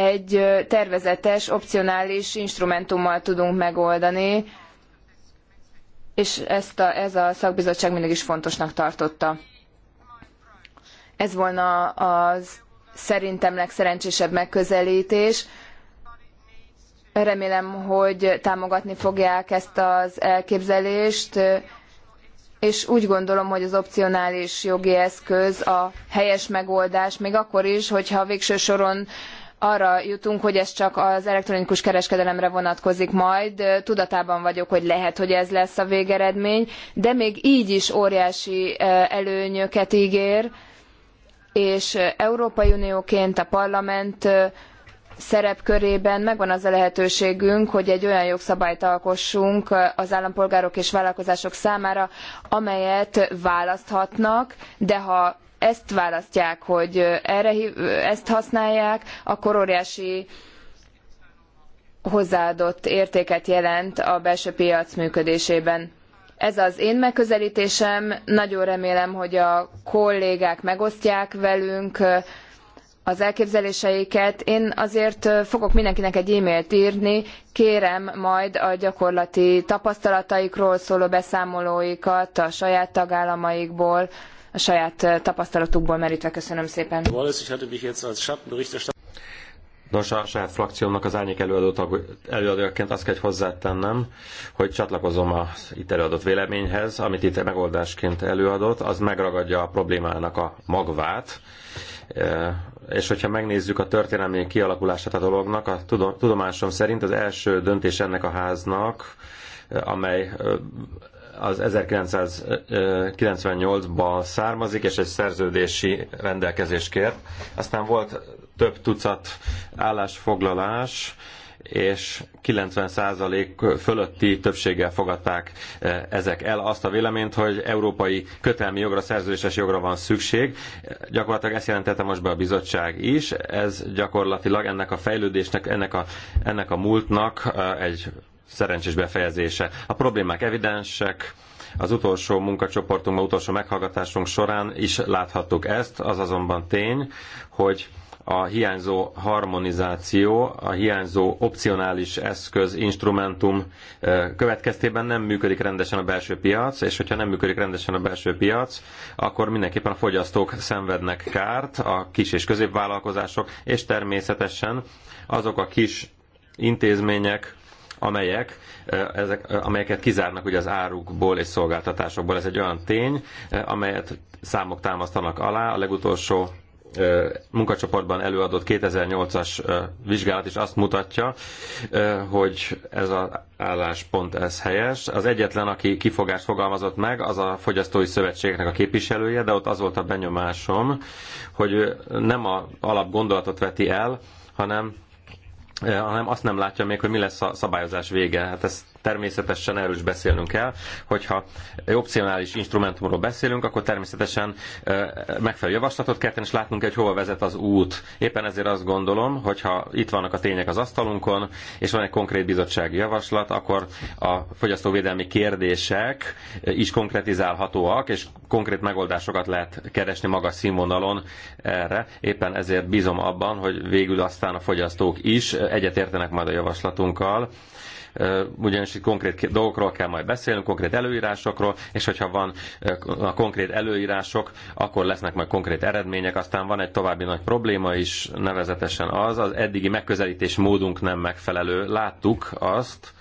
egy tervezetes, opcionális instrumentummal tudunk megoldani, és ezt a, ez a szakbizottság mindig is fontosnak tartotta. Ez volna az szerintem legszerencsésebb megközelítés. Remélem, hogy támogatni fogják ezt az elképzelést, és úgy gondolom, hogy az opcionális jogi eszköz a helyes megoldás, még akkor is, hogyha végső soron arra jutunk, hogy ez csak az elektronikus kereskedelemre vonatkozik majd. Tudatában vagyok, hogy lehet, hogy ez lesz a végeredmény, de még így is óriási eh, előnyöket ígér, és Európai Unióként a parlament eh, szerepkörében megvan az a lehetőségünk, hogy egy olyan jogszabályt alkossunk eh, az állampolgárok és vállalkozások számára, amelyet választhatnak, de ha ezt választják, hogy erre ezt használják, akkor óriási hozzáadott értéket jelent a belső piac működésében. Ez az én megközelítésem, nagyon remélem, hogy a kollégák megosztják velünk az elképzeléseiket. Én azért fogok mindenkinek egy e-mailt írni, kérem majd a gyakorlati tapasztalataikról szóló beszámolóikat a saját tagállamaikból, saját eh, tapasztalatukból merítve. Köszönöm szépen. Nos, a saját frakciómnak az árnyék előadóként azt kell, hogy hozzátennem, hogy csatlakozom a itt előadott véleményhez, amit itt megoldásként előadott, az megragadja a problémának a magvát, eh, és hogyha megnézzük a történelmi kialakulását a dolognak, a tudomásom szerint az első döntés ennek a háznak, eh, amely az 1998-ban származik, és egy szerződési rendelkezést kért. Aztán volt több tucat állásfoglalás, és 90% fölötti többséggel fogadták eh, ezek el azt a véleményt, hogy európai kötelmi jogra, szerződéses jogra van szükség. Gyakorlatilag ezt jelentette most be a bizottság is. Ez gyakorlatilag ennek a fejlődésnek, ennek a, ennek a múltnak eh, egy szerencsés befejezése. A problémák evidensek, az utolsó munkacsoportunk, az utolsó meghallgatásunk során is láthattuk ezt, az azonban tény, hogy a hiányzó harmonizáció, a hiányzó opcionális eszköz, instrumentum következtében nem működik rendesen a belső piac, és hogyha nem működik rendesen a belső piac, akkor mindenképpen a fogyasztók szenvednek kárt, a kis és középvállalkozások, és természetesen azok a kis intézmények, amelyek, ezek, amelyeket kizárnak ugye az árukból és szolgáltatásokból. Ez egy olyan tény, amelyet számok támasztanak alá. A legutolsó munkacsoportban előadott 2008-as vizsgálat is azt mutatja, hogy ez az álláspont ez helyes. Az egyetlen, aki kifogást fogalmazott meg, az a Fogyasztói Szövetségnek a képviselője, de ott az volt a benyomásom, hogy nem a alapgondolatot veti el, hanem Eh, hanem azt nem látja még, hogy mi lesz a szabályozás vége. Hát ez természetesen erről is beszélnünk kell, hogyha opcionális instrumentumról beszélünk, akkor természetesen megfelelő javaslatot kell tenni, és látnunk kell, hogy hova vezet az út. Éppen ezért azt gondolom, hogyha itt vannak a tények az asztalunkon, és van egy konkrét bizottsági javaslat, akkor a fogyasztóvédelmi kérdések is konkretizálhatóak, és konkrét megoldásokat lehet keresni magas színvonalon erre. Éppen ezért bízom abban, hogy végül aztán a fogyasztók is egyetértenek majd a javaslatunkkal, ugyanis itt konkrét dolgokról kell majd beszélnünk, konkrét előírásokról, és hogyha van a konkrét előírások, akkor lesznek majd konkrét eredmények. Aztán van egy további nagy probléma is, nevezetesen az, az eddigi megközelítés módunk nem megfelelő. Láttuk azt,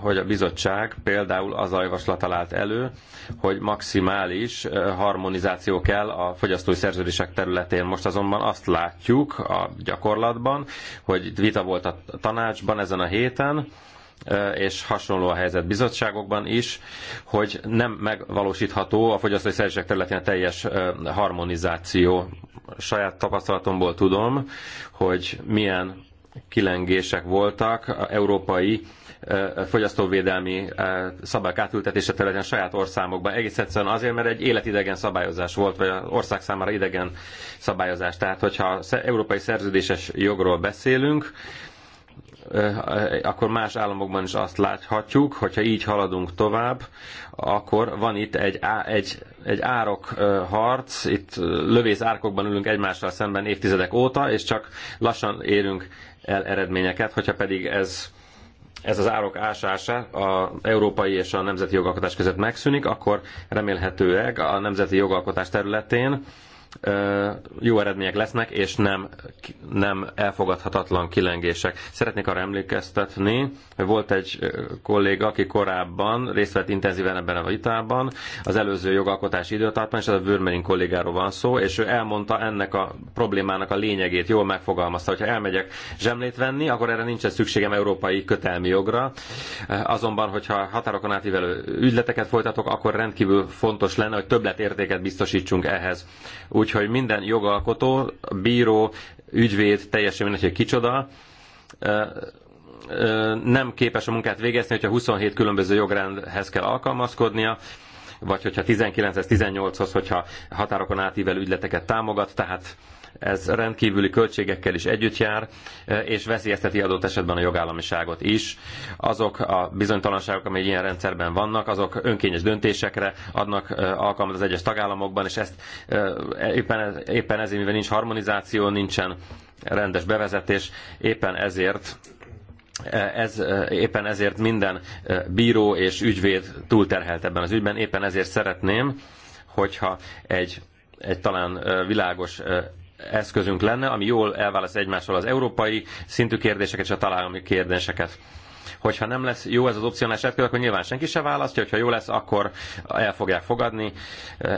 hogy a bizottság például az a javaslat talált elő, hogy maximális harmonizáció kell a fogyasztói szerződések területén. Most azonban azt látjuk a gyakorlatban, hogy vita volt a tanácsban ezen a héten, és hasonló a helyzet bizottságokban is, hogy nem megvalósítható a fogyasztói szerzések területén a teljes harmonizáció. Saját tapasztalatomból tudom, hogy milyen kilengések voltak a európai fogyasztóvédelmi szabályok átültetése területen saját országokban. Egész egyszerűen azért, mert egy életidegen szabályozás volt, vagy az ország számára idegen szabályozás. Tehát, hogyha európai szerződéses jogról beszélünk, Eh, akkor más államokban is azt láthatjuk, hogyha így haladunk tovább, akkor van itt egy, á, egy, egy eh, harc, itt eh, lövész árkokban ülünk egymással szemben évtizedek óta, és csak lassan érünk el eredményeket, hogyha pedig ez ez az árok ásása a európai és a nemzeti jogalkotás között megszűnik, akkor remélhetőleg a nemzeti jogalkotás területén jó eredmények lesznek, és nem, nem elfogadhatatlan kilengések. Szeretnék arra emlékeztetni, hogy volt egy kolléga, aki korábban részt vett intenzíven ebben a vitában, az előző jogalkotási időtartban, és ez a Würmerin kollégáról van szó, és ő elmondta ennek a problémának a lényegét, jól megfogalmazta, hogyha elmegyek zsemlét venni, akkor erre nincsen szükségem európai kötelmi jogra. Azonban, hogyha határokon átívelő ügyleteket folytatok, akkor rendkívül fontos lenne, hogy többletértéket biztosítsunk ehhez. Úgy Úgyhogy minden jogalkotó, bíró, ügyvéd, teljesen mindegy, hogy kicsoda, nem képes a munkát végezni, hogyha 27 különböző jogrendhez kell alkalmazkodnia, vagy hogyha 19-18-hoz, hogyha határokon átível ügyleteket támogat, tehát ez rendkívüli költségekkel is együtt jár, eh, és veszélyezteti adott esetben a jogállamiságot is. Azok a bizonytalanságok, amelyek ilyen rendszerben vannak, azok önkényes döntésekre adnak eh, alkalmat az egyes tagállamokban, és ezt eh, éppen, éppen ezért, mivel nincs harmonizáció, nincsen rendes bevezetés, éppen ezért ez, éppen ezért minden bíró és ügyvéd túlterhelt ebben az ügyben, éppen ezért szeretném, hogyha egy, egy talán világos eszközünk lenne, ami jól elválaszt egymástól az európai szintű kérdéseket és a találomi kérdéseket hogyha nem lesz jó ez az opcionális eszköz, akkor nyilván senki se választja, hogyha jó lesz, akkor el fogják fogadni,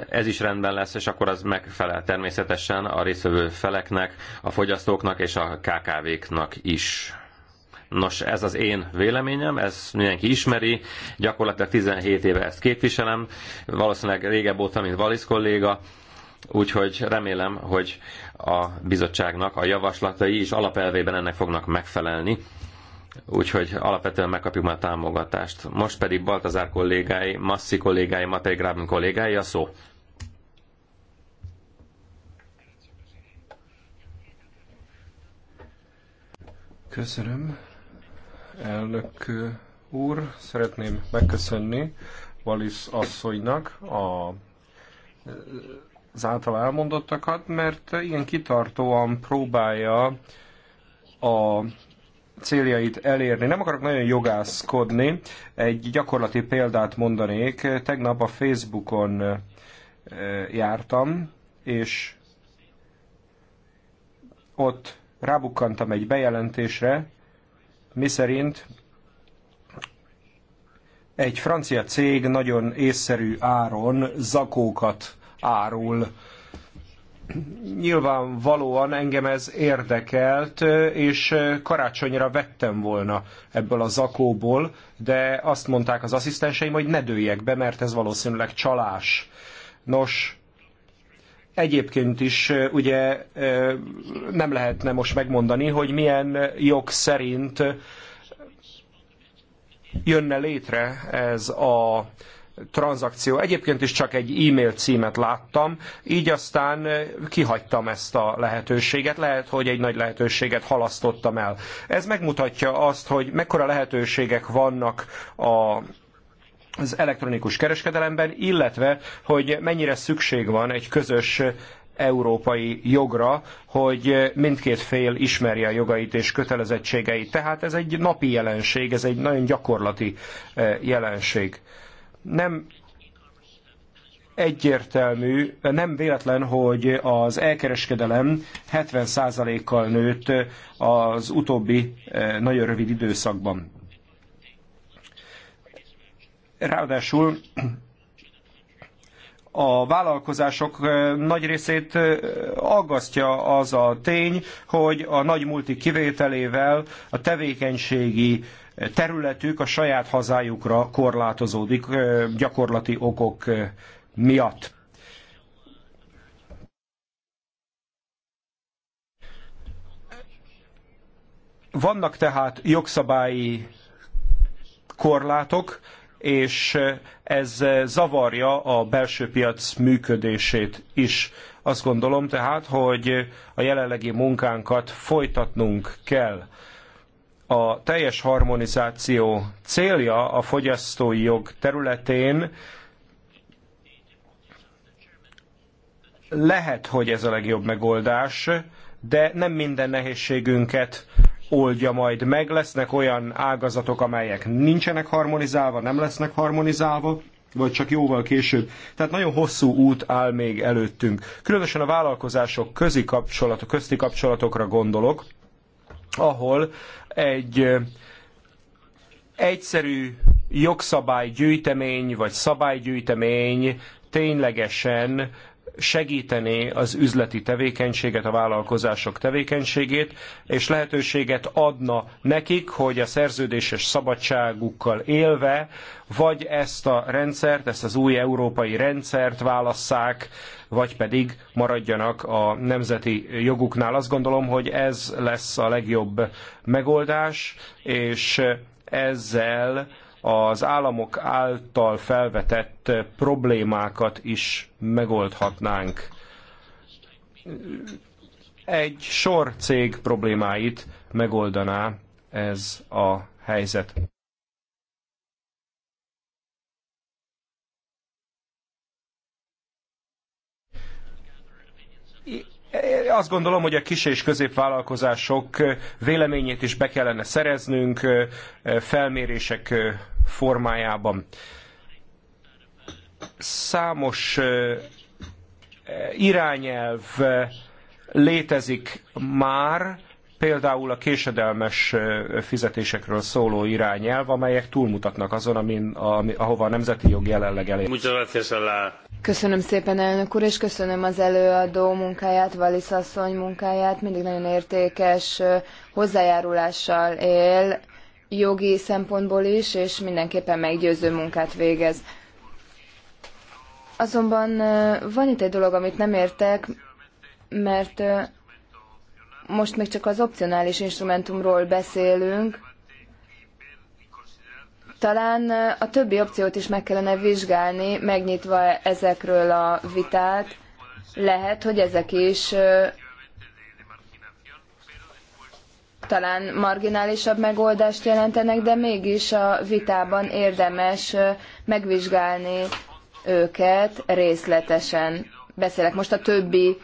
ez is rendben lesz, és akkor az megfelel természetesen a részvevő feleknek, a fogyasztóknak és a KKV-knak is. Nos, ez az én véleményem, ez mindenki ismeri, gyakorlatilag 17 éve ezt képviselem, valószínűleg régebb óta, mint Valisz kolléga, úgyhogy remélem, hogy a bizottságnak a javaslatai is alapelvében ennek fognak megfelelni, úgyhogy alapvetően megkapjuk már a támogatást. Most pedig Baltazár kollégái, Masszi kollégái, Matej Grábin kollégái a szó. Köszönöm. Elnök úr, szeretném megköszönni Valisz asszonynak a az által elmondottakat, mert ilyen kitartóan próbálja a céljait elérni. Nem akarok nagyon jogászkodni, egy gyakorlati példát mondanék. Tegnap a Facebookon jártam, és ott rábukkantam egy bejelentésre, miszerint egy francia cég nagyon észszerű áron zakókat árul. Nyilvánvalóan engem ez érdekelt, és karácsonyra vettem volna ebből a zakóból, de azt mondták az asszisztenseim, hogy ne dőljek be, mert ez valószínűleg csalás. Nos, egyébként is ugye nem lehetne most megmondani, hogy milyen jog szerint jönne létre ez a tranzakció. Egyébként is csak egy e-mail címet láttam, így aztán eh, kihagytam ezt a lehetőséget. Lehet, hogy egy nagy lehetőséget halasztottam el. Ez megmutatja azt, hogy mekkora lehetőségek vannak a az elektronikus kereskedelemben, illetve hogy mennyire szükség van egy közös eh, európai jogra, hogy eh, mindkét fél ismerje a jogait és kötelezettségeit. Tehát ez egy napi jelenség, ez egy nagyon gyakorlati jelenség nem egyértelmű, nem véletlen, hogy az elkereskedelem 70%-kal nőtt az utóbbi eh, nagyon rövid időszakban. Ráadásul a vállalkozások eh, nagy részét eh, aggasztja az a tény, hogy a nagy multi kivételével a tevékenységi területük a saját hazájukra korlátozódik gyakorlati okok miatt. Vannak tehát jogszabályi korlátok, és ez zavarja a belső piac működését is. Azt gondolom tehát, hogy a jelenlegi munkánkat folytatnunk kell a teljes harmonizáció célja a fogyasztói jog területén lehet, hogy ez a legjobb megoldás, de nem minden nehézségünket oldja majd meg. Lesznek olyan ágazatok, amelyek nincsenek harmonizálva, nem lesznek harmonizálva, vagy csak jóval később. Tehát nagyon hosszú út áll még előttünk. Különösen a vállalkozások közi kapcsolatok, közti kapcsolatokra gondolok, ahol egy egyszerű jogszabálygyűjtemény vagy szabálygyűjtemény ténylegesen segítené az üzleti tevékenységet, a vállalkozások tevékenységét, és lehetőséget adna nekik, hogy a szerződéses szabadságukkal élve, vagy ezt a rendszert, ezt az új európai rendszert válasszák, vagy pedig maradjanak a nemzeti joguknál. Azt gondolom, hogy ez lesz a legjobb megoldás, és ezzel az államok által felvetett problémákat is megoldhatnánk. Egy sor cég problémáit megoldaná ez a helyzet. Azt gondolom, hogy a kis és középvállalkozások véleményét is be kellene szereznünk felmérések formájában. Számos irányelv létezik már, Például a késedelmes fizetésekről szóló irányelv, amelyek túlmutatnak azon, amin, ami, ahova a nemzeti jog jelenleg elér. Köszönöm szépen, elnök úr, és köszönöm az előadó munkáját, Valisz asszony munkáját. Mindig nagyon értékes hozzájárulással él, jogi szempontból is, és mindenképpen meggyőző munkát végez. Azonban van itt egy dolog, amit nem értek, mert most még csak az opcionális instrumentumról beszélünk, talán eh, a többi opciót is meg kellene vizsgálni, megnyitva ezekről a vitát. Lehet, hogy ezek is eh, talán marginálisabb megoldást jelentenek, de mégis a vitában érdemes eh, megvizsgálni őket részletesen. Beszélek most a többi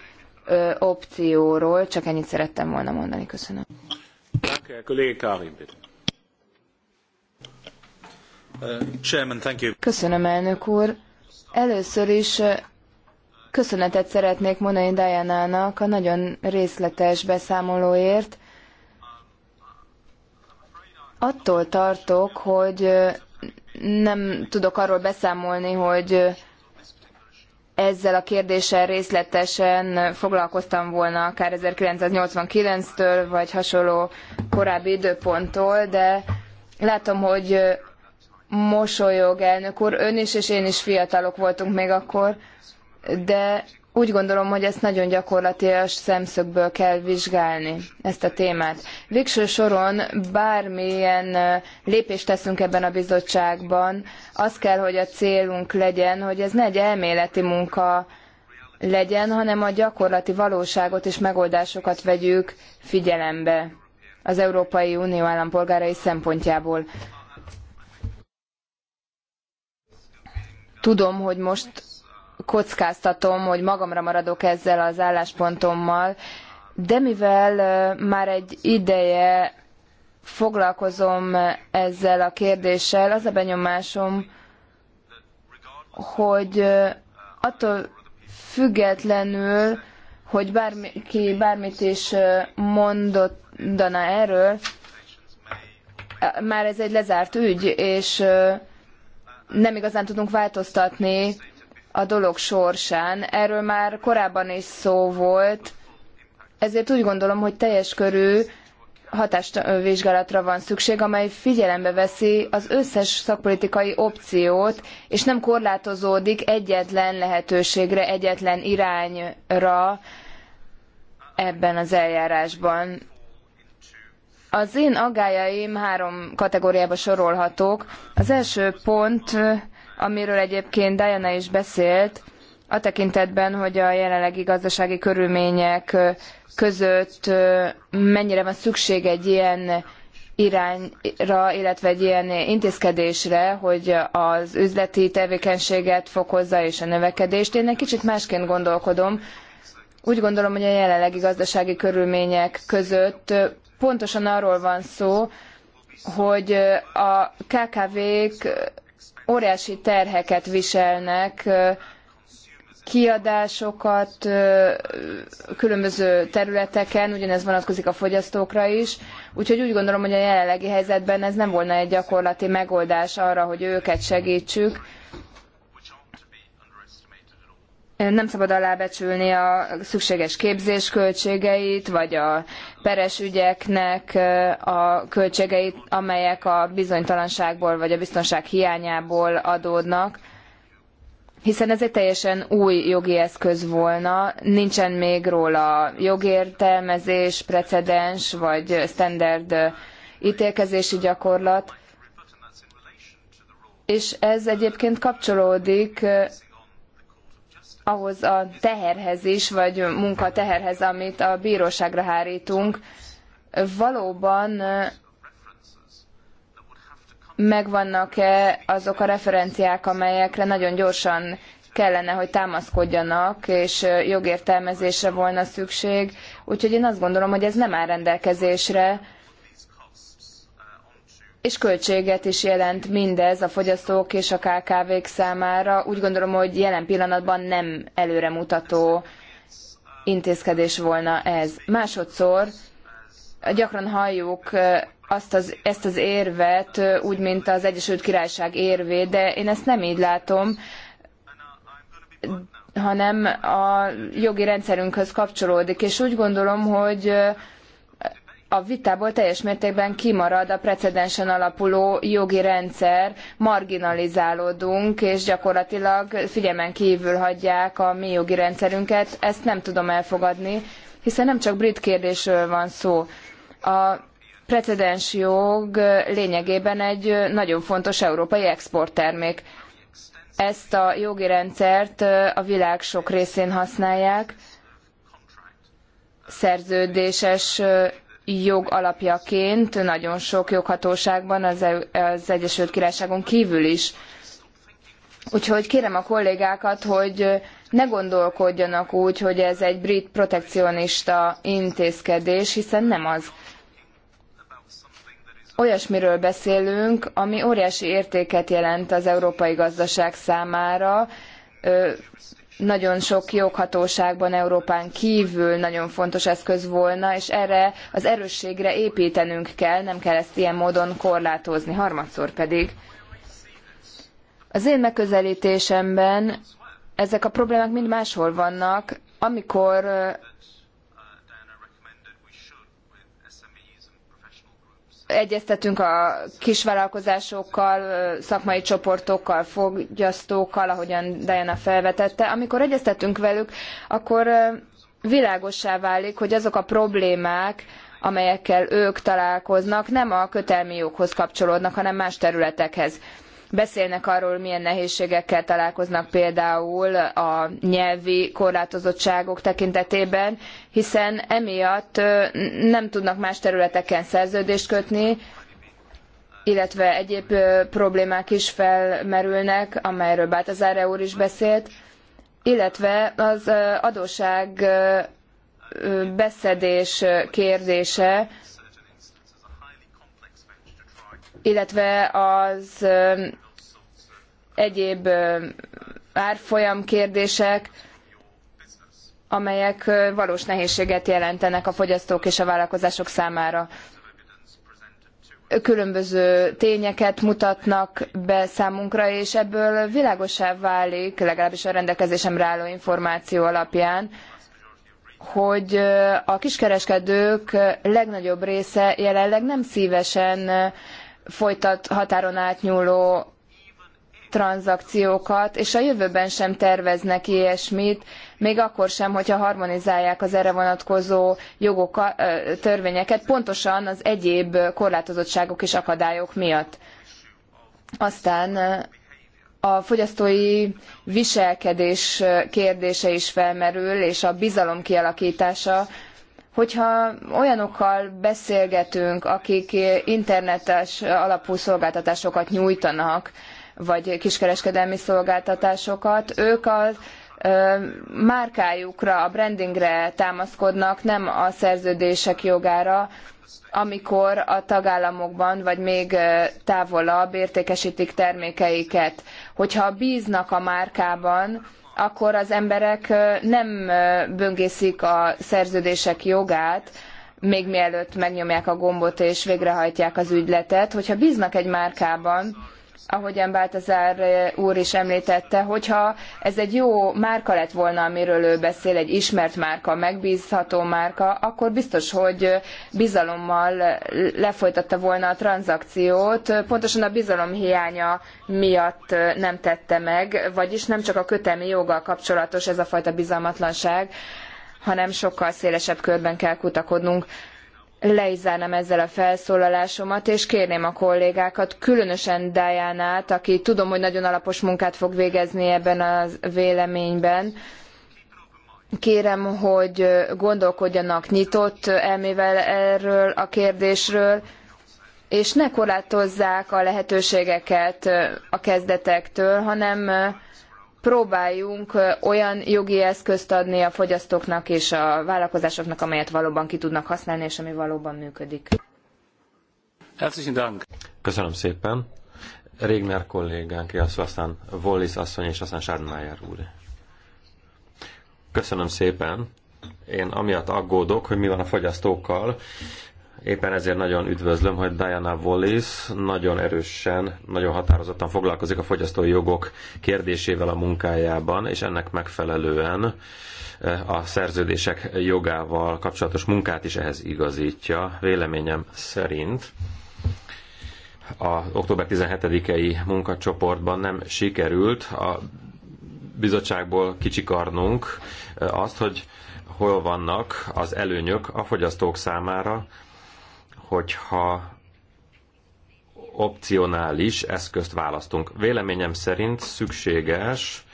ö, opcióról. Csak ennyit szerettem volna mondani. Köszönöm. Köszönöm, elnök úr. Először is köszönetet szeretnék mondani Diana-nak a nagyon részletes beszámolóért. Attól tartok, hogy nem tudok arról beszámolni, hogy ezzel a kérdéssel részletesen foglalkoztam volna akár 1989-től, vagy hasonló korábbi időponttól, de látom, hogy mosolyog elnök úr, ön is és én is fiatalok voltunk még akkor, de úgy gondolom, hogy ezt nagyon gyakorlatilag szemszögből kell vizsgálni, ezt a témát. Végső soron bármilyen lépést teszünk ebben a bizottságban, az kell, hogy a célunk legyen, hogy ez ne egy elméleti munka legyen, hanem a gyakorlati valóságot és megoldásokat vegyük figyelembe az Európai Unió állampolgárai szempontjából. Tudom, hogy most kockáztatom, hogy magamra maradok ezzel az álláspontommal, de mivel már egy ideje foglalkozom ezzel a kérdéssel, az a benyomásom, hogy attól függetlenül, hogy bárki bármit is mondott, mondana erről, már ez egy lezárt ügy, és nem igazán tudunk változtatni a dolog sorsán. Erről már korábban is szó volt, ezért úgy gondolom, hogy teljes körű hatásvizsgálatra van szükség, amely figyelembe veszi az összes szakpolitikai opciót, és nem korlátozódik egyetlen lehetőségre, egyetlen irányra ebben az eljárásban. Az én aggájaim három kategóriába sorolhatók. Az első pont amiről egyébként Diana is beszélt, a tekintetben, hogy a jelenlegi gazdasági körülmények között mennyire van szükség egy ilyen irányra, illetve egy ilyen intézkedésre, hogy az üzleti tevékenységet fokozza és a növekedést. Én egy kicsit másként gondolkodom. Úgy gondolom, hogy a jelenlegi gazdasági körülmények között pontosan arról van szó, hogy a KKV-k óriási terheket viselnek, kiadásokat különböző területeken, ugyanez vonatkozik a fogyasztókra is, úgyhogy úgy gondolom, hogy a jelenlegi helyzetben ez nem volna egy gyakorlati megoldás arra, hogy őket segítsük, nem szabad alábecsülni a szükséges képzés költségeit, vagy a peres ügyeknek a költségeit, amelyek a bizonytalanságból vagy a biztonság hiányából adódnak, hiszen ez egy teljesen új jogi eszköz volna, nincsen még róla jogértelmezés, precedens vagy standard ítélkezési gyakorlat, és ez egyébként kapcsolódik ahhoz a teherhez is, vagy munkateherhez, amit a bíróságra hárítunk, valóban eh, megvannak-e azok a referenciák, amelyekre nagyon gyorsan kellene, hogy támaszkodjanak, és eh, jogértelmezésre volna szükség. Úgyhogy én azt gondolom, hogy ez nem áll rendelkezésre és költséget is jelent mindez a fogyasztók és a KKV-k számára. Úgy gondolom, hogy jelen pillanatban nem előremutató intézkedés volna ez. Másodszor gyakran halljuk azt az, ezt az érvet úgy, mint az Egyesült Királyság érvét, de én ezt nem így látom, hanem a jogi rendszerünkhöz kapcsolódik, és úgy gondolom, hogy a vitából teljes mértékben kimarad a precedensen alapuló jogi rendszer, marginalizálódunk, és gyakorlatilag figyelmen kívül hagyják a mi jogi rendszerünket. Ezt nem tudom elfogadni, hiszen nem csak brit kérdésről van szó. A precedens jog lényegében egy nagyon fontos európai exporttermék. Ezt a jogi rendszert a világ sok részén használják, szerződéses jog alapjaként nagyon sok joghatóságban az, e az Egyesült Királyságon kívül is. Úgyhogy kérem a kollégákat, hogy ne gondolkodjanak úgy, hogy ez egy brit protekcionista intézkedés, hiszen nem az. Olyasmiről beszélünk, ami óriási értéket jelent az európai gazdaság számára, nagyon sok joghatóságban Európán kívül nagyon fontos eszköz volna, és erre az erősségre építenünk kell, nem kell ezt ilyen módon korlátozni. Harmadszor pedig az én megközelítésemben ezek a problémák mind máshol vannak, amikor egyeztetünk a kisvállalkozásokkal, szakmai csoportokkal, fogyasztókkal, ahogyan Diana felvetette. Amikor egyeztetünk velük, akkor világossá válik, hogy azok a problémák, amelyekkel ők találkoznak, nem a kötelmi joghoz kapcsolódnak, hanem más területekhez. Beszélnek arról, milyen nehézségekkel találkoznak például a nyelvi korlátozottságok tekintetében, hiszen emiatt nem tudnak más területeken szerződést kötni, illetve egyéb problémák is felmerülnek, amelyről Bátazára úr is beszélt, illetve az adóság beszedés kérdése, illetve az egyéb árfolyam kérdések, amelyek valós nehézséget jelentenek a fogyasztók és a vállalkozások számára. Különböző tényeket mutatnak be számunkra, és ebből világosá válik, legalábbis a rendelkezésemre álló információ alapján, hogy a kiskereskedők legnagyobb része jelenleg nem szívesen folytat határon átnyúló tranzakciókat, és a jövőben sem terveznek ilyesmit, még akkor sem, hogyha harmonizálják az erre vonatkozó jogok törvényeket, pontosan az egyéb korlátozottságok és akadályok miatt. Aztán a fogyasztói viselkedés kérdése is felmerül, és a bizalom kialakítása, hogyha olyanokkal beszélgetünk, akik internetes alapú szolgáltatásokat nyújtanak, vagy kiskereskedelmi szolgáltatásokat. Ők a márkájukra, a brandingre támaszkodnak, nem a szerződések jogára, amikor a tagállamokban vagy még távolabb értékesítik termékeiket. Hogyha bíznak a márkában, akkor az emberek nem böngészik a szerződések jogát, még mielőtt megnyomják a gombot és végrehajtják az ügyletet. Hogyha bíznak egy márkában, ahogyan Báltazár úr is említette, hogyha ez egy jó márka lett volna, amiről ő beszél, egy ismert márka, megbízható márka, akkor biztos, hogy bizalommal lefolytatta volna a tranzakciót. Pontosan a bizalom hiánya miatt nem tette meg, vagyis nem csak a kötelmi joggal kapcsolatos ez a fajta bizalmatlanság, hanem sokkal szélesebb körben kell kutakodnunk le is zárnám ezzel a felszólalásomat, és kérném a kollégákat, különösen Diánát, aki tudom, hogy nagyon alapos munkát fog végezni ebben a véleményben, kérem, hogy gondolkodjanak nyitott elmével erről a kérdésről, és ne korlátozzák a lehetőségeket a kezdetektől, hanem próbáljunk olyan jogi eszközt adni a fogyasztóknak és a vállalkozásoknak, amelyet valóban ki tudnak használni, és ami valóban működik. Köszönöm szépen. Régner kollégánk, illetve aztán Wallis asszony és aztán Sárnmájer úr. Köszönöm szépen. Én amiatt aggódok, hogy mi van a fogyasztókkal, Éppen ezért nagyon üdvözlöm, hogy Diana Wallis nagyon erősen, nagyon határozottan foglalkozik a fogyasztói jogok kérdésével a munkájában, és ennek megfelelően eh, a szerződések jogával kapcsolatos munkát is ehhez igazítja. Véleményem szerint a október 17-i munkacsoportban nem sikerült a bizottságból kicsikarnunk eh, azt, hogy hol vannak az előnyök a fogyasztók számára, hogyha opcionális eszközt választunk. Véleményem szerint szükséges,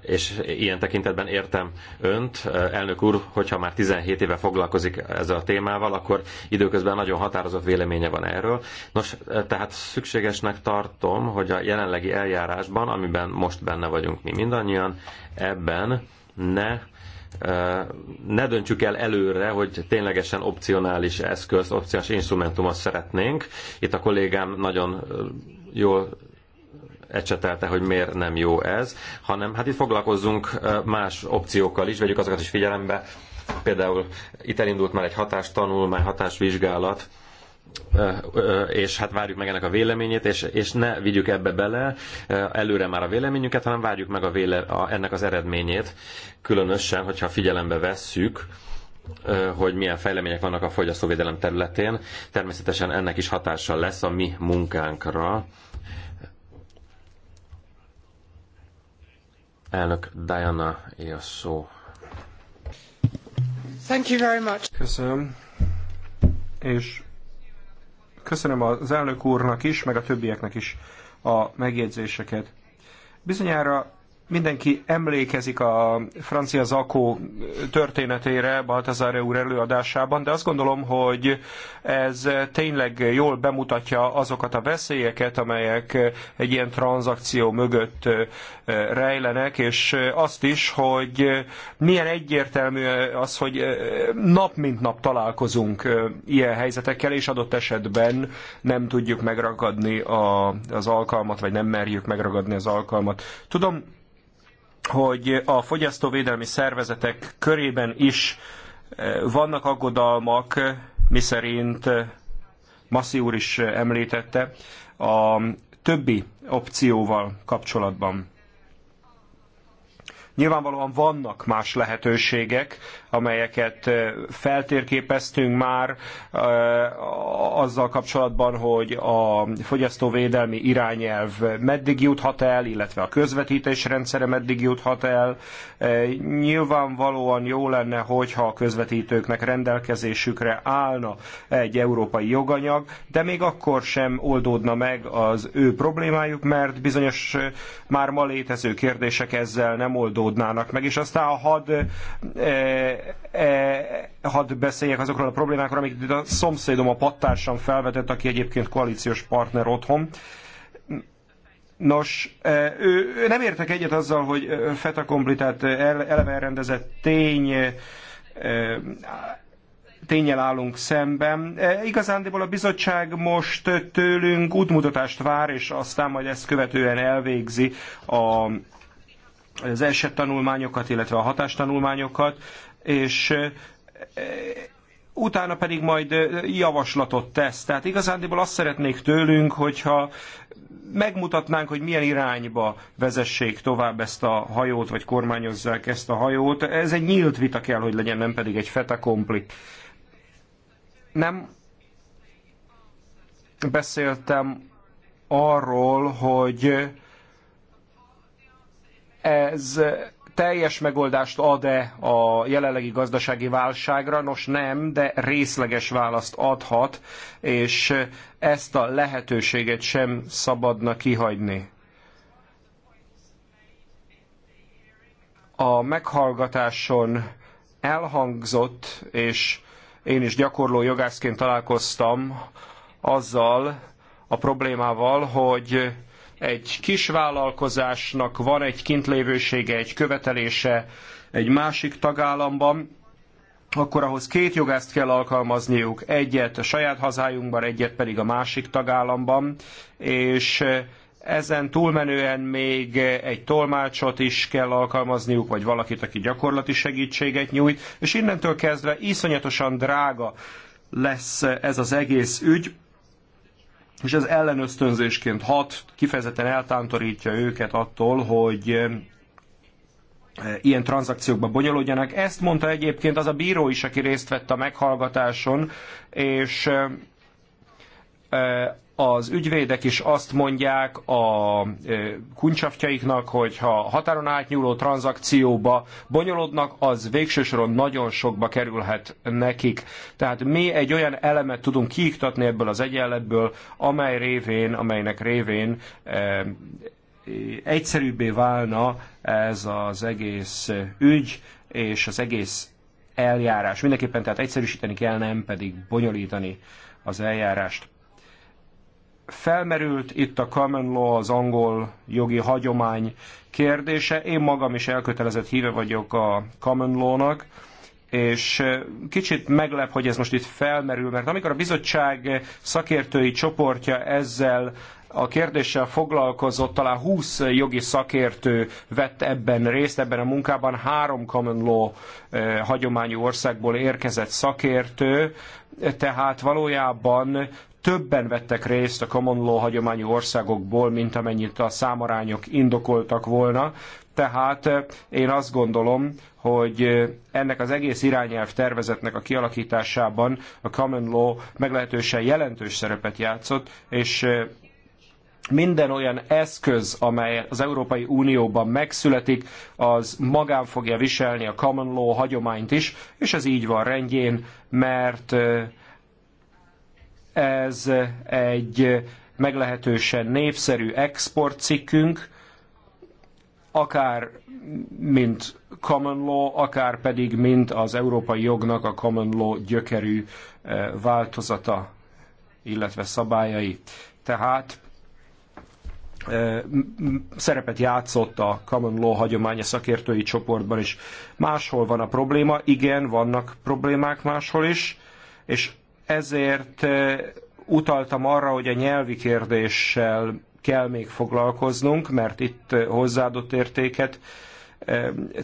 és ilyen tekintetben értem önt, elnök úr, hogyha már 17 éve foglalkozik ezzel a témával, akkor időközben nagyon határozott véleménye van erről. Nos, tehát szükségesnek tartom, hogy a jelenlegi eljárásban, amiben most benne vagyunk mi mindannyian, ebben ne ne döntsük el előre, hogy ténylegesen opcionális eszköz, opcionális instrumentumot szeretnénk. Itt a kollégám nagyon jól ecsetelte, hogy miért nem jó ez, hanem hát itt foglalkozzunk más opciókkal is, vegyük azokat is figyelembe. Például itt elindult már egy hatástanulmány, hatásvizsgálat, és hát várjuk meg ennek a véleményét, és, és ne vigyük ebbe bele előre már a véleményünket, hanem várjuk meg a véle, a, ennek az eredményét, különösen, hogyha figyelembe vesszük, hogy milyen fejlemények vannak a fogyasztóvédelem területén. Természetesen ennek is hatással lesz a mi munkánkra. Elnök Diana, a szó. Thank you very much. Köszönöm. És Köszönöm az elnök úrnak is, meg a többieknek is a megjegyzéseket. Bizonyára mindenki emlékezik a francia zakó történetére Baltazar úr előadásában, de azt gondolom, hogy ez tényleg jól bemutatja azokat a veszélyeket, amelyek egy ilyen tranzakció mögött rejlenek, és azt is, hogy milyen egyértelmű az, hogy nap mint nap találkozunk ilyen helyzetekkel, és adott esetben nem tudjuk megragadni a, az alkalmat, vagy nem merjük megragadni az alkalmat. Tudom, hogy a fogyasztóvédelmi szervezetek körében is eh, vannak aggodalmak, miszerint eh, Massi úr is eh, említette, a többi opcióval kapcsolatban. Nyilvánvalóan vannak más lehetőségek, amelyeket feltérképeztünk már azzal kapcsolatban, hogy a fogyasztóvédelmi irányelv meddig juthat el, illetve a közvetítés rendszere meddig juthat el. Nyilvánvalóan jó lenne, hogyha a közvetítőknek rendelkezésükre állna egy európai joganyag, de még akkor sem oldódna meg az ő problémájuk, mert bizonyos már ma létező kérdések ezzel nem oldódnak oldódnának meg, és aztán had, e, e, had beszéljek azokról a problémákról, amiket a szomszédom, a pattársam felvetett, aki egyébként koalíciós partner otthon. Nos, ő, ő nem értek egyet azzal, hogy fetakombli, tehát eleve elrendezett tény, tényel állunk szemben. Igazándiból a bizottság most tőlünk útmutatást vár, és aztán majd ezt követően elvégzi a az eset tanulmányokat, illetve a hatástanulmányokat, és utána pedig majd javaslatot tesz. Tehát igazándiból azt szeretnék tőlünk, hogyha megmutatnánk, hogy milyen irányba vezessék tovább ezt a hajót, vagy kormányozzák ezt a hajót. Ez egy nyílt vita kell, hogy legyen, nem pedig egy feta kompli. Nem beszéltem arról, hogy ez teljes megoldást ad-e a jelenlegi gazdasági válságra? Nos nem, de részleges választ adhat, és ezt a lehetőséget sem szabadna kihagyni. A meghallgatáson elhangzott, és én is gyakorló jogászként találkoztam azzal a problémával, hogy egy kis vállalkozásnak van egy kintlévősége, egy követelése egy másik tagállamban, akkor ahhoz két jogást kell alkalmazniuk, egyet a saját hazájunkban, egyet pedig a másik tagállamban, és eh, ezen túlmenően még eh, egy tolmácsot is kell alkalmazniuk, vagy valakit, aki gyakorlati segítséget nyújt, és innentől kezdve iszonyatosan drága lesz ez az egész ügy, és ez ellenösztönzésként hat, kifejezetten eltántorítja őket attól, hogy eh, ilyen tranzakciókba bonyolódjanak. Ezt mondta egyébként az a bíró is, aki részt vett a meghallgatáson, és eh, eh, az ügyvédek is azt mondják a kuncsaftjaiknak, hogy ha határon átnyúló tranzakcióba bonyolodnak, az végső soron nagyon sokba kerülhet nekik. Tehát mi egy olyan elemet tudunk kiiktatni ebből az egyenletből, amely révén, amelynek révén egyszerűbbé válna ez az egész ügy, és az egész eljárás. Mindenképpen tehát egyszerűsíteni kell, nem pedig bonyolítani az eljárást felmerült itt a common law, az angol jogi hagyomány kérdése. Én magam is elkötelezett híve vagyok a common law-nak, és kicsit meglep, hogy ez most itt felmerül, mert amikor a bizottság szakértői csoportja ezzel a kérdéssel foglalkozott, talán 20 jogi szakértő vett ebben részt, ebben a munkában három common law hagyományú országból érkezett szakértő, tehát valójában többen vettek részt a common law hagyományú országokból, mint amennyit a számarányok indokoltak volna. Tehát eh, én azt gondolom, hogy eh, ennek az egész irányelv tervezetnek a kialakításában a common law meglehetősen jelentős szerepet játszott, és eh, minden olyan eszköz, amely az Európai Unióban megszületik, az magán fogja viselni a common law hagyományt is, és ez így van rendjén, mert ez egy meglehetősen népszerű exportcikkünk, akár mint common law, akár pedig mint az európai jognak a common law gyökerű eh, változata, illetve szabályai. Tehát eh, szerepet játszott a common law hagyománya szakértői csoportban is. Máshol van a probléma, igen, vannak problémák máshol is, és ezért utaltam arra, hogy a nyelvi kérdéssel kell még foglalkoznunk, mert itt hozzáadott értéket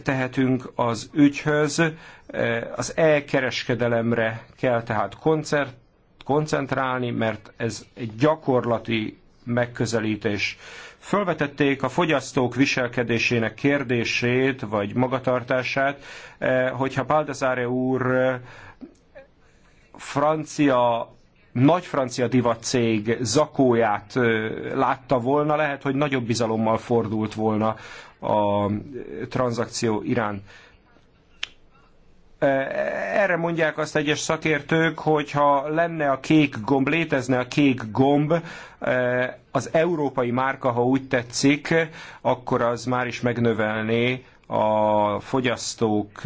tehetünk az ügyhöz. Az e-kereskedelemre kell tehát koncentrálni, mert ez egy gyakorlati megközelítés. Fölvetették a fogyasztók viselkedésének kérdését, vagy magatartását, hogyha Paldazáre úr francia nagy francia divatcég zakóját látta volna, lehet, hogy nagyobb bizalommal fordult volna a tranzakció iránt. Erre mondják azt egyes szakértők, hogy ha lenne a kék gomb, létezne a kék gomb, az európai márka, ha úgy tetszik, akkor az már is megnövelné a fogyasztók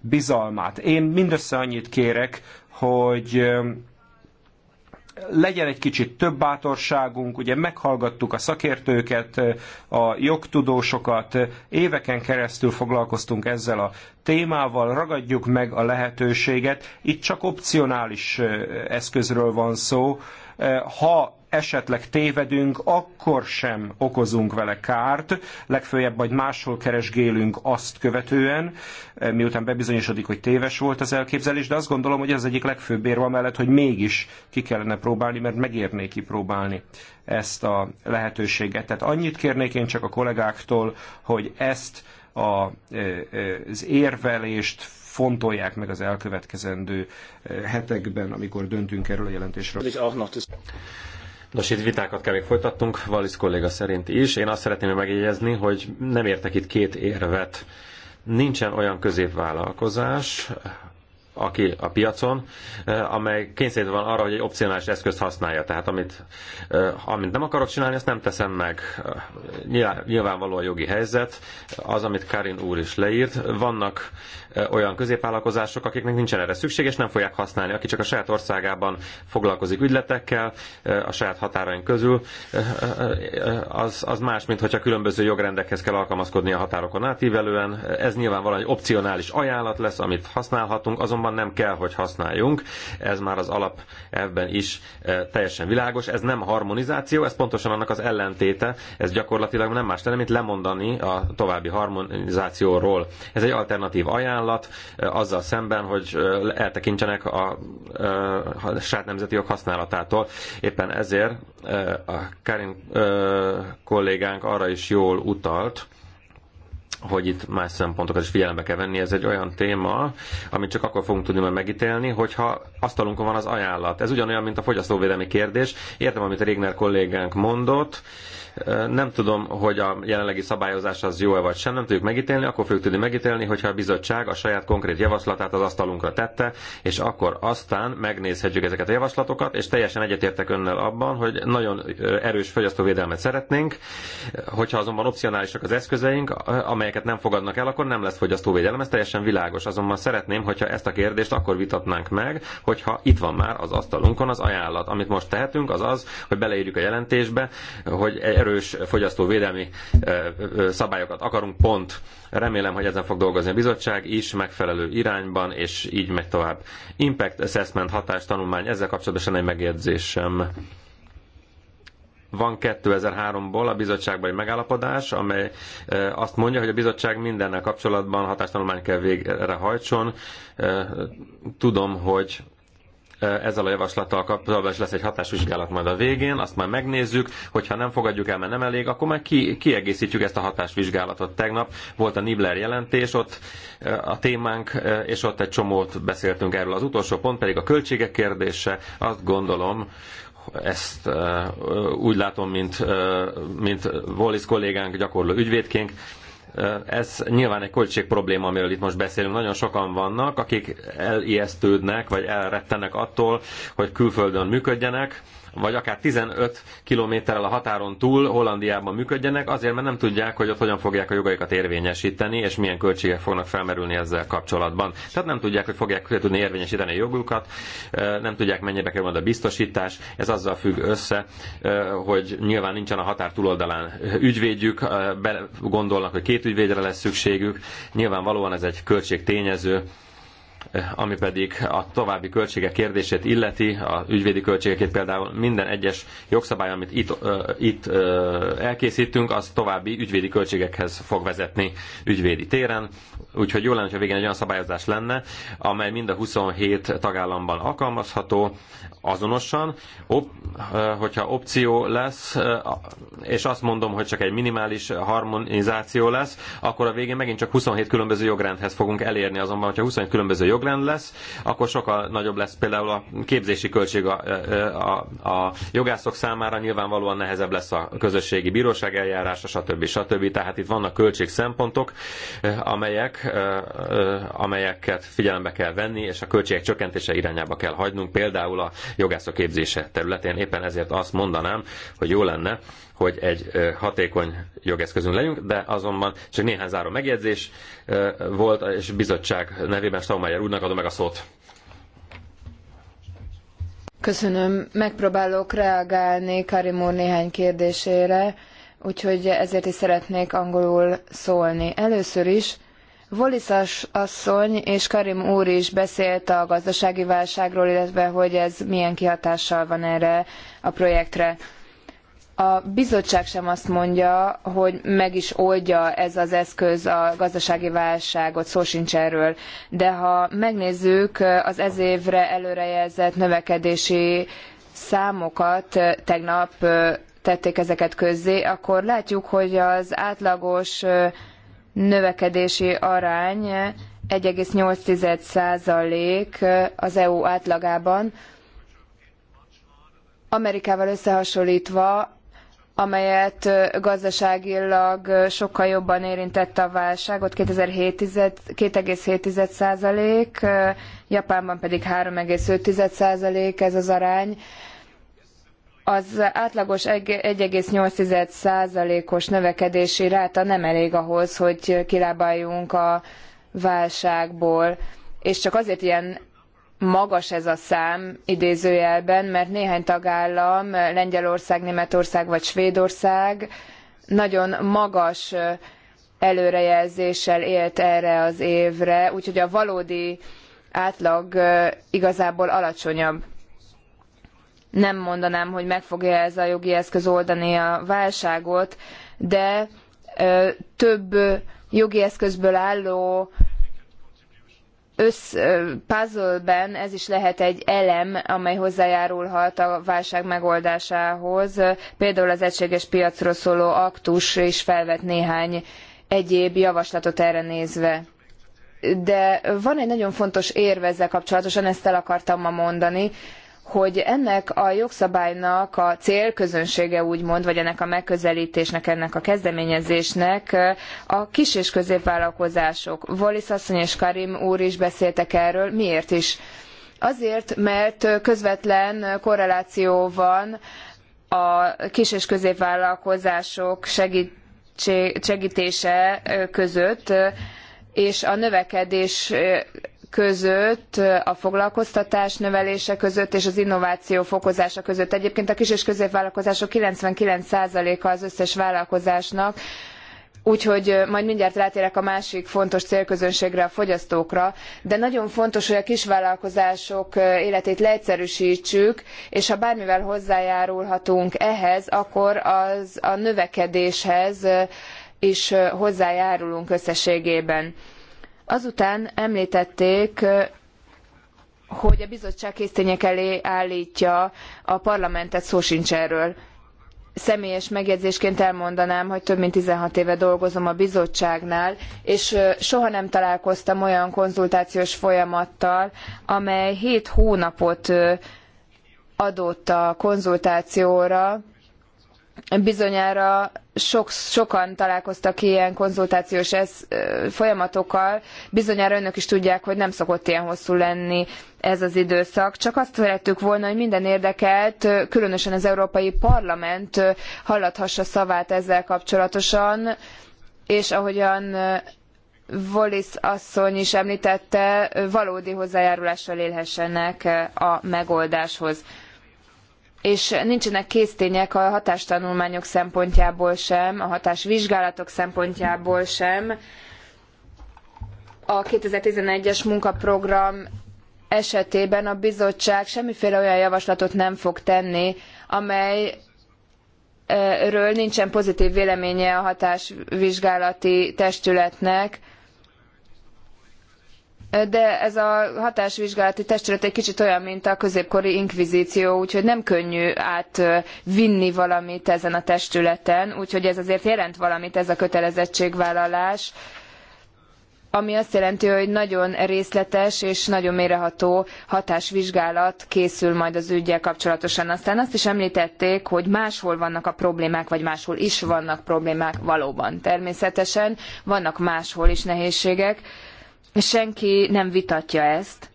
bizalmát. Én mindössze annyit kérek, hogy legyen egy kicsit több bátorságunk, ugye meghallgattuk a szakértőket, a jogtudósokat, éveken keresztül foglalkoztunk ezzel a témával, ragadjuk meg a lehetőséget. Itt csak opcionális eszközről van szó. Ha esetleg tévedünk, akkor sem okozunk vele kárt, legfőjebb vagy máshol keresgélünk azt követően, eh, miután bebizonyosodik, hogy téves volt az elképzelés, de azt gondolom, hogy ez az egyik legfőbb érva amellett, hogy mégis ki kellene próbálni, mert megérné kipróbálni ezt a lehetőséget. Tehát annyit kérnék én csak a kollégáktól, hogy ezt a, eh, eh, az érvelést fontolják meg az elkövetkezendő hetekben, amikor döntünk erről a jelentésről. Nos, itt vitákat kell még folytattunk, Valisz kolléga szerint is. Én azt szeretném megjegyezni, hogy nem értek itt két érvet. Nincsen olyan középvállalkozás, aki a piacon, eh, amely kényszerítve van arra, hogy egy opcionális eszközt használja. Tehát amit, eh, amit nem akarok csinálni, azt nem teszem meg. Eh, nyilvánvaló a jogi helyzet, az, amit Karin úr is leírt. Vannak olyan középvállalkozások, akiknek nincsen erre szükség, és nem fogják használni. Aki csak a saját országában foglalkozik ügyletekkel, a saját határaink közül, az, az más, mint hogyha különböző jogrendekhez kell alkalmazkodni a határokon átívelően. Ez nyilvánvalóan egy opcionális ajánlat lesz, amit használhatunk, azonban nem kell, hogy használjunk. Ez már az alap ebben is teljesen világos. Ez nem harmonizáció, ez pontosan annak az ellentéte, ez gyakorlatilag nem más tenne, mint lemondani a további harmonizációról. Ez egy alternatív ajánlat, ajánlat azzal szemben, hogy eltekintsenek a, a saját nemzeti jog használatától. Éppen ezért a Karin kollégánk arra is jól utalt, hogy itt más szempontokat is figyelembe kell venni. Ez egy olyan téma, amit csak akkor fogunk tudni majd megítélni, hogyha asztalunkon van az ajánlat. Ez ugyanolyan, mint a fogyasztóvédelmi kérdés. Értem, amit a Régner kollégánk mondott, nem tudom, hogy a jelenlegi szabályozás az jó-e vagy sem, nem tudjuk megítélni, akkor fogjuk tudni megítélni, hogyha a bizottság a saját konkrét javaslatát az asztalunkra tette, és akkor aztán megnézhetjük ezeket a javaslatokat, és teljesen egyetértek önnel abban, hogy nagyon erős fogyasztóvédelmet szeretnénk, hogyha azonban opcionálisak az eszközeink, amelyeket nem fogadnak el, akkor nem lesz fogyasztóvédelem, ez teljesen világos. Azonban szeretném, hogyha ezt a kérdést akkor vitatnánk meg, hogyha itt van már az asztalunkon az ajánlat. Amit most tehetünk, az az, hogy beleírjuk a jelentésbe, hogy erős erős fogyasztóvédelmi eh, eh, szabályokat akarunk, pont. Remélem, hogy ezen fog dolgozni a bizottság is, megfelelő irányban, és így megy tovább. Impact Assessment hatástanulmány, ezzel kapcsolatosan egy megjegyzésem van 2003-ból a bizottságban egy megállapodás, amely eh, azt mondja, hogy a bizottság mindennel kapcsolatban hatástanulmány kell végrehajtson. Tudom, hogy ezzel a javaslattal kapcsolatban is lesz egy hatásvizsgálat majd a végén, azt majd megnézzük, hogyha nem fogadjuk el, mert nem elég, akkor majd ki, kiegészítjük ezt a hatásvizsgálatot. Tegnap volt a Nibler jelentés, ott eh, a témánk, eh, és ott egy csomót beszéltünk erről. Az utolsó pont pedig a költségek kérdése. Azt gondolom, ezt eh, úgy látom, mint, mint Wallis kollégánk gyakorló ügyvédként, ez nyilván egy költség probléma, amiről itt most beszélünk. Nagyon sokan vannak, akik elijesztődnek, vagy elrettenek attól, hogy külföldön működjenek, vagy akár 15 kilométerrel a határon túl Hollandiában működjenek, azért mert nem tudják, hogy ott hogyan fogják a jogaikat érvényesíteni, és milyen költségek fognak felmerülni ezzel kapcsolatban. Tehát nem tudják, hogy fogják tudni érvényesíteni a jogukat, nem tudják, mennyibe kerül a biztosítás. Ez azzal függ össze, hogy nyilván nincsen a határ túloldalán ügyvédjük, gondolnak, hogy két ügyvédre lesz szükségük. Nyilvánvalóan ez egy költségtényező, ami pedig a további költségek kérdését illeti, a ügyvédi költségekét például minden egyes jogszabály, amit itt, itt elkészítünk, az további ügyvédi költségekhez fog vezetni ügyvédi téren. Úgyhogy jó lenne, hogyha végén egy olyan szabályozás lenne, amely mind a 27 tagállamban alkalmazható azonosan, op, hogyha opció lesz, és azt mondom, hogy csak egy minimális harmonizáció lesz, akkor a végén megint csak 27 különböző jogrendhez fogunk elérni, azonban, hogyha 27 különböző jogrend lesz, akkor sokkal nagyobb lesz például a képzési költség a, e, e, a, a jogászok számára, nyilvánvalóan nehezebb lesz a közösségi bíróság eljárása, stb. stb. Tehát itt vannak költség szempontok, e, amelyek, amelyeket figyelembe kell venni, és a költségek csökkentése irányába kell hagynunk, például a jogászok képzése területén. Éppen ezért azt mondanám, hogy jó lenne, hogy egy hatékony jogeszközünk legyünk, de azonban csak néhány záró megjegyzés volt, és bizottság nevében Staumeyer úrnak adom meg a szót. Köszönöm. Megpróbálok reagálni Karim úr néhány kérdésére, úgyhogy ezért is szeretnék angolul szólni. Először is Volisz asszony és Karim úr is beszélt a gazdasági válságról, illetve hogy ez milyen kihatással van erre a projektre. A bizottság sem azt mondja, hogy meg is oldja ez az eszköz a gazdasági válságot, szó sincs erről. De ha megnézzük az ez évre előrejelzett növekedési számokat, tegnap tették ezeket közzé, akkor látjuk, hogy az átlagos növekedési arány 1,8% az EU átlagában. Amerikával összehasonlítva amelyet gazdaságilag sokkal jobban érintett a válságot, 2,7 százalék, Japánban pedig 3,5 százalék ez az arány. Az átlagos 1,8 százalékos növekedési ráta nem elég ahhoz, hogy kilábaljunk a válságból, és csak azért ilyen magas ez a szám idézőjelben, mert néhány tagállam, Lengyelország, Németország vagy Svédország nagyon magas előrejelzéssel élt erre az évre, úgyhogy a valódi átlag igazából alacsonyabb. Nem mondanám, hogy meg fogja ez a jogi eszköz oldani a válságot, de több jogi eszközből álló össz, puzzle-ben ez is lehet egy elem, amely hozzájárulhat a válság megoldásához. Például az egységes piacról szóló aktus is felvet néhány egyéb javaslatot erre nézve. De van egy nagyon fontos érv ezzel kapcsolatosan, ezt el akartam ma mondani hogy ennek a jogszabálynak a célközönsége úgymond, vagy ennek a megközelítésnek, ennek a kezdeményezésnek eh, a kis és középvállalkozások. Wallis asszony és Karim úr is beszéltek erről. Miért is? Azért, mert közvetlen korreláció van a kis és középvállalkozások segítése eh, között, eh, és a növekedés között, a foglalkoztatás növelése között és az innováció fokozása között. Egyébként a kis és középvállalkozások 99%-a az összes vállalkozásnak, úgyhogy majd mindjárt rátérek a másik fontos célközönségre, a fogyasztókra, de nagyon fontos, hogy a kisvállalkozások életét leegyszerűsítsük, és ha bármivel hozzájárulhatunk ehhez, akkor az a növekedéshez is hozzájárulunk összességében. Azután emltették hogy a bizottság késztények elé állítja a parlamentet, szó sincs erről. Személyes megjegyzésként elmondanám, hogy több mint 16 éve dolgozom a bizottságnál, és soha nem találkoztam olyan konzultációs folyamattal, amely 7 hónapot adott a konzultációra. Bizonyára sok, sokan találkoztak ilyen konzultációs ez, folyamatokkal. Bizonyára önök is tudják, hogy nem szokott ilyen hosszú lenni ez az időszak. Csak azt szerettük volna, hogy minden érdekelt, különösen az Európai Parlament hallathassa szavát ezzel kapcsolatosan, és ahogyan Wallis asszony is említette, valódi hozzájárulással élhessenek a megoldáshoz és nincsenek késztények a hatástanulmányok szempontjából sem, a hatásvizsgálatok szempontjából sem. A 2011-es munkaprogram esetében a bizottság semmiféle olyan javaslatot nem fog tenni, amely eh, ről nincsen pozitív véleménye a hatásvizsgálati testületnek, de ez a hatásvizsgálati testület egy kicsit olyan, mint a középkori inkvizíció, úgyhogy nem könnyű átvinni valamit ezen a testületen, úgyhogy ez azért jelent valamit, ez a kötelezettségvállalás, ami azt jelenti, hogy nagyon részletes és nagyon méreható hatásvizsgálat készül majd az ügyel kapcsolatosan. Aztán azt is említették, hogy máshol vannak a problémák, vagy máshol is vannak problémák valóban. Természetesen vannak máshol is nehézségek, Senki nem vitatja ezt.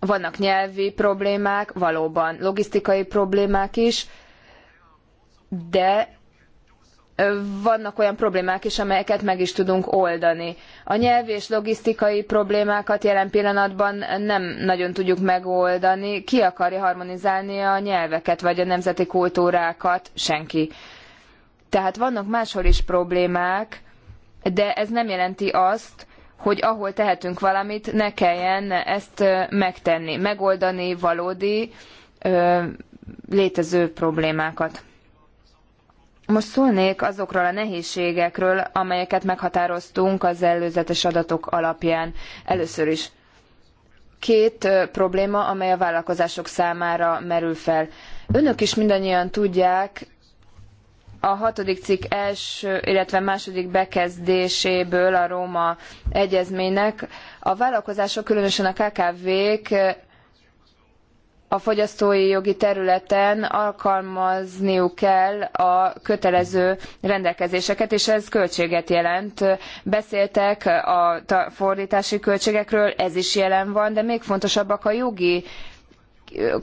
Vannak nyelvi problémák, valóban logisztikai problémák is, de vannak olyan problémák is, amelyeket meg is tudunk oldani. A nyelvi és logisztikai problémákat jelen pillanatban nem nagyon tudjuk megoldani. Ki akarja harmonizálni a nyelveket, vagy a nemzeti kultúrákat? Senki. Tehát vannak máshol is problémák, de ez nem jelenti azt, hogy ahol tehetünk valamit, ne kelljen ezt megtenni, megoldani valódi létező problémákat. Most szólnék azokról a nehézségekről, amelyeket meghatároztunk az előzetes adatok alapján. Először is két probléma, amely a vállalkozások számára merül fel. Önök is mindannyian tudják, a hatodik cikk első, illetve második bekezdéséből a Róma egyezménynek. A vállalkozások, különösen a KKV-k a fogyasztói jogi területen alkalmazniuk kell a kötelező rendelkezéseket, és ez költséget jelent. Beszéltek a fordítási költségekről, ez is jelen van, de még fontosabbak a jogi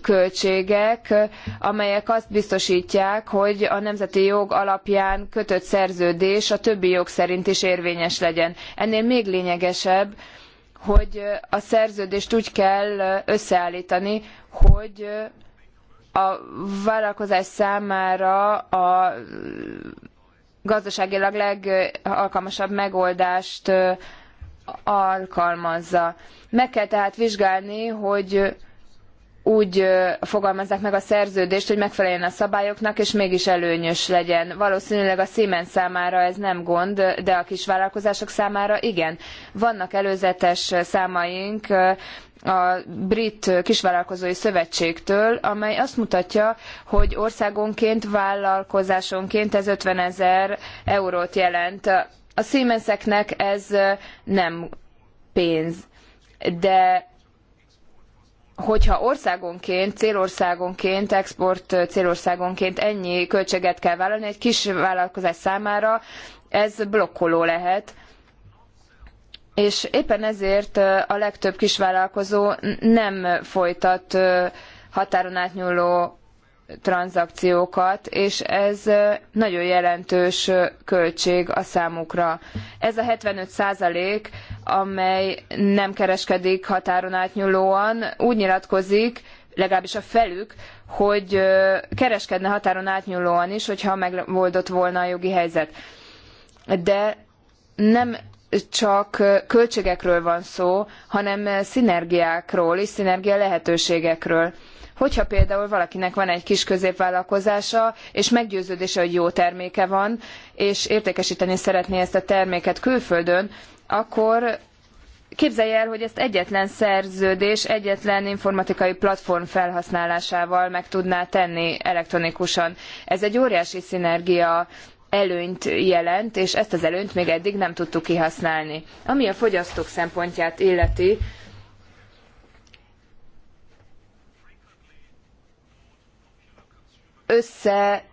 költségek, amelyek azt biztosítják, hogy a nemzeti jog alapján kötött szerződés a többi jog szerint is érvényes legyen. Ennél még lényegesebb, hogy a szerződést úgy kell összeállítani, hogy a vállalkozás számára a gazdaságilag legalkalmasabb megoldást alkalmazza. Meg kell tehát vizsgálni, hogy úgy fogalmazzák meg a szerződést, hogy megfeleljen a szabályoknak, és mégis előnyös legyen. Valószínűleg a Siemens számára ez nem gond, de a kisvállalkozások számára igen. Vannak előzetes számaink a Brit Kisvállalkozói Szövetségtől, amely azt mutatja, hogy országonként, vállalkozásonként ez 50 ezer eurót jelent. A Siemenseknek ez nem pénz, de hogyha országonként, célországonként, export célországonként ennyi költséget kell vállalni egy kis vállalkozás számára, ez blokkoló lehet. És éppen ezért a legtöbb kisvállalkozó nem folytat határon átnyúló tranzakciókat, és ez nagyon jelentős költség a számukra. Ez a 75 százalék, amely nem kereskedik határon átnyúlóan, úgy nyilatkozik, legalábbis a felük, hogy kereskedne határon átnyúlóan is, hogyha megoldott volna a jogi helyzet. De nem csak költségekről van szó, hanem szinergiákról és szinergia lehetőségekről. Hogyha például valakinek van egy kis középvállalkozása, és meggyőződése, hogy jó terméke van, és értékesíteni szeretné ezt a terméket külföldön, akkor Képzelje el, hogy ezt egyetlen szerződés, egyetlen informatikai platform felhasználásával meg tudná tenni elektronikusan. Ez egy óriási szinergia előnyt jelent, és ezt az előnyt még eddig nem tudtuk kihasználni. Ami a fogyasztók szempontját illeti, össze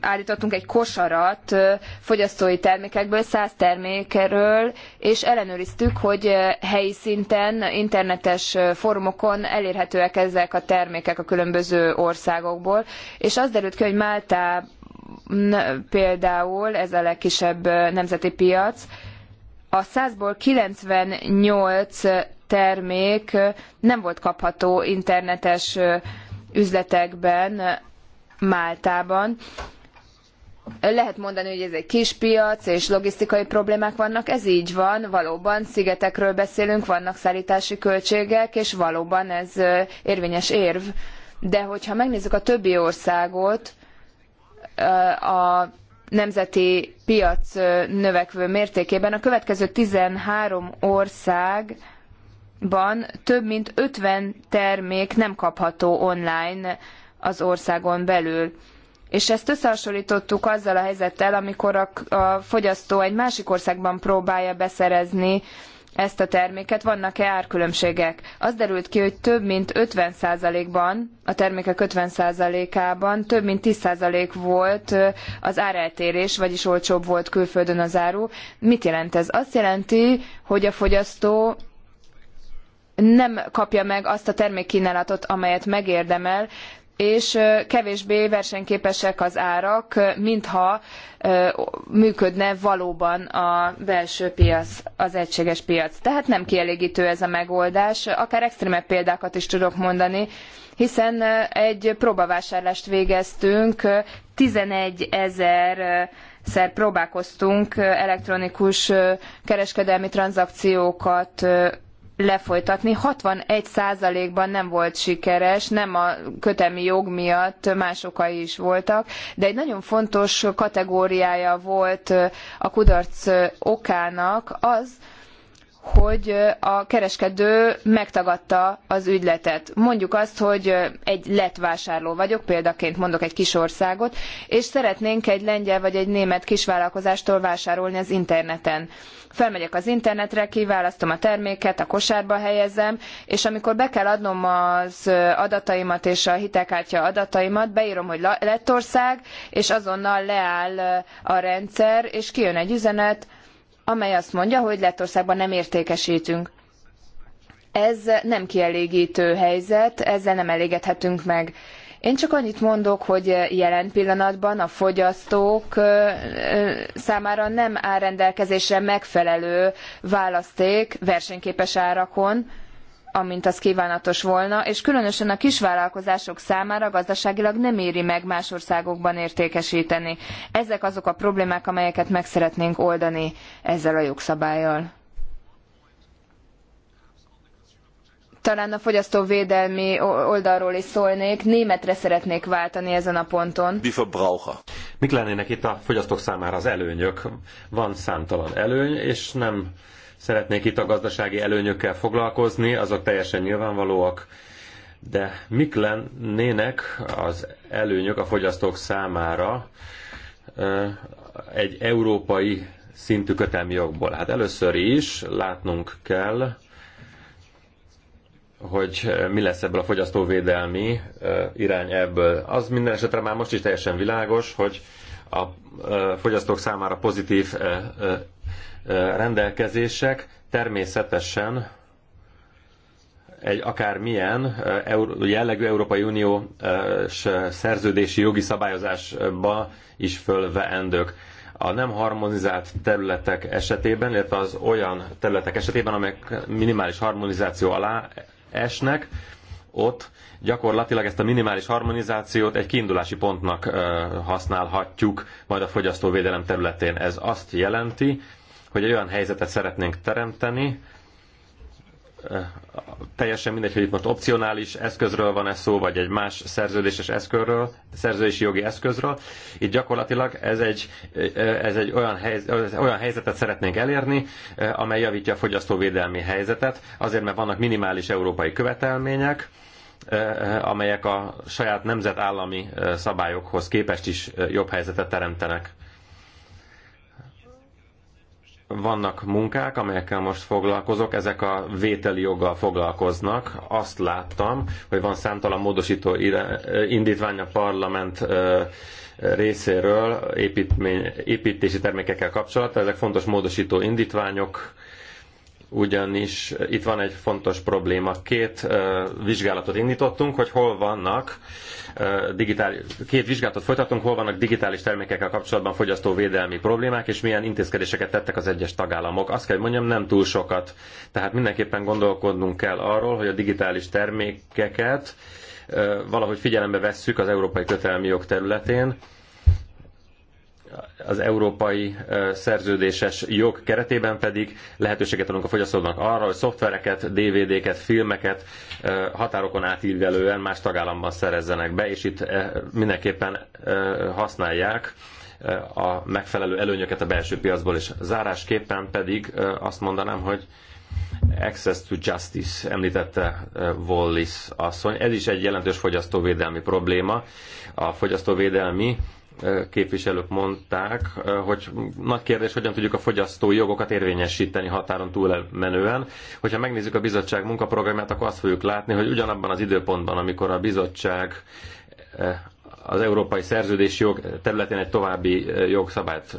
állítottunk egy kosarat fogyasztói termékekből, száz termékről, és ellenőriztük, hogy helyi szinten, internetes fórumokon elérhetőek ezek a termékek a különböző országokból, és az derült ki, hogy Máltában például ez a legkisebb nemzeti piac, a 100-ból 98 termék nem volt kapható internetes üzletekben Máltában. Lehet mondani, hogy ez egy kis piac, és logisztikai problémák vannak, ez így van, valóban szigetekről beszélünk, vannak szállítási költségek, és valóban ez érvényes érv. De hogyha megnézzük a többi országot, a nemzeti piac növekvő mértékében, a következő 13 ország ban több mint 50 termék nem kapható online az országon belül. És ezt összehasonlítottuk azzal a helyzettel, amikor a, a fogyasztó egy másik országban próbálja beszerezni ezt a terméket, vannak-e árkülönbségek? Az derült ki, hogy több mint 50%-ban, a termékek 50%-ában több mint 10% volt az áreltérés, vagyis olcsóbb volt külföldön az áru. Mit jelent ez? Azt jelenti, hogy a fogyasztó nem kapja meg azt a termékkínálatot, amelyet megérdemel, és kevésbé versenyképesek az árak, mintha működne valóban a belső piac, az egységes piac. Tehát nem kielégítő ez a megoldás, akár extrémebb példákat is tudok mondani, hiszen egy próbavásárlást végeztünk, 11 ezer szer próbálkoztunk elektronikus kereskedelmi tranzakciókat lefolytatni. 61%-ban nem volt sikeres, nem a kötemi jog miatt, más okai is voltak, de egy nagyon fontos kategóriája volt a kudarc okának az, hogy a kereskedő megtagadta az ügyletet. Mondjuk azt, hogy egy lett vásárló vagyok, példaként mondok egy kis országot, és szeretnénk egy lengyel vagy egy német kisvállalkozástól vásárolni az interneten. Felmegyek az internetre, kiválasztom a terméket, a kosárba helyezem, és amikor be kell adnom az adataimat és a hitelkártya adataimat, beírom, hogy Lettország, és azonnal leáll a rendszer, és kijön egy üzenet, amely azt mondja, hogy Lettországban nem értékesítünk. Ez nem kielégítő helyzet, ezzel nem elégedhetünk meg. Én csak annyit mondok, hogy jelen pillanatban a fogyasztók számára nem áll rendelkezésre megfelelő választék versenyképes árakon, amint az kívánatos volna, és különösen a kisvállalkozások számára gazdaságilag nem éri meg más országokban értékesíteni. Ezek azok a problémák, amelyeket meg szeretnénk oldani ezzel a jogszabályjal. Talán a fogyasztóvédelmi oldalról is szólnék, németre szeretnék váltani ezen a ponton. Mik lennének itt a fogyasztók számára az előnyök? Van számtalan előny, és nem Szeretnék itt a gazdasági előnyökkel foglalkozni, azok teljesen nyilvánvalóak, de mik lennének az előnyök a fogyasztók számára egy európai szintű jogból? Hát először is látnunk kell, hogy mi lesz ebből a fogyasztóvédelmi irány ebből. Az minden esetre már most is teljesen világos, hogy a fogyasztók számára pozitív rendelkezések természetesen egy akármilyen jellegű Európai Uniós szerződési jogi szabályozásba is fölveendők. A nem harmonizált területek esetében, illetve az olyan területek esetében, amelyek minimális harmonizáció alá esnek, ott gyakorlatilag ezt a minimális harmonizációt egy kiindulási pontnak használhatjuk majd a fogyasztóvédelem területén. Ez azt jelenti, hogy egy olyan helyzetet szeretnénk teremteni, eh, teljesen mindegy, hogy itt most opcionális eszközről van ez szó, vagy egy más szerződéses eszközről, szerződési jogi eszközről. Itt gyakorlatilag ez egy, eh, ez egy olyan, helyz, olyan helyzetet szeretnénk elérni, eh, amely javítja a fogyasztóvédelmi helyzetet, azért mert vannak minimális európai követelmények, amelyek a saját nemzetállami szabályokhoz képest is jobb helyzetet teremtenek vannak munkák, amelyekkel most foglalkozok, ezek a vételi joggal foglalkoznak. Azt láttam, hogy van számtalan módosító indítvány a parlament részéről építési termékekkel kapcsolatban. Ezek fontos módosító indítványok, ugyanis itt van egy fontos probléma. Két vizsgálatot indítottunk, hogy hol vannak digitális, két vizsgálatot folytattunk, hol vannak digitális termékekkel kapcsolatban fogyasztóvédelmi problémák, és milyen intézkedéseket tettek az egyes tagállamok. Azt kell, hogy mondjam, nem túl sokat. Tehát mindenképpen gondolkodnunk kell arról, hogy a digitális termékeket valahogy figyelembe vesszük az európai kötelmi jog területén, az európai szerződéses jog keretében pedig lehetőséget adunk a fogyasztóknak arra, hogy szoftvereket, DVD-ket, filmeket határokon átívelően más tagállamban szerezzenek be, és itt mindenképpen használják a megfelelő előnyöket a belső piacból, és zárásképpen pedig azt mondanám, hogy Access to Justice említette Wallis asszony. Ez is egy jelentős fogyasztóvédelmi probléma. A fogyasztóvédelmi képviselők mondták, hogy nagy kérdés, hogyan tudjuk a fogyasztói jogokat érvényesíteni határon túl menően. Hogyha megnézzük a bizottság munkaprogramját, akkor azt fogjuk látni, hogy ugyanabban az időpontban, amikor a bizottság az európai szerződési jog területén egy további jogszabályt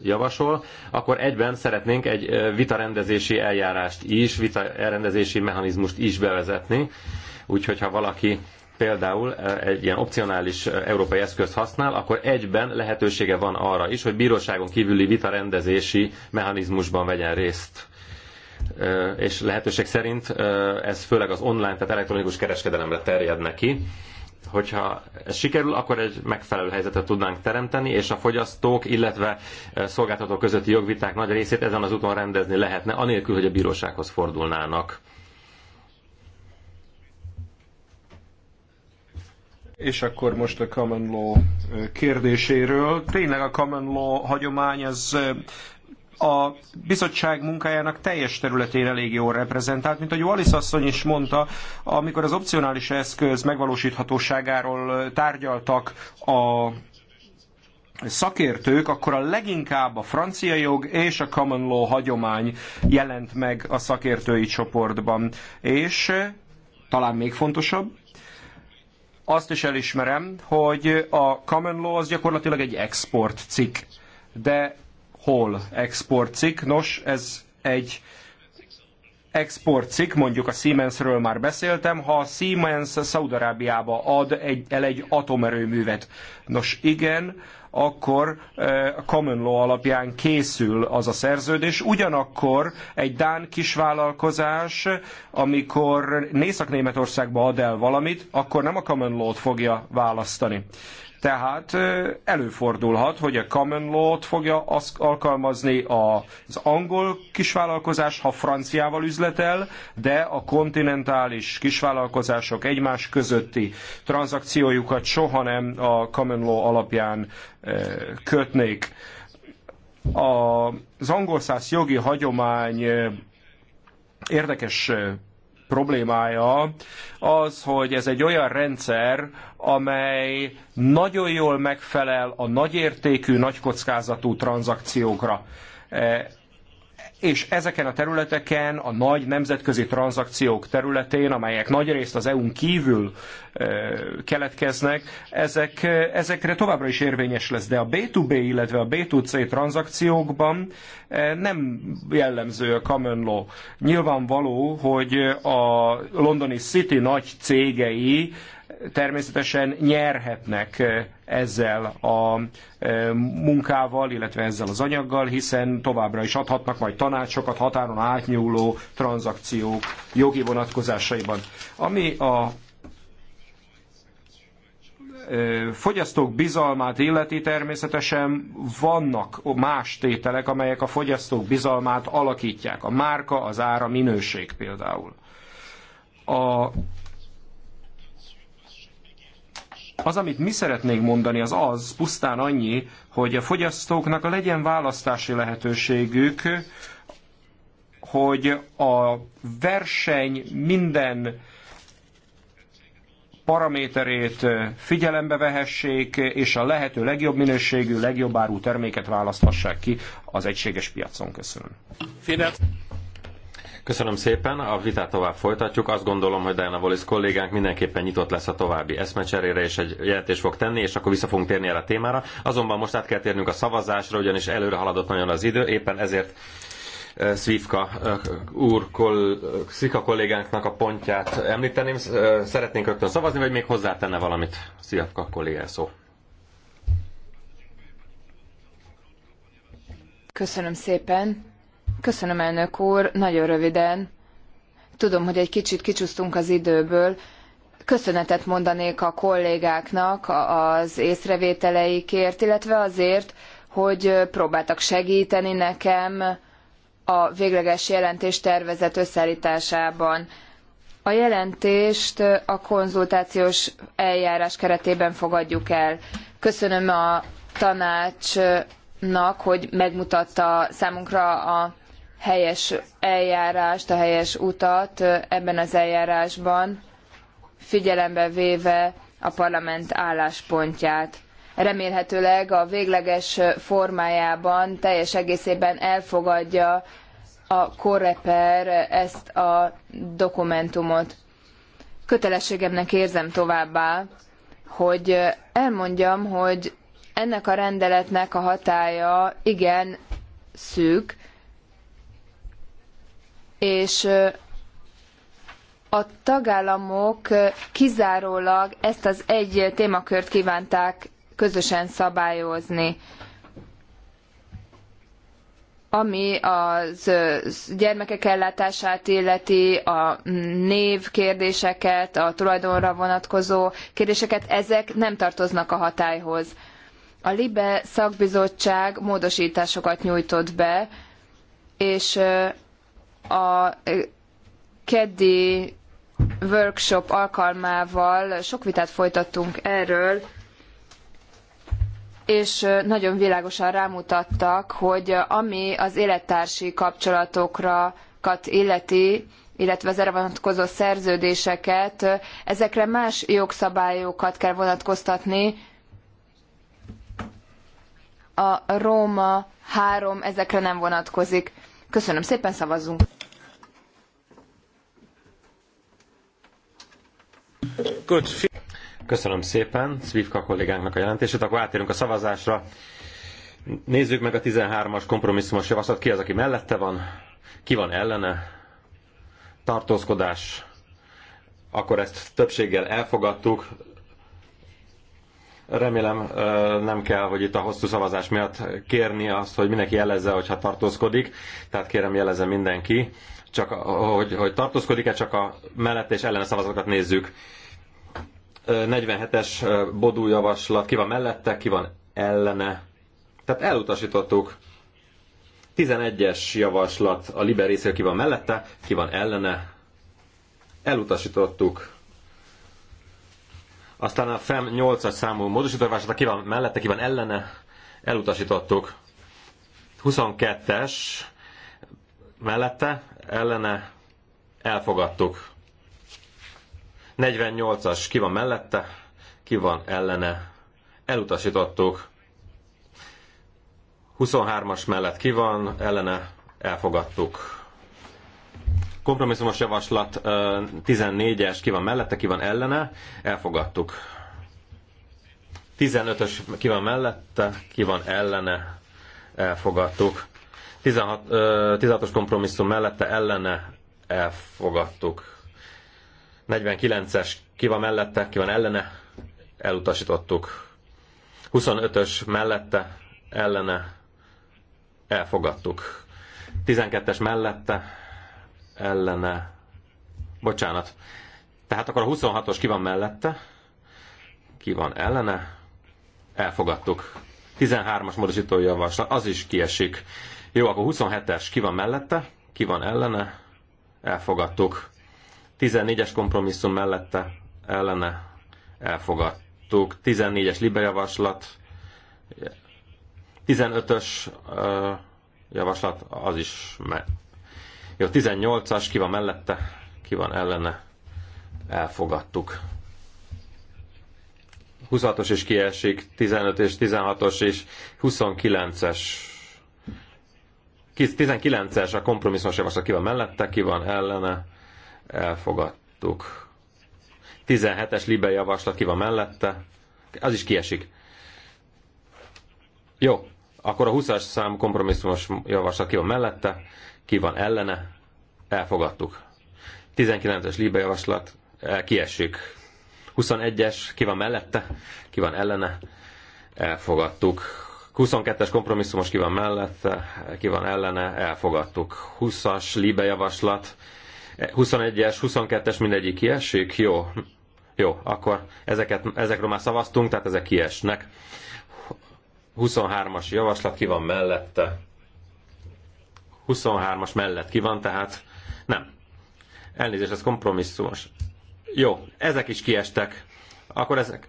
javasol, akkor egyben szeretnénk egy vitarendezési eljárást is, vitarendezési mechanizmust is bevezetni. Úgyhogy ha valaki például eh, egy ilyen opcionális eh, európai eszközt használ, akkor egyben lehetősége van arra is, hogy bíróságon kívüli vita rendezési mechanizmusban vegyen részt. Eh, és lehetőség szerint ez főleg az online, tehát elektronikus kereskedelemre terjed neki hogyha ez sikerül, akkor egy megfelelő helyzetet tudnánk teremteni, és a fogyasztók, illetve szolgáltatók közötti jogviták nagy részét ezen az úton rendezni lehetne, anélkül, hogy a bírósághoz fordulnának. És akkor most a common law kérdéséről. Tényleg a common law hagyomány az a bizottság munkájának teljes területén elég jól reprezentált, mint ahogy Wallis asszony is mondta, amikor az opcionális eszköz megvalósíthatóságáról tárgyaltak a szakértők, akkor a leginkább a francia jog és a common law hagyomány jelent meg a szakértői csoportban. És talán még fontosabb, azt is elismerem, hogy a common law az gyakorlatilag egy exportcikk. De hol exportcikk? Nos, ez egy exportcikk, mondjuk a Siemensről már beszéltem, ha a Siemens Szaudarábiába ad egy, el egy atomerőművet. Nos igen, akkor eh, a common law alapján készül az a szerződés. Ugyanakkor egy Dán kisvállalkozás, amikor Nészak-Németországba ad el valamit, akkor nem a common law-t fogja választani. Tehát előfordulhat, hogy a common law-t fogja alkalmazni az angol kisvállalkozás, ha franciával üzletel, de a kontinentális kisvállalkozások egymás közötti tranzakciójukat soha nem a common law alapján kötnék. Az angol száz jogi hagyomány érdekes problémája az, hogy ez egy olyan rendszer, amely nagyon jól megfelel a nagyértékű, nagykockázatú tranzakciókra eh, és ezeken a területeken, a nagy nemzetközi tranzakciók területén, amelyek nagyrészt az EU-n kívül keletkeznek, ezek, ezekre továbbra is érvényes lesz, de a B2B, illetve a B2C tranzakciókban nem jellemző a common law. Nyilvánvaló, hogy a londoni City nagy cégei természetesen nyerhetnek ezzel a munkával, illetve ezzel az anyaggal, hiszen továbbra is adhatnak majd tanácsokat határon átnyúló tranzakciók jogi vonatkozásaiban. Ami a fogyasztók bizalmát illeti természetesen vannak más tételek, amelyek a fogyasztók bizalmát alakítják. A márka, az ára, minőség például. A az, amit mi szeretnénk mondani, az az pusztán annyi, hogy a fogyasztóknak legyen választási lehetőségük, hogy a verseny minden paraméterét figyelembe vehessék, és a lehető legjobb minőségű, legjobb árú terméket választhassák ki az egységes piacon. Köszönöm. Köszönöm szépen, a vitát tovább folytatjuk. Azt gondolom, hogy Diana Wallis kollégánk mindenképpen nyitott lesz a további eszmecserére, és egy jelentést fog tenni, és akkor vissza fogunk térni erre a témára. Azonban most át kell térnünk a szavazásra, ugyanis előre haladott nagyon az idő, éppen ezért eh, Szvívka eh, úr, koll, eh, Szika kollégánknak a pontját említeném. Szeretnénk rögtön szavazni, vagy még hozzátenne valamit Szvívka kollégá szó? Köszönöm szépen. Köszönöm, elnök úr, nagyon röviden. Tudom, hogy egy kicsit kicsúsztunk az időből. Köszönetet mondanék a kollégáknak az észrevételeikért, illetve azért, hogy próbáltak segíteni nekem a végleges jelentés tervezet összeállításában. A jelentést a konzultációs eljárás keretében fogadjuk el. Köszönöm a tanácsnak, hogy megmutatta számunkra a helyes eljárást, a helyes utat ebben az eljárásban, figyelembe véve a parlament álláspontját. Remélhetőleg a végleges formájában teljes egészében elfogadja a Koreper ezt a dokumentumot. Kötelességemnek érzem továbbá, hogy elmondjam, hogy ennek a rendeletnek a hatálya igen szűk, és a tagállamok kizárólag ezt az egy témakört kívánták közösen szabályozni ami az gyermekek ellátását illeti, a név kérdéseket, a tulajdonra vonatkozó kérdéseket, ezek nem tartoznak a hatályhoz. A LIBE szakbizottság módosításokat nyújtott be, és a keddi workshop alkalmával sok vitát folytattunk erről, és nagyon világosan rámutattak, hogy ami az élettársi kapcsolatokra illeti, illetve az erre vonatkozó szerződéseket, ezekre más jogszabályokat kell vonatkoztatni. A Róma 3 ezekre nem vonatkozik. Köszönöm szépen, szavazzunk! Good. Köszönöm szépen Szvivka kollégánknak a jelentését. Akkor átérünk a szavazásra. Nézzük meg a 13-as kompromisszumos javaslat. Ki az, aki mellette van? Ki van ellene? Tartózkodás. Akkor ezt többséggel elfogadtuk. Remélem nem kell, hogy itt a hosszú szavazás miatt kérni azt, hogy mindenki jelezze, hogyha tartózkodik. Tehát kérem jelezze mindenki, csak, hogy, hogy tartózkodik-e, csak a mellett és ellene szavazatokat nézzük. 47-es bodú javaslat, ki van mellette, ki van ellene. Tehát elutasítottuk. 11-es javaslat a liberészél, ki van mellette, ki van ellene. Elutasítottuk. Aztán a FEM 8-as számú módosítóvását, ki van mellette, ki van ellene, elutasítottuk. 22-es mellette, ellene, elfogadtuk. 48-as ki van mellette, ki van ellene, elutasítottuk. 23-as mellett ki van, ellene, elfogadtuk. Kompromisszumos javaslat 14-es, ki van mellette, ki van ellene, elfogadtuk. 15-ös ki van mellette, ki van ellene, elfogadtuk. 16, 16-os kompromisszum mellette, ellene, elfogadtuk. 49-es ki van mellette, ki van ellene, elutasítottuk. 25-ös mellette, ellene, elfogadtuk. 12-es mellette, ellene, bocsánat, tehát akkor a 26-os ki van mellette, ki van ellene, elfogadtuk. 13-as módosító javaslat, az is kiesik. Jó, akkor 27-es ki van mellette, ki van ellene, elfogadtuk. 14-es kompromisszum mellette, ellene, elfogadtuk. 14-es libejavaslat, 15-ös javaslat, az is jó, 18-as, ki van mellette, ki van ellene, elfogadtuk. 26-os is kiesik, 15 és 16-os is, 29-es. 19-es a kompromisszumos javaslat ki van mellette, ki van ellene, elfogadtuk. 17-es libe javaslat ki van mellette, az is kiesik. Jó, akkor a 20-as szám kompromisszumos javaslat ki van mellette, ki van ellene, elfogadtuk. 19-es Libe javaslat, eh, kiessük. 21-es, ki van mellette, ki van ellene, elfogadtuk. 22-es kompromisszumos ki van mellette, eh, ki van ellene, elfogadtuk. 20-as Libe javaslat, 21-es, eh, 22-es mindegyik kiessük, Jó. Jó, akkor ezeket, ezekről már szavaztunk, tehát ezek kiesnek. 23-as javaslat ki van mellette, 23-as mellett ki van, tehát nem. Elnézést, ez kompromisszumos. Jó, ezek is kiestek. Akkor ezek.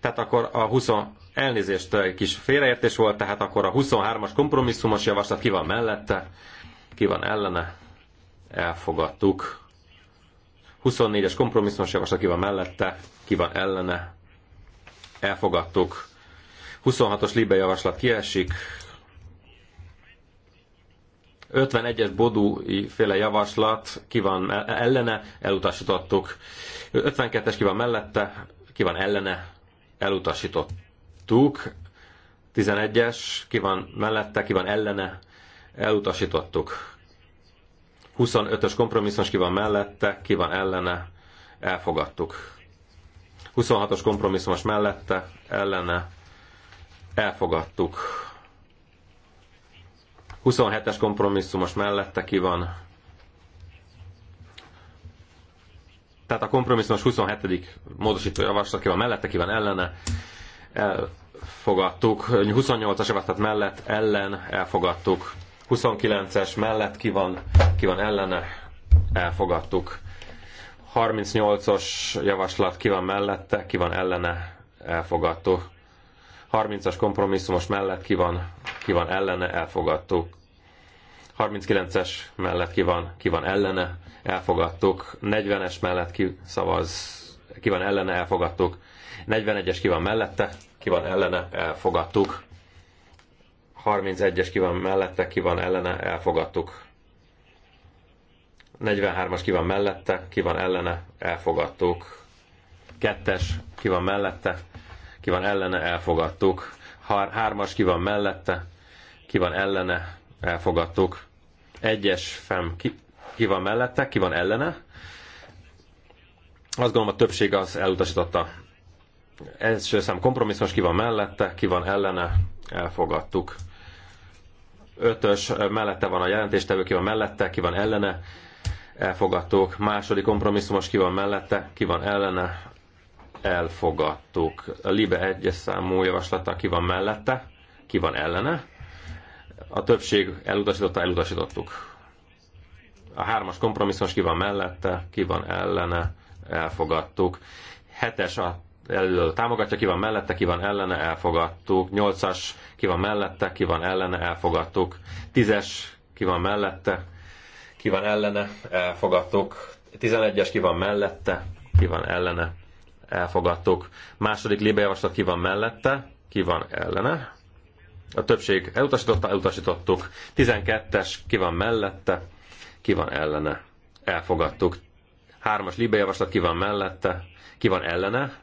Tehát akkor a 20, elnézést, kis félreértés volt, tehát akkor a 23-as kompromisszumos javaslat ki van mellette, ki van ellene, elfogadtuk. 24-es kompromisszumos javaslat ki van mellette, ki van ellene, elfogadtuk. 26-os libe javaslat kiesik, 51-es Bodúi féle javaslat ki van e- ellene, elutasítottuk. 52-es ki van mellette, ki van ellene, elutasítottuk. 11-es ki van mellette, ki van ellene, elutasítottuk. 25-ös kompromisszum ki van mellette, ki van ellene, elfogadtuk. 26-os kompromisszumos mellette, ellene, elfogadtuk. 27-es kompromisszumos mellette ki van. Tehát a kompromisszumos 27. módosító javaslat ki van mellette, ki van ellene. Elfogadtuk. 28-as javaslat mellett ellen elfogadtuk. 29-es mellett ki van, ki van ellene elfogadtuk. 38-os javaslat ki van mellette, ki van ellene elfogadtuk. 30-as kompromisszumos mellett ki van, ki van ellene, elfogadtuk. 39-es mellett ki van, ki van ellene, elfogadtuk. 40-es mellett ki szavaz, ki van ellene, elfogadtuk. 41-es ki van mellette, ki van ellene, elfogadtuk. 31-es ki van mellette, ki van ellene, elfogadtuk. 43-as ki van mellette, ki van ellene, elfogadtuk. 2-es ki van mellette, ki van ellene, elfogadtuk. Har, hármas, ki van mellette, ki van ellene, elfogadtuk. Egyes fem, ki, ki van mellette, ki van ellene. Azt gondolom a többség az elutasította. Első szám kompromisszumos, ki van mellette, ki van ellene, elfogadtuk. Ötös mellette van a jelentéstevő, ki van mellette, ki van ellene, elfogadtuk. Második kompromisszumos, ki van mellette, ki van ellene, elfogadtuk. A Libe egyes számú javaslata ki van mellette, ki van ellene. A többség elutasította, elutasítottuk. A hármas kompromisszumos ki van mellette, ki van ellene, elfogadtuk. Hetes a előadó támogatja, ki van mellette, ki van ellene, elfogadtuk. Nyolcas, ki van mellette, ki van ellene, elfogadtuk. Tízes, ki van mellette, ki van ellene, elfogadtuk. Tizenegyes, ki van mellette, ki van ellene, elfogadtuk. Második libe javaslat ki van mellette, ki van ellene. A többség elutasította, elutasítottuk. 12-es ki van mellette, ki van ellene. Elfogadtuk. Hármas libe javaslat ki van mellette, ki van ellene.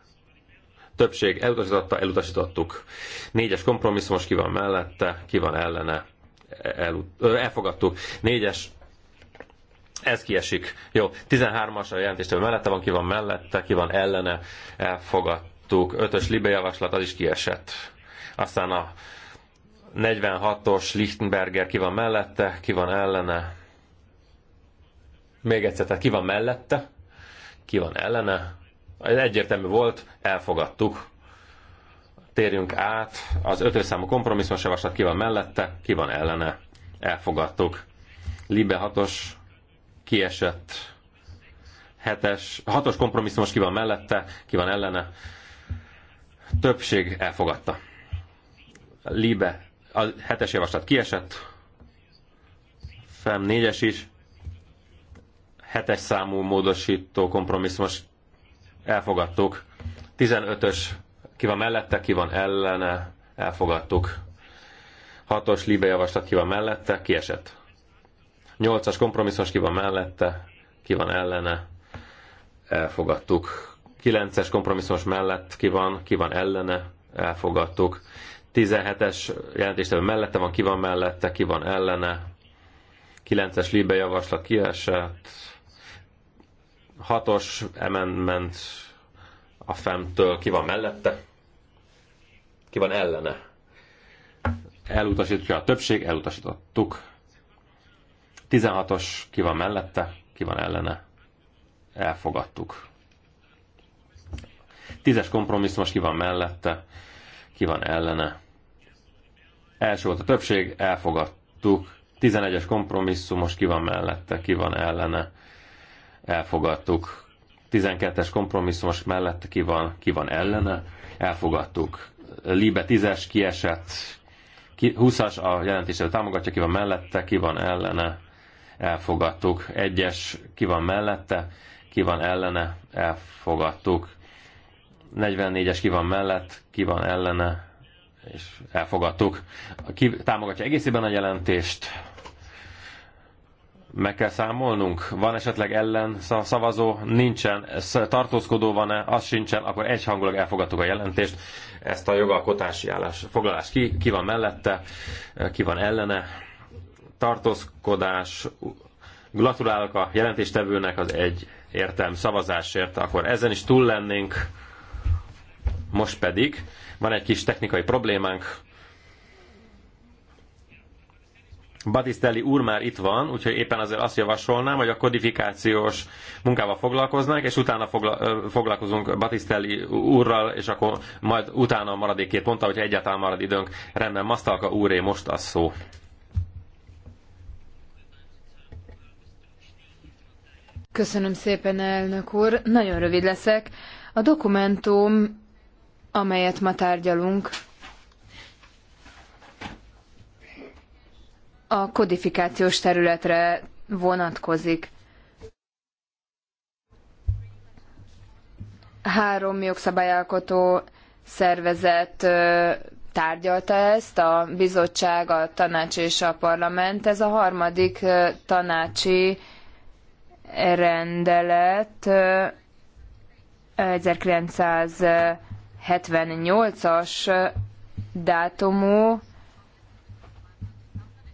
Többség elutasította, elutasítottuk. Négyes kompromisszumos ki van mellette, ki van ellene. El, elfogadtuk. Négyes ez kiesik. Jó, 13-as a jelentéstől mellette van, ki van mellette, ki van ellene, elfogadtuk. 5-ös libe javaslat, az is kiesett. Aztán a 46-os Lichtenberger ki van mellette, ki van ellene. Még egyszer, tehát ki van mellette, ki van ellene. Ez egyértelmű volt, elfogadtuk. Térjünk át, az 5-ös számú kompromisszumos javaslat ki van mellette, ki van ellene. Elfogadtuk. Libe 6-os kiesett. hetes, hatos kompromisszumos ki van mellette, ki van ellene. Többség elfogadta. Libe, a hetes javaslat kiesett. Fem négyes is. hetes számú módosító kompromisszumos elfogadtuk. 15-ös ki van mellette, ki van ellene, elfogadtuk. hatos os libe javaslat ki van mellette, kiesett. Nyolcas kompromisszos ki van mellette, ki van ellene, elfogadtuk. Kilences kompromisszos mellett ki van, ki van ellene, elfogadtuk. 17-es jelentéstevő mellette van, ki van mellette, ki van ellene. 9-es Libe javaslat kiesett. 6-os amendment a femtől ki van mellette, ki van ellene. Elutasítja a többség, elutasítottuk. 16-os ki van mellette, ki van ellene. Elfogadtuk. Tízes kompromisszumos ki van mellette, ki van ellene. Első volt a többség, elfogadtuk. Tizenegyes kompromisszumos ki van mellette, ki van ellene. Elfogadtuk. Tizenkettes kompromisszumos mellette ki van, ki van ellene. Elfogadtuk. Libe tízes, kiesett, 20-as a jelentésre támogatja, ki van mellette, ki van ellene, elfogadtuk. Egyes ki van mellette, ki van ellene, elfogadtuk. 44-es ki van mellett, ki van ellene, és elfogadtuk. Ki támogatja egészében a jelentést, meg kell számolnunk? Van esetleg ellen szavazó? Nincsen. tartózkodó van-e? Az sincsen. Akkor egyhangulag elfogadtuk a jelentést. Ezt a jogalkotási állás, foglalás ki, ki van mellette, ki van ellene tartózkodás. Gratulálok a jelentéstevőnek az egy értelm szavazásért, akkor ezen is túl lennénk. Most pedig van egy kis technikai problémánk. Batisztelli úr már itt van, úgyhogy éppen azért azt javasolnám, hogy a kodifikációs munkával foglalkoznánk, és utána fogla- foglalkozunk Batisztelli úrral, és akkor majd utána a maradék két ponttal, hogyha egyáltalán marad időnk. Rendben, Masztalka úré most a szó. Köszönöm szépen, elnök úr. Nagyon rövid leszek. A dokumentum, amelyet ma tárgyalunk, a kodifikációs területre vonatkozik. Három jogszabályalkotó szervezet tárgyalta ezt, a bizottság, a tanács és a parlament. Ez a harmadik tanácsi rendelet 1978-as dátumú,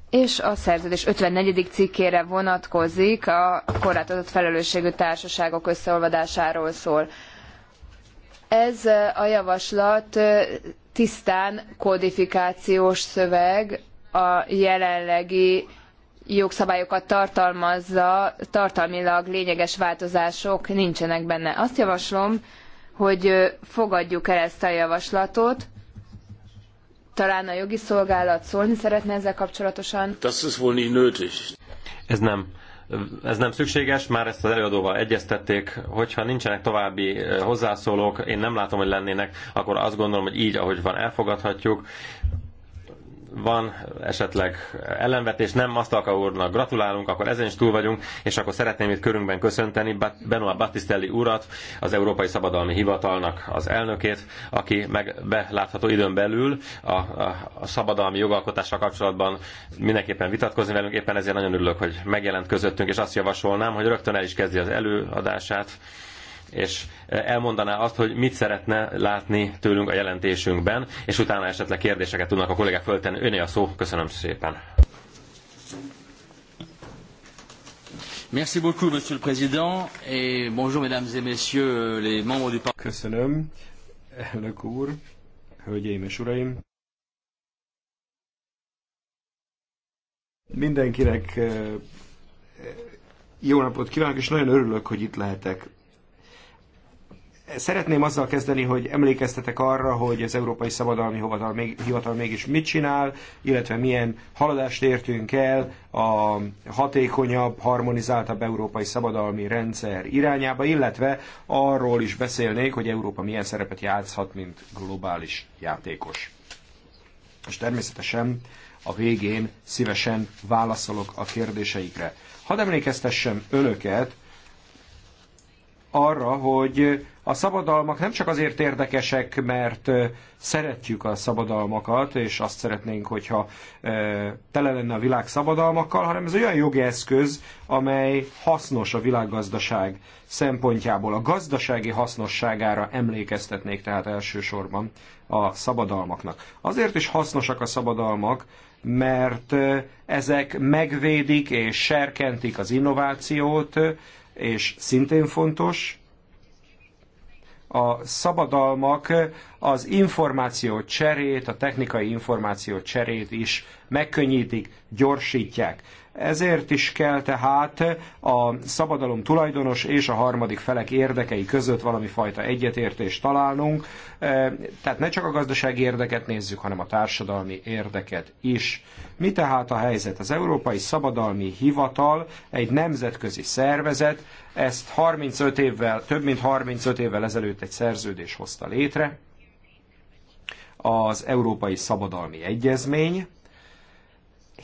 és a szerződés 54. cikkére vonatkozik, a korlátozott felelősségű társaságok összeolvadásáról szól. Ez a javaslat tisztán kodifikációs szöveg a jelenlegi jogszabályokat tartalmazza, tartalmilag lényeges változások nincsenek benne. Azt javaslom, hogy fogadjuk el ezt a javaslatot. Talán a jogi szolgálat szólni szeretne ezzel kapcsolatosan. Das ist wohl nicht nötig. Ez nem ez nem szükséges, már ezt az előadóval egyeztették, hogyha nincsenek további hozzászólók, én nem látom, hogy lennének, akkor azt gondolom, hogy így, ahogy van, elfogadhatjuk van esetleg ellenvetés, nem Masztalka úrnak gratulálunk, akkor ezen is túl vagyunk, és akkor szeretném itt körünkben köszönteni Benoit Battistelli urat, az Európai Szabadalmi Hivatalnak az elnökét, aki meg belátható időn belül a, a, a szabadalmi jogalkotással kapcsolatban mindenképpen vitatkozni velünk, éppen ezért nagyon örülök, hogy megjelent közöttünk, és azt javasolnám, hogy rögtön el is kezdi az előadását és elmondaná azt, hogy mit szeretne látni tőlünk a jelentésünkben, és utána esetleg kérdéseket tudnak a kollégák föltenni. Öné a szó, köszönöm szépen. Merci beaucoup, Monsieur le Président, bonjour, Mesdames et Messieurs, les membres du Parlement. Köszönöm, elnök úr, hölgyeim és uraim. Mindenkinek eh, jó napot kívánok, és nagyon örülök, hogy itt lehetek. Szeretném azzal kezdeni, hogy emlékeztetek arra, hogy az Európai Szabadalmi Hivatal, még, Hivatal mégis mit csinál, illetve milyen haladást értünk el a hatékonyabb, harmonizáltabb európai szabadalmi rendszer irányába, illetve arról is beszélnék, hogy Európa milyen szerepet játszhat, mint globális játékos. És természetesen a végén szívesen válaszolok a kérdéseikre. Hadd emlékeztessem önöket arra, hogy a szabadalmak nem csak azért érdekesek, mert szeretjük a szabadalmakat, és azt szeretnénk, hogyha tele lenne a világ szabadalmakkal, hanem ez olyan jogi eszköz, amely hasznos a világgazdaság szempontjából. A gazdasági hasznosságára emlékeztetnék tehát elsősorban a szabadalmaknak. Azért is hasznosak a szabadalmak, mert ezek megvédik és serkentik az innovációt, és szintén fontos, a szabadalmak az információ cserét, a technikai információ cserét is megkönnyítik, gyorsítják. Ezért is kell tehát a szabadalom tulajdonos és a harmadik felek érdekei között valami fajta egyetértést találnunk. E, tehát ne csak a gazdasági érdeket nézzük, hanem a társadalmi érdeket is. Mi tehát a helyzet? Az Európai Szabadalmi Hivatal egy nemzetközi szervezet, ezt 35 évvel, több mint 35 évvel ezelőtt egy szerződés hozta létre, az Európai Szabadalmi Egyezmény,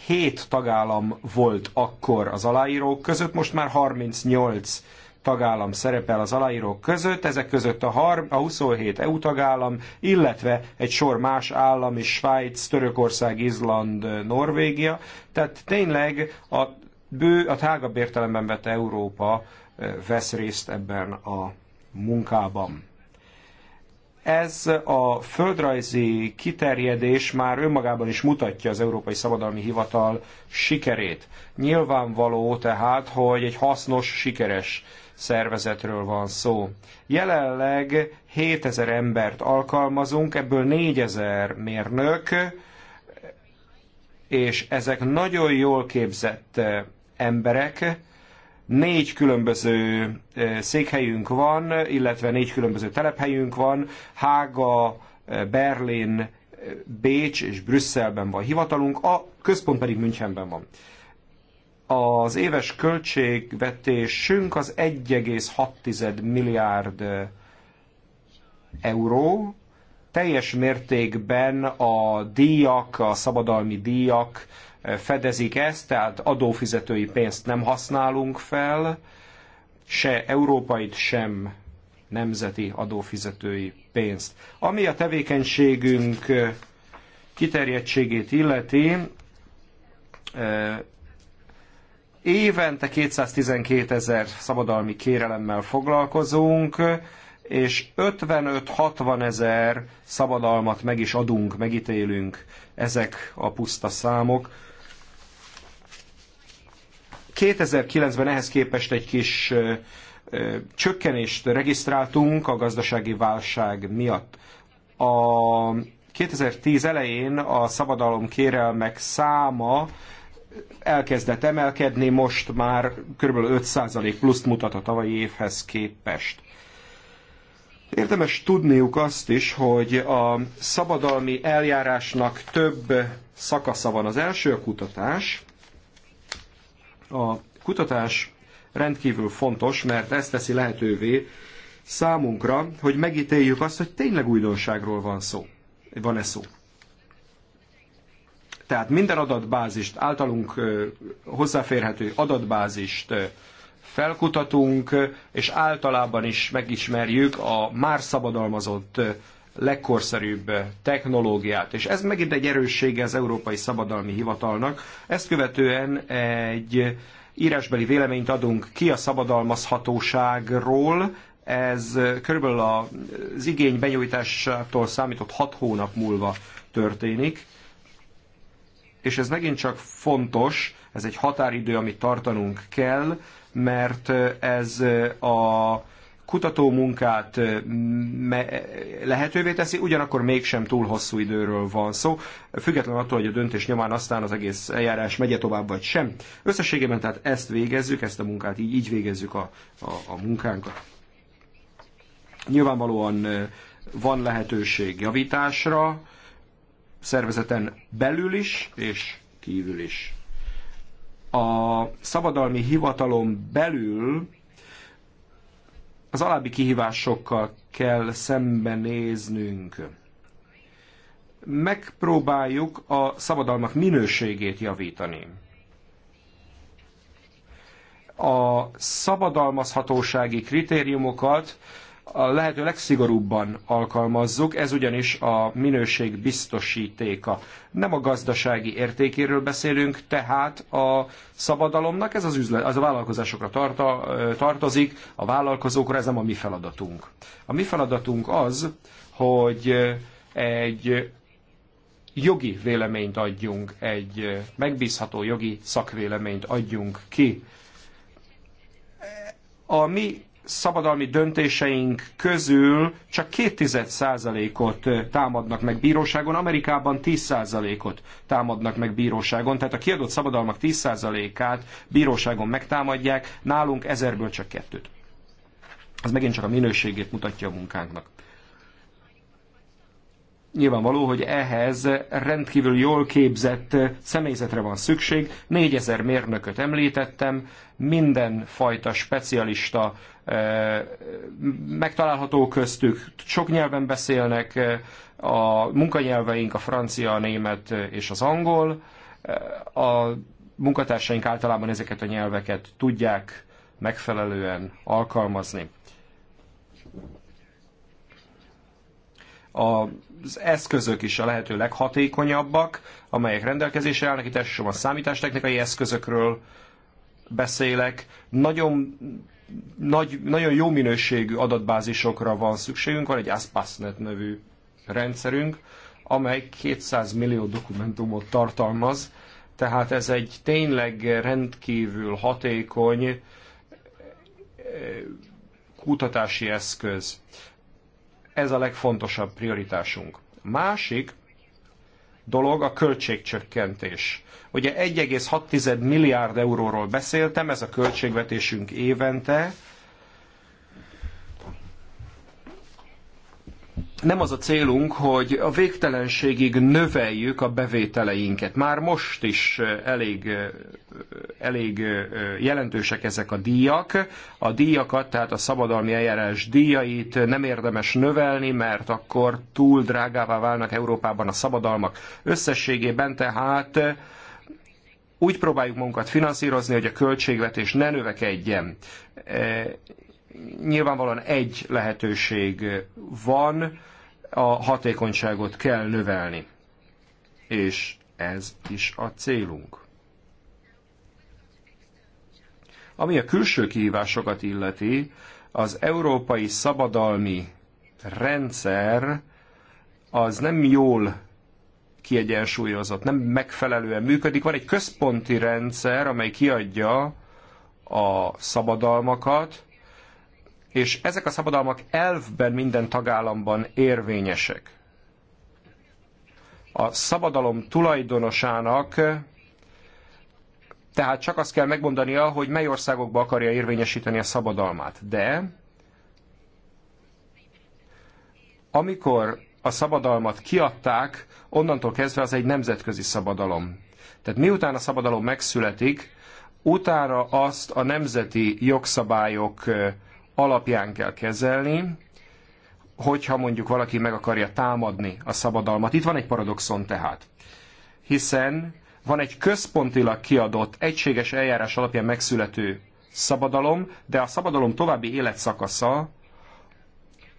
7 tagállam volt akkor az aláírók között, most már 38 tagállam szerepel az aláírók között, ezek között a, har- 27 EU tagállam, illetve egy sor más állam is, Svájc, Törökország, Izland, Norvégia. Tehát tényleg a bő, a tágabb értelemben vett Európa eh, vesz részt ebben a munkában. Ez a földrajzi kiterjedés már önmagában is mutatja az Európai Szabadalmi Hivatal sikerét. Nyilvánvaló tehát, hogy egy hasznos, sikeres szervezetről van szó. Jelenleg 7000 embert alkalmazunk, ebből 4000 mérnök, és ezek nagyon jól képzett emberek, négy különböző székhelyünk van, illetve négy különböző telephelyünk van, Hága, Berlin, Bécs és Brüsszelben van hivatalunk, a központ pedig Münchenben van. Az éves költségvetésünk az 1,6 milliárd euró, teljes mértékben a díjak, a szabadalmi díjak, fedezik ezt, tehát adófizetői pénzt nem használunk fel, se európait, sem nemzeti adófizetői pénzt. Ami a tevékenységünk kiterjedtségét illeti, évente 212 ezer szabadalmi kérelemmel foglalkozunk, és 55-60 ezer szabadalmat meg is adunk, megítélünk ezek a puszta számok. 2009-ben ehhez képest egy kis csökkenést regisztráltunk a gazdasági válság miatt. A 2010 elején a szabadalom kérelmek száma elkezdett emelkedni, most már kb. 5% pluszt mutat a tavalyi évhez képest. Érdemes tudniuk azt is, hogy a szabadalmi eljárásnak több szakasza van. Az első a kutatás, a kutatás rendkívül fontos, mert ezt teszi lehetővé számunkra, hogy megítéljük azt, hogy tényleg újdonságról van szó. Van-e szó? Tehát minden adatbázist, általunk hozzáférhető adatbázist felkutatunk, és általában is megismerjük a már szabadalmazott legkorszerűbb technológiát. És ez megint egy erőssége az Európai Szabadalmi Hivatalnak. Ezt követően egy írásbeli véleményt adunk ki a szabadalmazhatóságról, ez körülbelül az igény benyújtásától számított hat hónap múlva történik, és ez megint csak fontos, ez egy határidő, amit tartanunk kell, mert ez a kutatómunkát lehetővé teszi, ugyanakkor mégsem túl hosszú időről van szó, függetlenül attól, hogy a döntés nyomán aztán az egész eljárás megye tovább vagy sem. Összességében tehát ezt végezzük, ezt a munkát így, így végezzük a, a, a munkánkat. Nyilvánvalóan van lehetőség javításra, szervezeten belül is és kívül is. A szabadalmi hivatalon belül az alábbi kihívásokkal kell szembenéznünk. Megpróbáljuk a szabadalmak minőségét javítani. A szabadalmazhatósági kritériumokat a lehető legszigorúbban alkalmazzuk, ez ugyanis a minőség biztosítéka. Nem a gazdasági értékéről beszélünk, tehát a szabadalomnak ez az, üzlet, az a vállalkozásokra tarta, tartozik, a vállalkozókra ez nem a mi feladatunk. A mi feladatunk az, hogy egy jogi véleményt adjunk, egy megbízható jogi szakvéleményt adjunk ki. A mi szabadalmi döntéseink közül csak 2%-ot támadnak meg bíróságon, Amerikában 10%-ot támadnak meg bíróságon, tehát a kiadott szabadalmak 10%-át bíróságon megtámadják, nálunk ezerből csak kettőt. Ez megint csak a minőségét mutatja a munkánknak. Nyilvánvaló, hogy ehhez rendkívül jól képzett személyzetre van szükség. 4000 mérnököt említettem, minden fajta specialista eh, megtalálható köztük, sok nyelven beszélnek, eh, a munkanyelveink a francia, a német eh, és az angol. A munkatársaink általában ezeket a nyelveket tudják megfelelően alkalmazni. A az eszközök is a lehető leghatékonyabbak, amelyek rendelkezésre állnak. Itt elsősorban számítástechnikai eszközökről beszélek. Nagyon, nagy, nagyon jó minőségű adatbázisokra van szükségünk. Van egy ASPASNet nevű rendszerünk, amely 200 millió dokumentumot tartalmaz. Tehát ez egy tényleg rendkívül hatékony eh, kutatási eszköz. Ez a legfontosabb prioritásunk. Másik dolog a költségcsökkentés. Ugye 1,6 milliárd euróról beszéltem, ez a költségvetésünk évente, nem az a célunk, hogy a végtelenségig növeljük a bevételeinket. Már most is elég, elég jelentősek ezek a díjak. A díjakat, tehát a szabadalmi eljárás díjait nem érdemes növelni, mert akkor túl drágává válnak Európában a szabadalmak. Összességében tehát úgy próbáljuk magunkat finanszírozni, hogy a költségvetés ne növekedjen nyilvánvalóan egy lehetőség van, a hatékonyságot kell növelni. És ez is a célunk. Ami a külső kihívásokat illeti, az európai szabadalmi rendszer az nem jól kiegyensúlyozott, nem megfelelően működik. Van egy központi rendszer, amely kiadja a szabadalmakat, és ezek a szabadalmak elvben minden tagállamban érvényesek. A szabadalom tulajdonosának tehát csak azt kell megmondania, hogy mely országokba akarja érvényesíteni a szabadalmát. De amikor a szabadalmat kiadták, onnantól kezdve az egy nemzetközi szabadalom. Tehát miután a szabadalom megszületik, utána azt a nemzeti jogszabályok alapján kell kezelni, hogyha mondjuk valaki meg akarja támadni a szabadalmat. Itt van egy paradoxon tehát, hiszen van egy központilag kiadott, egységes eljárás alapján megszülető szabadalom, de a szabadalom további életszakasza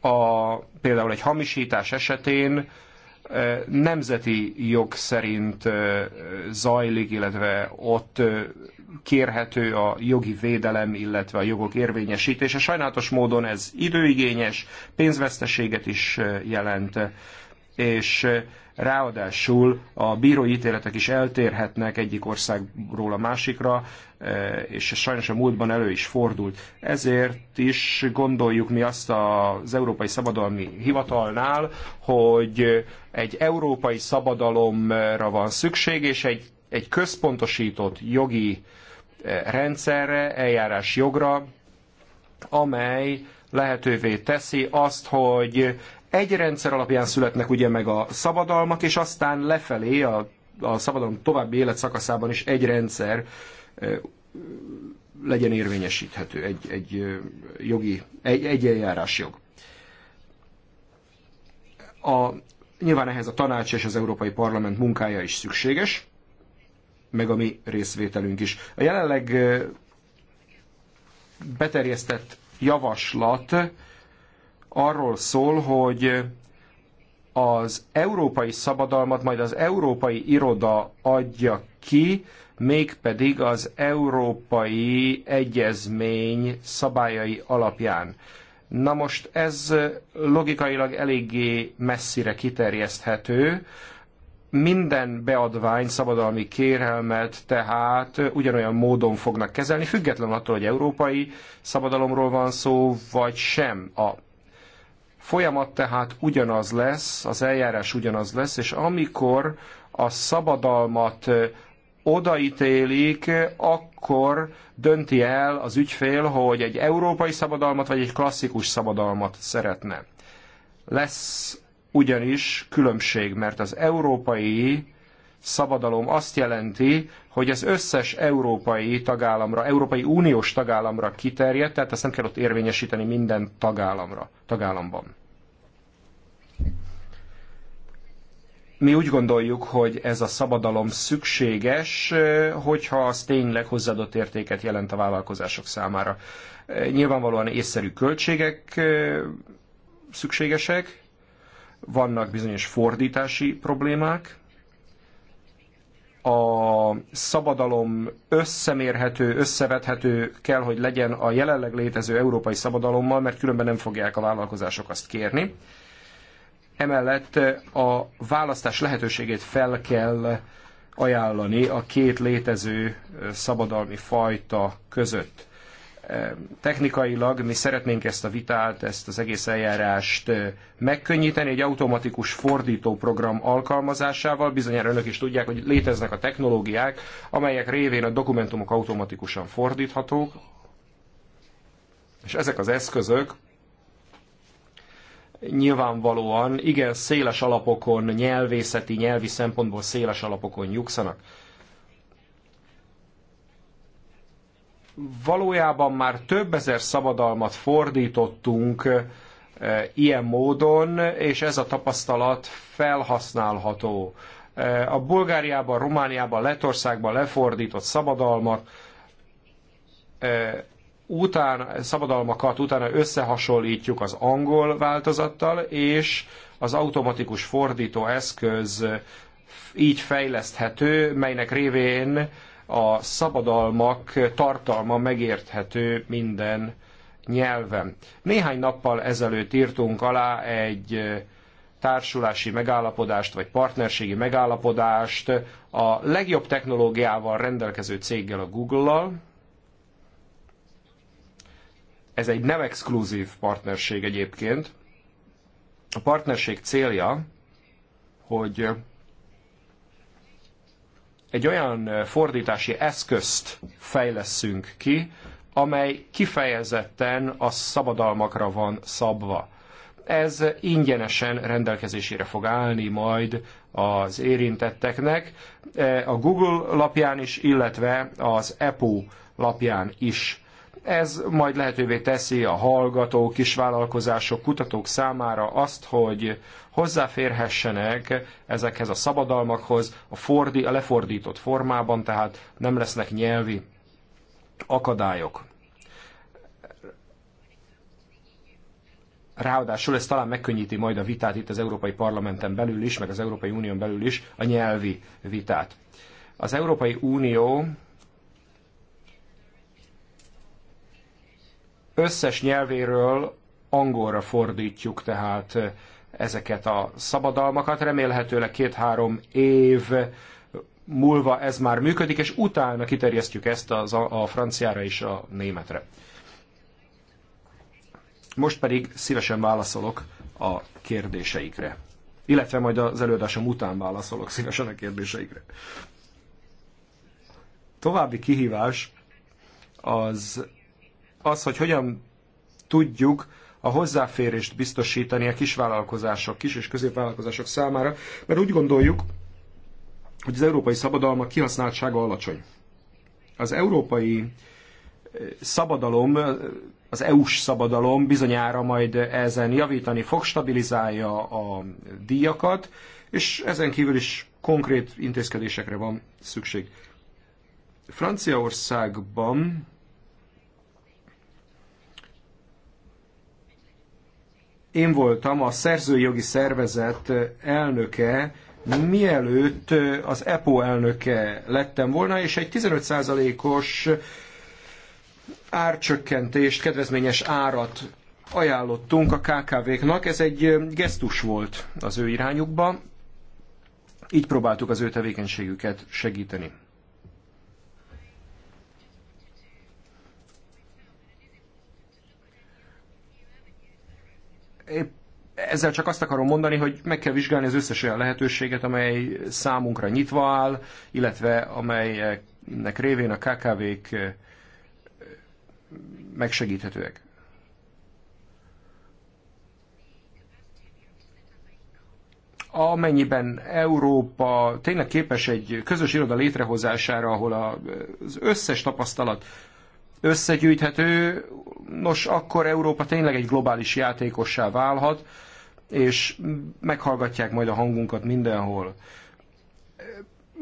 a, például egy hamisítás esetén nemzeti jog szerint zajlik, illetve ott kérhető a jogi védelem, illetve a jogok érvényesítése. Sajnálatos módon ez időigényes, pénzveszteséget is jelent, és ráadásul a bírói ítéletek is eltérhetnek egyik országról a másikra, és ez sajnos a múltban elő is fordult. Ezért is gondoljuk mi azt az Európai Szabadalmi Hivatalnál, hogy egy európai szabadalomra van szükség, és egy egy központosított jogi eh, rendszerre, eljárás jogra, amely lehetővé teszi azt, hogy egy rendszer alapján születnek ugye meg a szabadalmak, és aztán lefelé a, a szabadalom további életszakaszában is egy rendszer eh, legyen érvényesíthető, egy, egy eh, jogi, egy, egy eljárásjog. A, nyilván ehhez a tanács és az Európai Parlament munkája is szükséges, meg a mi részvételünk is. A jelenleg beterjesztett javaslat arról szól, hogy az európai szabadalmat majd az európai iroda adja ki, mégpedig az európai egyezmény szabályai alapján. Na most ez logikailag eléggé messzire kiterjeszthető, minden beadvány, szabadalmi kérelmet tehát ugyanolyan módon fognak kezelni, független attól, hogy európai szabadalomról van szó, vagy sem. A folyamat tehát ugyanaz lesz, az eljárás ugyanaz lesz, és amikor a szabadalmat odaítélik, akkor dönti el az ügyfél, hogy egy európai szabadalmat vagy egy klasszikus szabadalmat szeretne. Lesz ugyanis különbség, mert az európai szabadalom azt jelenti, hogy ez összes európai tagállamra, Európai Uniós tagállamra kiterjed, tehát ezt nem kell ott érvényesíteni minden tagállamra, tagállamban. Mi úgy gondoljuk, hogy ez a szabadalom szükséges, hogyha az tényleg hozzáadott értéket jelent a vállalkozások számára. Nyilvánvalóan észszerű költségek szükségesek, vannak bizonyos fordítási problémák, a szabadalom összemérhető, összevethető kell, hogy legyen a jelenleg létező európai szabadalommal, mert különben nem fogják a vállalkozások azt kérni. Emellett a választás lehetőségét fel kell ajánlani a két létező szabadalmi fajta között. Technikailag mi szeretnénk ezt a vitát, ezt az egész eljárást megkönnyíteni egy automatikus program alkalmazásával. Bizonyára önök is tudják, hogy léteznek a technológiák, amelyek révén a dokumentumok automatikusan fordíthatók. És ezek az eszközök nyilvánvalóan igen széles alapokon, nyelvészeti, nyelvi szempontból széles alapokon nyugszanak. valójában már több ezer szabadalmat fordítottunk eh, ilyen módon, és ez a tapasztalat felhasználható. Eh, a Bulgáriában, Romániában, Lettországban lefordított szabadalmak eh, után, szabadalmakat utána összehasonlítjuk az angol változattal, és az automatikus fordító eszköz így fejleszthető, melynek révén a szabadalmak tartalma megérthető minden nyelven. Néhány nappal ezelőtt írtunk alá egy társulási megállapodást, vagy partnerségi megállapodást a legjobb technológiával rendelkező céggel, a Google-lal. Ez egy nem exkluzív partnerség egyébként. A partnerség célja, hogy egy olyan fordítási eszközt fejleszünk ki, amely kifejezetten a szabadalmakra van szabva. Ez ingyenesen rendelkezésére fog állni majd az érintetteknek a Google lapján is, illetve az EPO lapján is. Ez majd lehetővé teszi a hallgatók, kisvállalkozások, kutatók számára azt, hogy hozzáférhessenek ezekhez a szabadalmakhoz a, fordi, a lefordított formában, tehát nem lesznek nyelvi akadályok. Ráadásul ez talán megkönnyíti majd a vitát itt az Európai Parlamenten belül is, meg az Európai Unión belül is, a nyelvi vitát. Az Európai Unió összes nyelvéről angolra fordítjuk tehát eh, ezeket a szabadalmakat. Remélhetőleg két-három év múlva ez már működik, és utána kiterjesztjük ezt a, a franciára és a németre. Most pedig szívesen válaszolok a kérdéseikre. Illetve majd az előadásom után válaszolok szívesen a kérdéseikre. További kihívás az az, hogy hogyan tudjuk a hozzáférést biztosítani a kisvállalkozások, kis és középvállalkozások számára, mert úgy gondoljuk, hogy az európai szabadalmak kihasználtsága alacsony. Az európai eh, szabadalom, eh, az EU-s szabadalom bizonyára majd ezen javítani fog, stabilizálja a díjakat, és ezen kívül is konkrét intézkedésekre van szükség. Franciaországban én voltam a szerzőjogi szervezet elnöke, mielőtt az EPO elnöke lettem volna, és egy 15%-os árcsökkentést, kedvezményes árat ajánlottunk a KKV-knak. Ez egy gesztus volt az ő irányukba. Így próbáltuk az ő tevékenységüket segíteni. épp ezzel csak azt akarom mondani, hogy meg kell vizsgálni az összes olyan lehetőséget, amely számunkra nyitva áll, illetve amelynek révén a KKV-k megsegíthetőek. amennyiben Európa tényleg képes egy közös iroda létrehozására, ahol az összes tapasztalat összegyűjthető, nos, akkor Európa tényleg egy globális játékossá válhat, és meghallgatják majd a hangunkat mindenhol.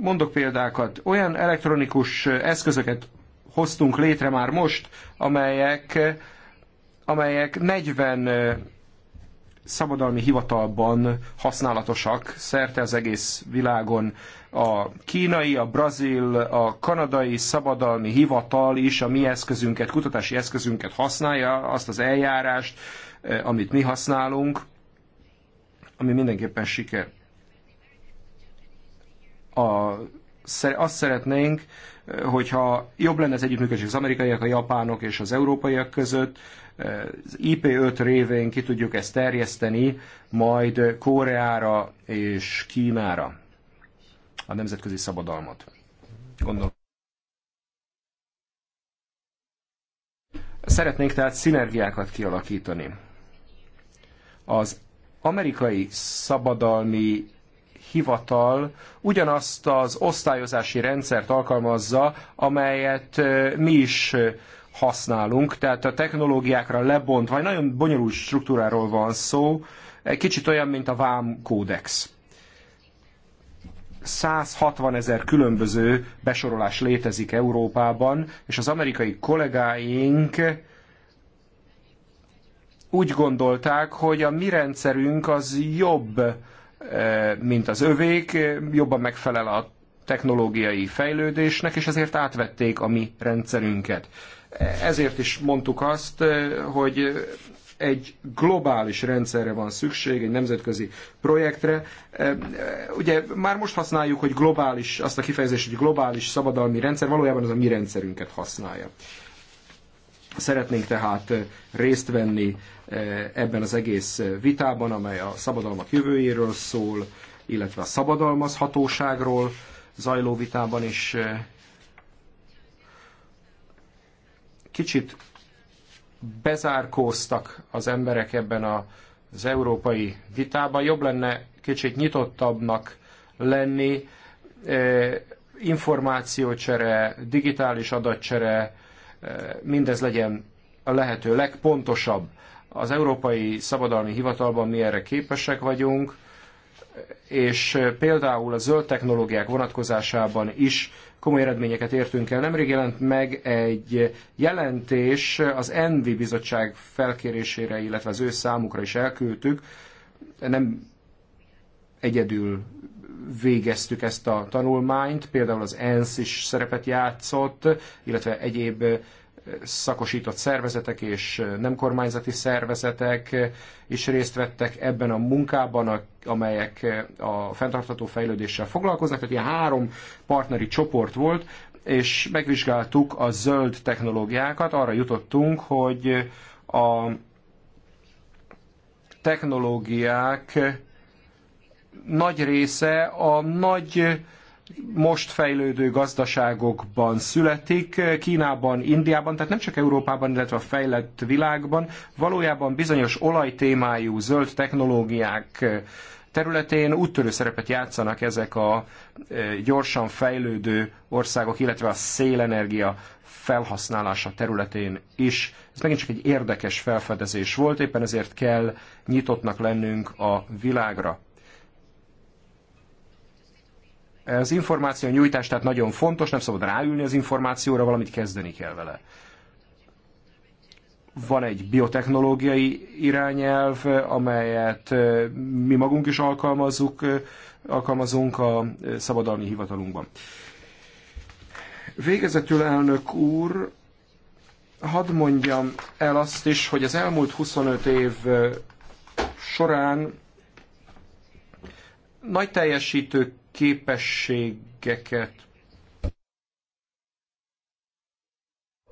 Mondok példákat, olyan elektronikus eszközöket hoztunk létre már most, amelyek, amelyek 40 szabadalmi hivatalban használatosak szerte az egész világon a kínai, a brazil, a kanadai szabadalmi hivatal is a mi eszközünket, kutatási eszközünket használja, azt az eljárást, eh, amit mi használunk, ami mindenképpen siker. A, azt szeretnénk, eh, hogyha jobb lenne az együttműködés az amerikaiak, a japánok és az európaiak között, eh, az IP5 révén ki tudjuk ezt terjeszteni, majd Koreára és Kínára a nemzetközi szabadalmat. Gondolom. Szeretnénk tehát szinergiákat kialakítani. Az amerikai szabadalmi hivatal ugyanazt az osztályozási rendszert alkalmazza, amelyet mi is használunk, tehát a technológiákra lebontva, vagy nagyon bonyolult struktúráról van szó, Egy kicsit olyan, mint a VAM kódex. 160 ezer különböző besorolás létezik Európában, és az amerikai kollégáink úgy gondolták, hogy a mi rendszerünk az jobb, eh, mint az övék, jobban megfelel a technológiai fejlődésnek, és ezért átvették a mi rendszerünket. Ezért is mondtuk azt, eh, hogy egy globális rendszerre van szükség, egy nemzetközi projektre. Ugye már most használjuk, hogy globális, azt a kifejezést, hogy globális szabadalmi rendszer, valójában az a mi rendszerünket használja. Szeretnénk tehát részt venni ebben az egész vitában, amely a szabadalmak jövőjéről szól, illetve a szabadalmazhatóságról zajló vitában is kicsit bezárkóztak az emberek ebben a, az európai vitában. Jobb lenne kicsit nyitottabbnak lenni, eh, információcsere, digitális adatcsere, eh, mindez legyen a lehető legpontosabb. Az Európai Szabadalmi Hivatalban mi erre képesek vagyunk, és például a zöld technológiák vonatkozásában is komoly eredményeket értünk el. Nemrég jelent meg egy jelentés az ENVI bizottság felkérésére, illetve az ő számukra is elküldtük. Nem egyedül végeztük ezt a tanulmányt, például az ENSZ is szerepet játszott, illetve egyéb szakosított szervezetek és nem kormányzati szervezetek is részt vettek ebben a munkában, amelyek a fenntartható fejlődéssel foglalkoznak. Tehát ilyen három partneri csoport volt, és megvizsgáltuk a zöld technológiákat. Arra jutottunk, hogy a technológiák nagy része a nagy most fejlődő gazdaságokban születik, Kínában, Indiában, tehát nem csak Európában, illetve a fejlett világban, valójában bizonyos olajtémájú zöld technológiák területén úttörő szerepet játszanak ezek a e, gyorsan fejlődő országok, illetve a szélenergia felhasználása területén is. Ez megint csak egy érdekes felfedezés volt, éppen ezért kell nyitottnak lennünk a világra. Az információ nyújtás tehát nagyon fontos, nem szabad ráülni az információra, valamit kezdeni kell vele. Van egy biotechnológiai irányelv, amelyet mi magunk is alkalmazunk, alkalmazunk a szabadalmi hivatalunkban. Végezetül elnök úr, hadd mondjam el azt is, hogy az elmúlt 25 év során nagy teljesítő képességeket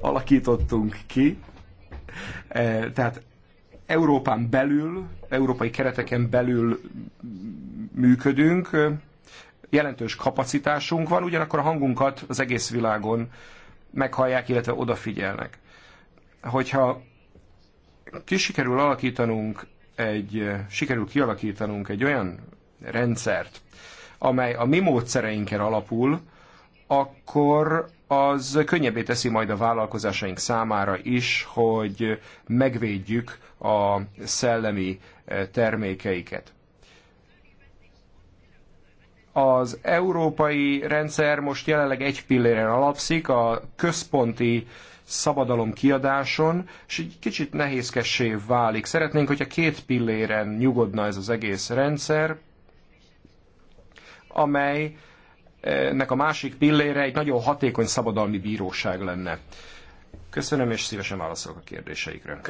alakítottunk ki. E, tehát Európán belül, európai kereteken belül működünk, jelentős kapacitásunk van, ugyanakkor a hangunkat az egész világon meghallják, illetve odafigyelnek. Hogyha ki sikerül alakítanunk egy, sikerül kialakítanunk egy olyan rendszert, amely a mi módszereinken alapul, akkor az könnyebbé teszi majd a vállalkozásaink számára is, hogy megvédjük a szellemi eh, termékeiket. Az európai rendszer most jelenleg egy pilléren alapszik, a központi szabadalom kiadáson, és egy kicsit nehézkessé válik. Szeretnénk, hogyha két pilléren nyugodna ez az egész rendszer, amelynek a másik pillére egy nagyon hatékony szabadalmi bíróság lenne. Köszönöm, és szívesen válaszolok a kérdéseikre.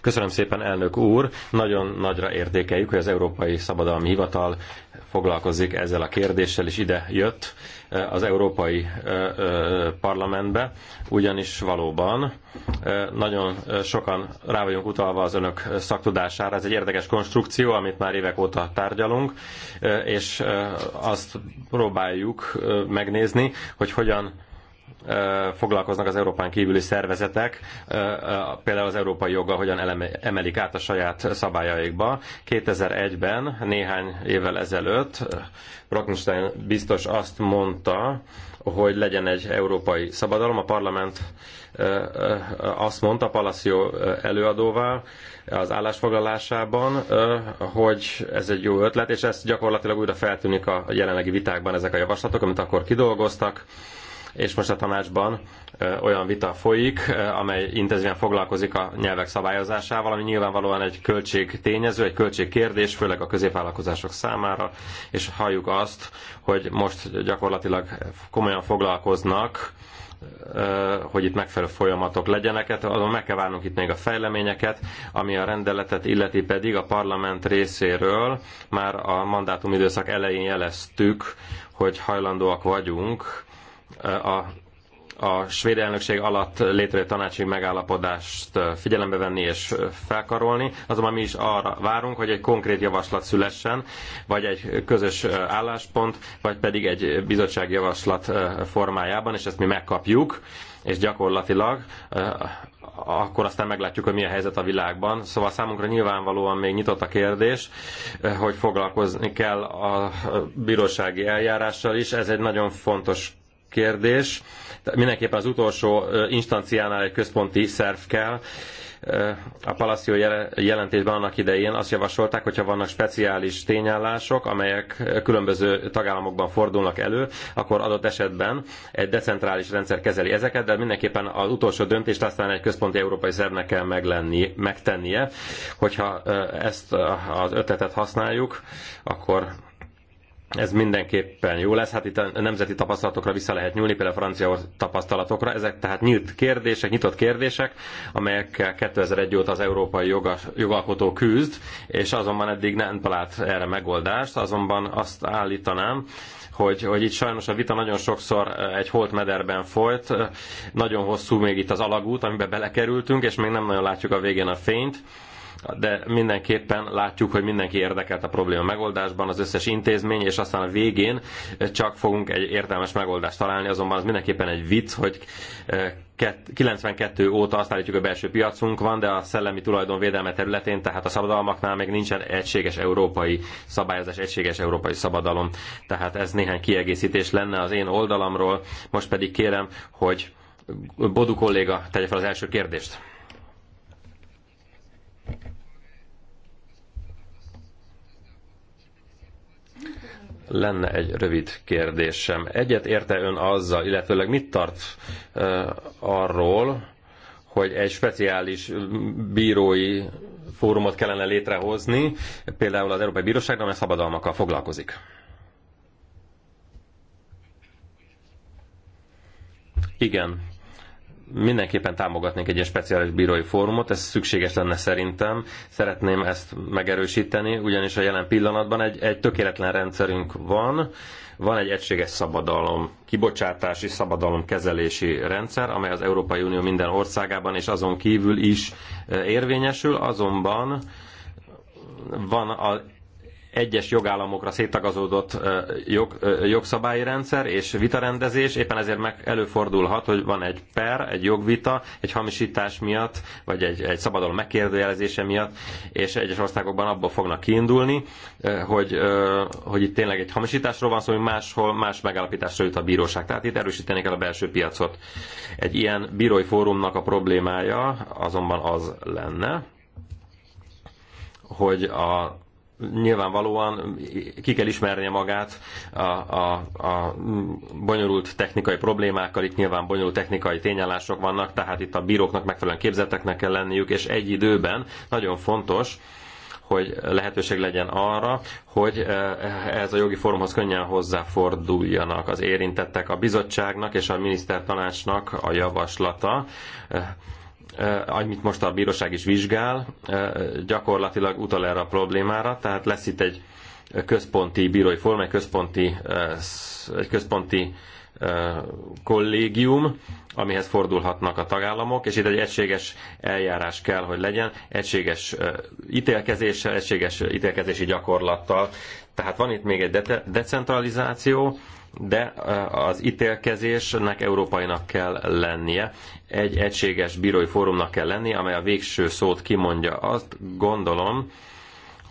Köszönöm szépen, elnök úr. Nagyon nagyra értékeljük, hogy az Európai Szabadalmi Hivatal foglalkozik ezzel a kérdéssel, és ide jött eh, az Európai eh, eh, Parlamentbe, ugyanis valóban nagyon sokan rá vagyunk utalva az önök szaktudására. Ez egy érdekes konstrukció, amit már évek óta tárgyalunk, és azt próbáljuk megnézni, hogy hogyan foglalkoznak az Európán kívüli szervezetek, például az európai joga hogyan emelik át a saját szabályaikba. 2001-ben, néhány évvel ezelőtt Rockenstein biztos azt mondta, hogy legyen egy európai szabadalom. A parlament azt mondta Palacio előadóval az állásfoglalásában, hogy ez egy jó ötlet, és ez gyakorlatilag újra feltűnik a jelenlegi vitákban ezek a javaslatok, amit akkor kidolgoztak és most a tanácsban olyan vita folyik, amely intenzíven foglalkozik a nyelvek szabályozásával, ami nyilvánvalóan egy költség tényező, egy költségkérdés, főleg a középvállalkozások számára, és halljuk azt, hogy most gyakorlatilag komolyan foglalkoznak hogy itt megfelelő folyamatok legyenek, hát azon meg kell várnunk itt még a fejleményeket, ami a rendeletet illeti pedig a parlament részéről már a mandátum időszak elején jeleztük, hogy hajlandóak vagyunk a a svéd elnökség alatt létrejött tanácsi megállapodást figyelembe venni és felkarolni. Azonban mi is arra várunk, hogy egy konkrét javaslat szülessen, vagy egy közös álláspont, vagy pedig egy bizottsági javaslat formájában, és ezt mi megkapjuk, és gyakorlatilag eh, akkor aztán meglátjuk, hogy mi a helyzet a világban. Szóval számunkra nyilvánvalóan még nyitott a kérdés, eh, hogy foglalkozni kell a bírósági eljárással is. Ez egy nagyon fontos kérdés. Mindenképpen az utolsó instanciánál egy központi szerv kell. A Palacio jelentésben annak idején azt javasolták, hogyha vannak speciális tényállások, amelyek különböző tagállamokban fordulnak elő, akkor adott esetben egy decentrális rendszer kezeli ezeket, de mindenképpen az utolsó döntést aztán egy központi európai szervnek kell meglenni, megtennie. Hogyha ezt az ötletet használjuk, akkor ez mindenképpen jó lesz. Hát itt a nemzeti tapasztalatokra vissza lehet nyúlni, például a francia tapasztalatokra. Ezek tehát nyílt kérdések, nyitott kérdések, amelyekkel 2001 óta az európai joga, jogalkotó küzd, és azonban eddig nem talált erre megoldást. Azonban azt állítanám, hogy, hogy itt sajnos a vita nagyon sokszor eh, egy holt mederben folyt, eh, nagyon hosszú még itt az alagút, amiben belekerültünk, és még nem nagyon látjuk a végén a fényt de mindenképpen látjuk, hogy mindenki érdekelt a probléma megoldásban, az összes intézmény, és aztán a végén csak fogunk egy értelmes megoldást találni, azonban az mindenképpen egy vicc, hogy 92 eh, óta azt állítjuk, a belső piacunk van, de a szellemi tulajdonvédelme területén, tehát a szabadalmaknál még nincsen egységes európai szabályozás, egységes európai szabadalom. Tehát ez néhány kiegészítés lenne az én oldalamról. Most pedig kérem, hogy Bodu kolléga tegye fel az első kérdést. Lenne egy rövid kérdésem. Egyet érte ön azzal, illetőleg mit tart arról, hogy egy speciális bírói fórumot kellene létrehozni, például az Európai Bíróságnak, mert szabadalmakkal foglalkozik. Igen, mindenképpen támogatnék egy ilyen speciális bírói fórumot, ez szükséges lenne szerintem. Szeretném ezt megerősíteni, ugyanis a jelen pillanatban egy, egy tökéletlen rendszerünk van, van egy egységes szabadalom, kibocsátási szabadalom kezelési rendszer, amely az Európai Unió minden országában és azon kívül is eh, érvényesül, azonban van a egyes jogállamokra széttagazódott jog, jogszabályi rendszer és vitarendezés, éppen ezért meg előfordulhat, hogy van egy per, egy jogvita, egy hamisítás miatt, vagy egy, egy szabadalom megkérdőjelezése miatt, és egyes országokban abból fognak kiindulni, hogy, hogy itt tényleg egy hamisításról van szó, hogy máshol más megállapításra jut a bíróság. Tehát itt erősíteni kell a belső piacot. Egy ilyen bírói fórumnak a problémája azonban az lenne, hogy a nyilvánvalóan ki kell ismernie magát a, a, a bonyolult technikai problémákkal, itt nyilván bonyolult technikai tényállások vannak, tehát itt a bíróknak megfelelően képzeteknek kell lenniük, és egy időben nagyon fontos, hogy lehetőség legyen arra, hogy eh, ez a jogi fórumhoz könnyen hozzáforduljanak az érintettek. A bizottságnak és a minisztertanácsnak a javaslata eh, amit most a bíróság is vizsgál, gyakorlatilag utal erre a problémára, tehát lesz itt egy központi bírói forma, egy központi, egy központi kollégium, amihez fordulhatnak a tagállamok, és itt egy egységes eljárás kell, hogy legyen, egységes ítélkezéssel, egységes ítélkezési gyakorlattal. Tehát van itt még egy de- decentralizáció, de az ítélkezésnek európainak kell lennie. Egy egységes bírói fórumnak kell lennie, amely a végső szót kimondja. Azt gondolom,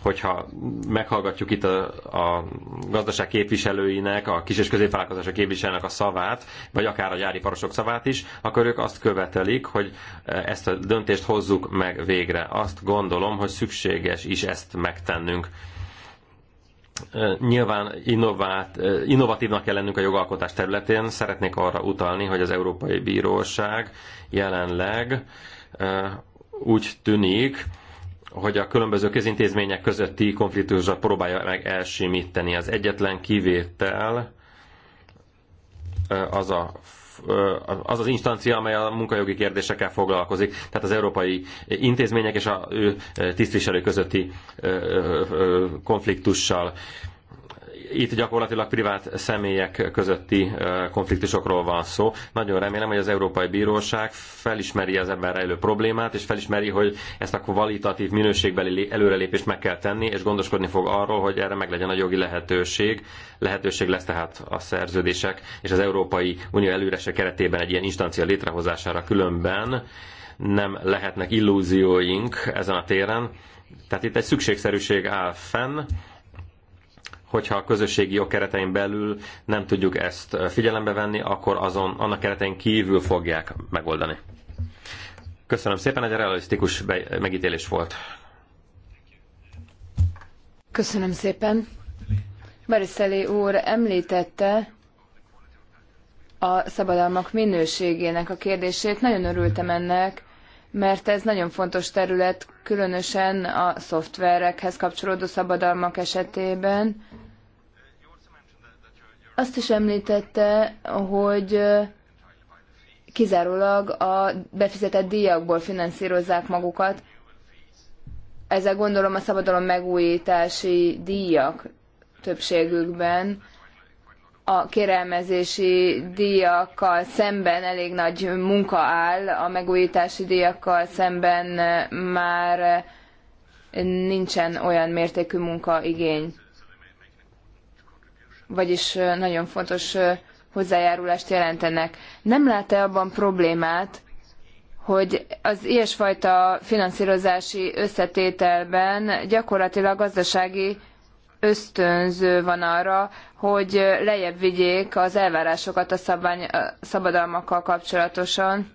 hogyha meghallgatjuk itt a, a gazdaság képviselőinek, a kis- és középvállalkozások képviselőinek a szavát, vagy akár a parosok szavát is, akkor ők azt követelik, hogy ezt a döntést hozzuk meg végre. Azt gondolom, hogy szükséges is ezt megtennünk. Nyilván innovát, innovatívnak kell lennünk a jogalkotás területén. Szeretnék arra utalni, hogy az Európai Bíróság jelenleg úgy tűnik, hogy a különböző közintézmények közötti konfliktusra próbálja meg elsimíteni. Az egyetlen kivétel az a az az instancia, amely a munkajogi kérdésekkel foglalkozik, tehát az európai intézmények és a ő tisztviselő közötti konfliktussal itt gyakorlatilag privát személyek közötti konfliktusokról van szó. Nagyon remélem, hogy az Európai Bíróság felismeri az ebben rejlő problémát, és felismeri, hogy ezt a kvalitatív minőségbeli előrelépést meg kell tenni, és gondoskodni fog arról, hogy erre meg legyen a jogi lehetőség. Lehetőség lesz tehát a szerződések és az Európai Unió előrese keretében egy ilyen instancia létrehozására különben nem lehetnek illúzióink ezen a téren. Tehát itt egy szükségszerűség áll fenn, hogyha a közösségi jog keretein belül nem tudjuk ezt figyelembe venni, akkor azon, annak keretein kívül fogják megoldani. Köszönöm szépen, egy realisztikus megítélés volt. Köszönöm szépen. Mariszeli úr említette a szabadalmak minőségének a kérdését. Nagyon örültem ennek, mert ez nagyon fontos terület, különösen a szoftverekhez kapcsolódó szabadalmak esetében. Azt is említette, hogy kizárólag a befizetett díjakból finanszírozzák magukat. Ezzel gondolom a szabadalom megújítási díjak többségükben a kérelmezési díjakkal szemben elég nagy munka áll, a megújítási díjakkal szemben már nincsen olyan mértékű munkaigény. Vagyis nagyon fontos hozzájárulást jelentenek. Nem lát-e abban problémát, hogy az ilyesfajta finanszírozási összetételben gyakorlatilag gazdasági ösztönző van arra, hogy lejjebb vigyék az elvárásokat a, szabány, a szabadalmakkal kapcsolatosan.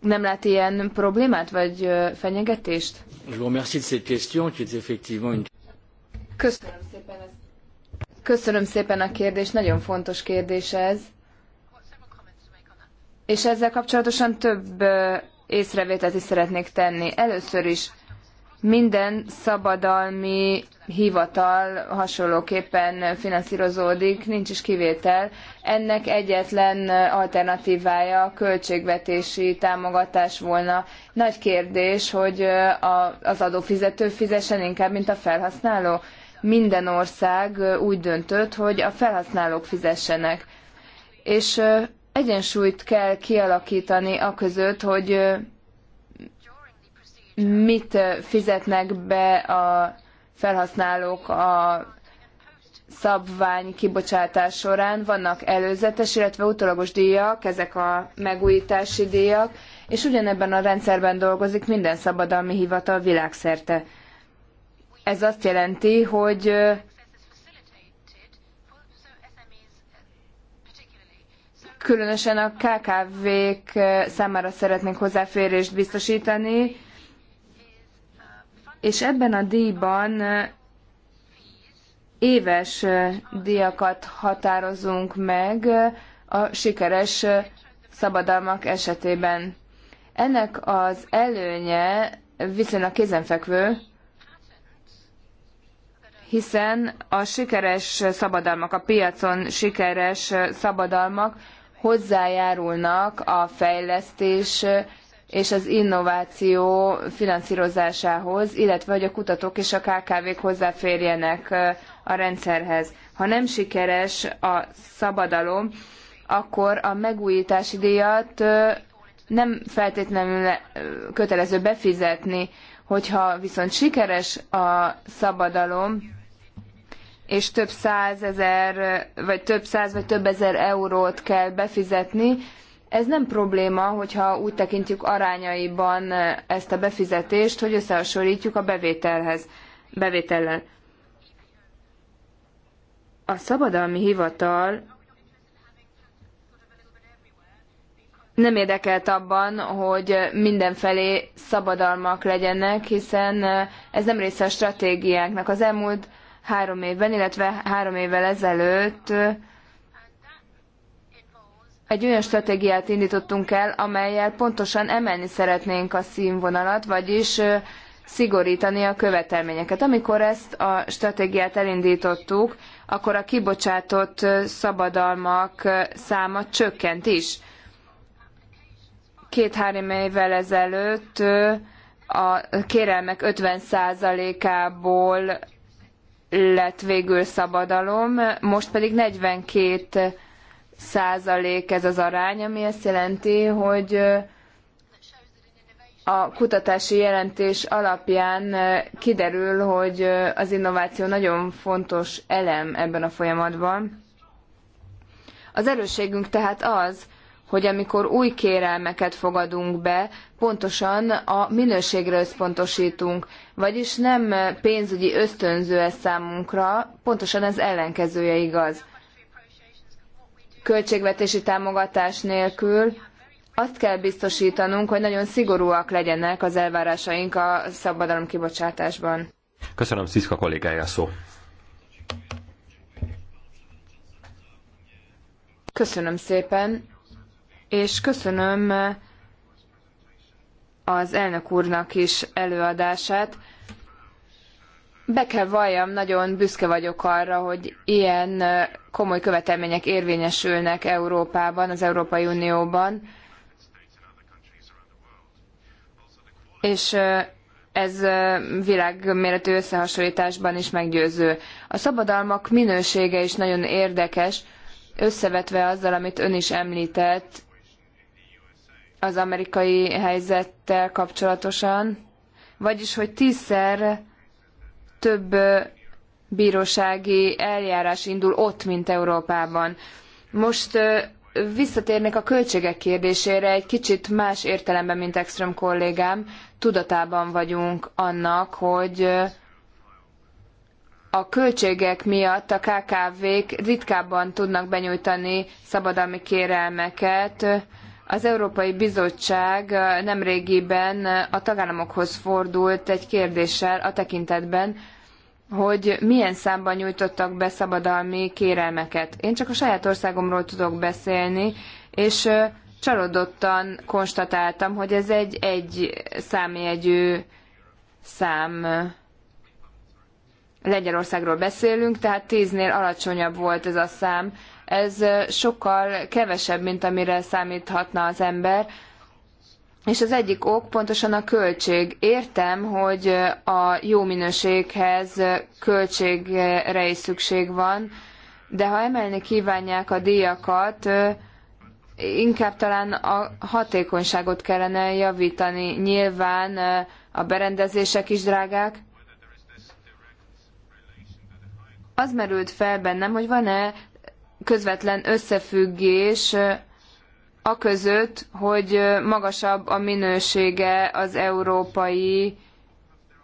Nem lát ilyen problémát vagy fenyegetést? Köszönöm szépen, Köszönöm szépen a kérdést, nagyon fontos kérdés ez. És ezzel kapcsolatosan több észrevételt is szeretnék tenni. Először is minden szabadalmi hivatal hasonlóképpen finanszírozódik, nincs is kivétel. Ennek egyetlen alternatívája a költségvetési támogatás volna. Nagy kérdés, hogy az adófizető fizessen inkább, mint a felhasználó. Minden ország úgy döntött, hogy a felhasználók fizessenek. És egyensúlyt kell kialakítani a között, hogy mit fizetnek be a felhasználók a szabvány kibocsátás során vannak előzetes, illetve utólagos díjak, ezek a megújítási díjak, és ugyanebben a rendszerben dolgozik minden szabadalmi hivatal világszerte. Ez azt jelenti, hogy különösen a KKV-k számára szeretnénk hozzáférést biztosítani, és ebben a díjban éves díjakat határozunk meg a sikeres szabadalmak esetében. Ennek az előnye viszonylag kézenfekvő, hiszen a sikeres szabadalmak, a piacon sikeres szabadalmak hozzájárulnak a fejlesztés és az innováció finanszírozásához, illetve hogy a kutatók és a KKV-k hozzáférjenek a rendszerhez. Ha nem sikeres a szabadalom, akkor a megújítási díjat nem feltétlenül kötelező befizetni, hogyha viszont sikeres a szabadalom, és több százezer, vagy több száz, vagy több ezer eurót kell befizetni, ez nem probléma, hogyha úgy tekintjük arányaiban eh, ezt a befizetést, hogy összehasonlítjuk a bevételhez, bevétellel. A szabadalmi hivatal nem érdekelt abban, hogy mindenfelé szabadalmak legyenek, hiszen eh, ez nem része a stratégiánknak. Az elmúlt három évben, illetve három évvel ezelőtt eh, egy olyan stratégiát indítottunk el, amelyel pontosan emelni szeretnénk a színvonalat, vagyis szigorítani a követelményeket. Amikor ezt a stratégiát elindítottuk, akkor a kibocsátott szabadalmak száma csökkent is. Két-három évvel ezelőtt a kérelmek 50%-ából lett végül szabadalom, most pedig 42 százalék ez az arány, ami azt jelenti, hogy a kutatási jelentés alapján kiderül, hogy az innováció nagyon fontos elem ebben a folyamatban. Az erősségünk tehát az, hogy amikor új kérelmeket fogadunk be, pontosan a minőségre összpontosítunk, vagyis nem pénzügyi ösztönző ez számunkra, pontosan ez ellenkezője igaz költségvetési támogatás nélkül. Azt kell biztosítanunk, hogy nagyon szigorúak legyenek az elvárásaink a szabadalom kibocsátásban. Köszönöm, Sziszka kollégája szó. Köszönöm szépen, és köszönöm az elnök úrnak is előadását. Be kell valljam, nagyon büszke vagyok arra, hogy ilyen komoly követelmények érvényesülnek Európában, az Európai Unióban. És ez világméretű összehasonlításban is meggyőző. A szabadalmak minősége is nagyon érdekes, összevetve azzal, amit ön is említett az amerikai helyzettel kapcsolatosan, vagyis, hogy tízszer több bírósági eljárás indul ott, mint Európában. Most visszatérnék a költségek kérdésére egy kicsit más értelemben, mint Extrem kollégám. Tudatában vagyunk annak, hogy a költségek miatt a KKV-k ritkábban tudnak benyújtani szabadalmi kérelmeket, az Európai Bizottság nemrégiben a tagállamokhoz fordult egy kérdéssel a tekintetben, hogy milyen számban nyújtottak be szabadalmi kérelmeket. Én csak a saját országomról tudok beszélni, és csalódottan konstatáltam, hogy ez egy egy számjegyű szám. Lengyelországról beszélünk, tehát tíznél alacsonyabb volt ez a szám ez sokkal kevesebb, mint amire számíthatna az ember. És az egyik ok pontosan a költség. Értem, hogy a jó minőséghez költségre is szükség van, de ha emelni kívánják a díjakat, inkább talán a hatékonyságot kellene javítani. Nyilván a berendezések is drágák. Az merült fel bennem, hogy van-e közvetlen összefüggés a között, hogy magasabb a minősége az európai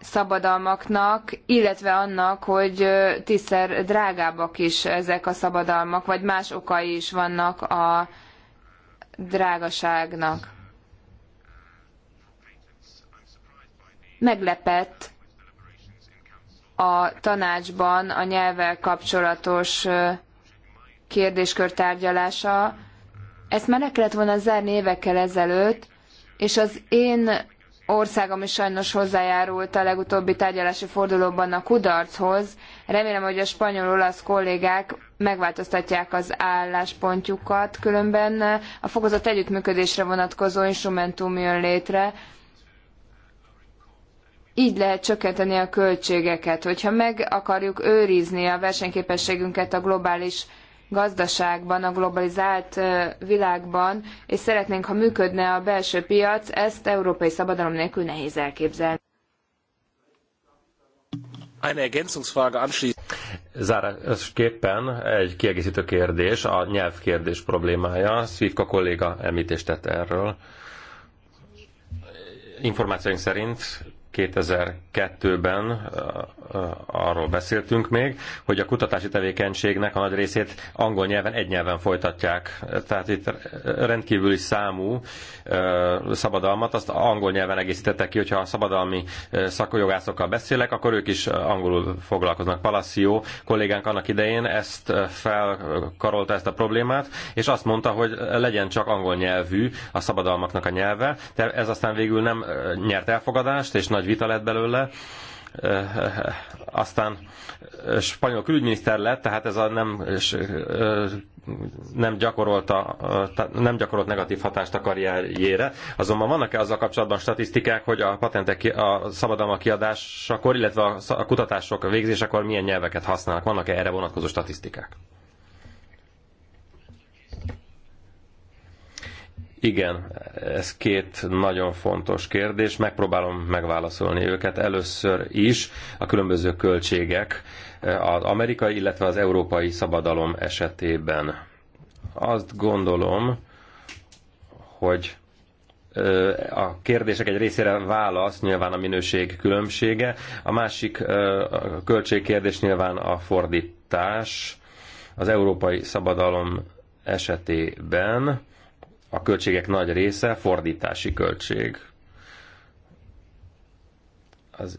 szabadalmaknak, illetve annak, hogy tízszer drágábbak is ezek a szabadalmak, vagy más okai is vannak a drágaságnak. Meglepett a tanácsban a nyelvvel kapcsolatos kérdéskör tárgyalása, ezt már le kellett volna zárni évekkel ezelőtt, és az én országom is sajnos hozzájárult a legutóbbi tárgyalási fordulóban a kudarchoz. Remélem, hogy a spanyol-olasz kollégák megváltoztatják az álláspontjukat, különben a fokozott együttműködésre vonatkozó instrumentum jön létre. Így lehet csökkenteni a költségeket. Hogyha meg akarjuk őrizni a versenyképességünket a globális gazdaságban, a globalizált világban, és szeretnénk, ha működne a belső piac, ezt európai szabadalom nélkül nehéz elképzelni. Eine Ergänzungsfrage anschließend. Zárásképpen egy kiegészítő kérdés, a nyelvkérdés problémája. Szvívka kolléga említést tett erről információink szerint 2002-ben arról beszéltünk még, hogy a kutatási tevékenységnek a nagy részét angol nyelven egy nyelven folytatják. Tehát itt rendkívüli számú szabadalmat azt angol nyelven egészítettek ki, hogyha a szabadalmi szakjogászokkal beszélek, akkor ők is angolul foglalkoznak. Palacio kollégánk annak idején ezt felkarolta ezt a problémát, és azt mondta, hogy legyen csak angol nyelvű a szabadalmaknak a nyelve, de ez aztán végül nem nyert elfogadást, és nagy vita lett belőle, aztán spanyol külügyminiszter lett, tehát ez a nem, nem, gyakorolta, nem gyakorolt negatív hatást a karrierjére. Azonban vannak-e azzal kapcsolatban statisztikák, hogy a patentek a szabadalma kiadásakor, illetve a kutatások végzésekor milyen nyelveket használnak? Vannak-e erre vonatkozó statisztikák? Igen, ez két nagyon fontos kérdés. Megpróbálom megválaszolni őket először is a különböző költségek eh, az amerikai, illetve az európai szabadalom esetében. Azt gondolom, hogy eh, a kérdések egy részére válasz nyilván a minőség különbsége, a másik eh, költségkérdés nyilván a fordítás az európai szabadalom esetében a költségek nagy része fordítási költség. Az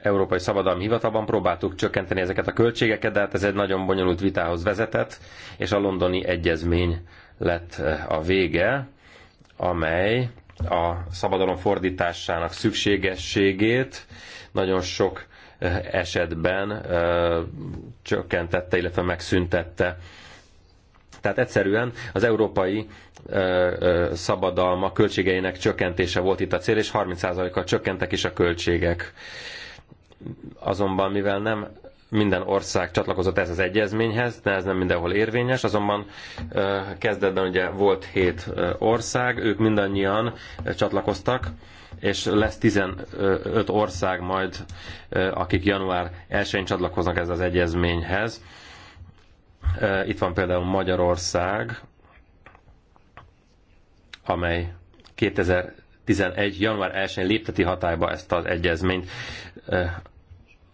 Európai Szabadalmi Hivatalban próbáltuk csökkenteni ezeket a költségeket, de hát ez egy nagyon bonyolult vitához vezetett, és a londoni egyezmény lett eh, a vége, amely a szabadalom fordításának szükségességét nagyon sok eh, esetben eh, csökkentette, illetve megszüntette tehát egyszerűen az európai ö, ö, szabadalma költségeinek csökkentése volt itt a cél, és 30%-kal csökkentek is a költségek. Azonban, mivel nem minden ország csatlakozott ez az egyezményhez, de ez nem mindenhol érvényes, azonban ö, kezdetben ugye volt hét ország, ők mindannyian csatlakoztak, és lesz 15 ország majd, akik január 1-én csatlakoznak ez az egyezményhez Eh, itt van például Magyarország, amely 2011. január 1-én lépteti hatályba ezt az egyezményt. Eh,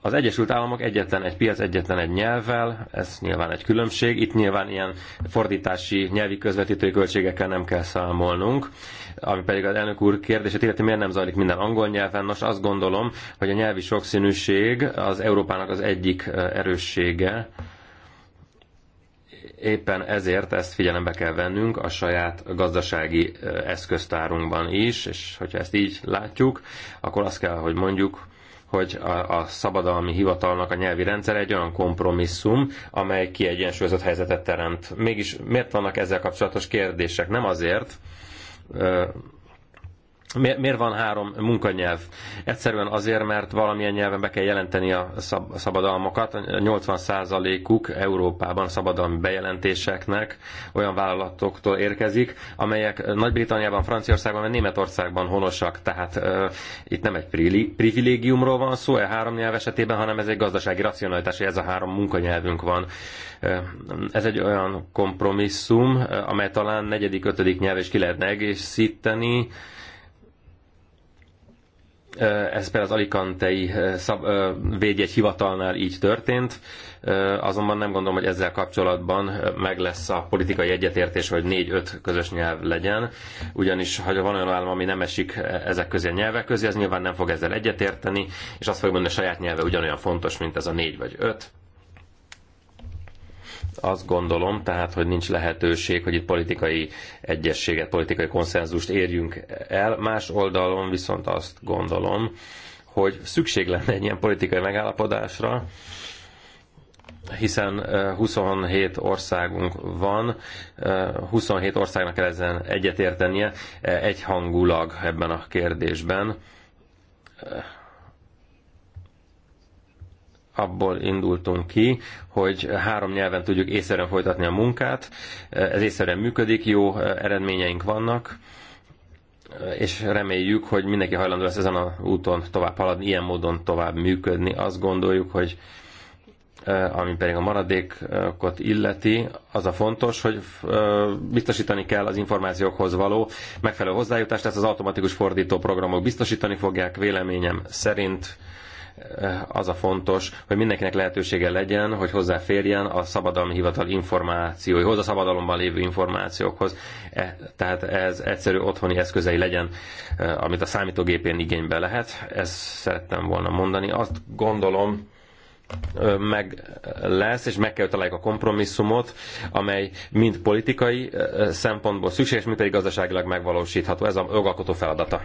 az Egyesült Államok egyetlen egy piac, egyetlen egy nyelvvel, ez nyilván egy különbség. Itt nyilván ilyen fordítási, nyelvi közvetítői költségekkel nem kell számolnunk. Ami pedig az elnök úr kérdése, illetve miért nem zajlik minden angol nyelven? Nos, azt gondolom, hogy a nyelvi sokszínűség az Európának az egyik eh, erőssége Éppen ezért ezt figyelembe kell vennünk a saját gazdasági eszköztárunkban is, és hogyha ezt így látjuk, akkor azt kell, hogy mondjuk, hogy a, a szabadalmi hivatalnak a nyelvi rendszer egy olyan kompromisszum, amely kiegyensúlyozott helyzetet teremt. Mégis miért vannak ezzel kapcsolatos kérdések? Nem azért, Miért van három munkanyelv? Egyszerűen azért, mert valamilyen nyelven be kell jelenteni a szabadalmakat. 80%-uk Európában szabadalmi bejelentéseknek olyan vállalatoktól érkezik, amelyek Nagy-Britanniában, Franciaországban vagy Németországban honosak. Tehát uh, itt nem egy privilégiumról van szó e három nyelv esetében, hanem ez egy gazdasági racionalitás, hogy ez a három munkanyelvünk van. Uh, ez egy olyan kompromisszum, amely talán negyedik, ötödik nyelv is ki lehetne egészíteni, uh, ez például az alikantei szab, védjegy hivatalnál így történt, azonban nem gondolom, hogy ezzel kapcsolatban meg lesz a politikai egyetértés, hogy négy-öt közös nyelv legyen, ugyanis ha van olyan állam, ami nem esik ezek közé a nyelvek közé, az nyilván nem fog ezzel egyetérteni, és azt fogja mondani, hogy a saját nyelve ugyanolyan fontos, mint ez a négy vagy öt azt gondolom, tehát, hogy nincs lehetőség, hogy itt politikai egyességet, politikai konszenzust érjünk el. Más oldalon viszont azt gondolom, hogy szükség lenne egy ilyen politikai megállapodásra, hiszen 27 országunk van, 27 országnak kell ezen egyetértenie egyhangulag ebben a kérdésben abból indultunk ki, hogy három nyelven tudjuk észszerűen folytatni a munkát, ez észszerűen működik, jó eredményeink vannak, és reméljük, hogy mindenki hajlandó lesz ezen a úton tovább haladni, ilyen módon tovább működni. Azt gondoljuk, hogy eh, ami pedig a maradékot illeti, az a fontos, hogy eh, biztosítani kell az információkhoz való megfelelő hozzájutást, ezt az automatikus fordító programok biztosítani fogják, véleményem szerint Eh, az a fontos, hogy mindenkinek lehetősége legyen, hogy hozzáférjen a szabadalmi hivatal információihoz, a szabadalomban lévő információkhoz. E, tehát ez egyszerű otthoni eszközei legyen, eh, amit a számítógépén igénybe lehet. Ezt szerettem volna mondani. Azt gondolom, meg lesz, és meg kell találjuk a kompromisszumot, amely mind politikai eh, szempontból szükséges, mind pedig gazdaságilag megvalósítható. Ez a jogalkotó feladata.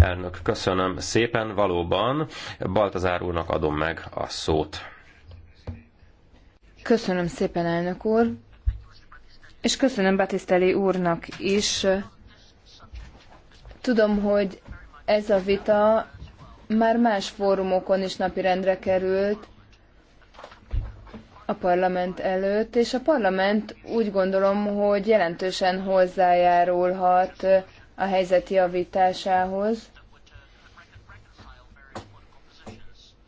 Elnök, köszönöm szépen, valóban Baltazár úrnak adom meg a szót. Köszönöm szépen, elnök úr, és köszönöm Batiszteli úrnak is. Tudom, hogy ez a vita már más fórumokon is napirendre került a parlament előtt, és a parlament úgy gondolom, hogy jelentősen hozzájárulhat a helyzet javításához.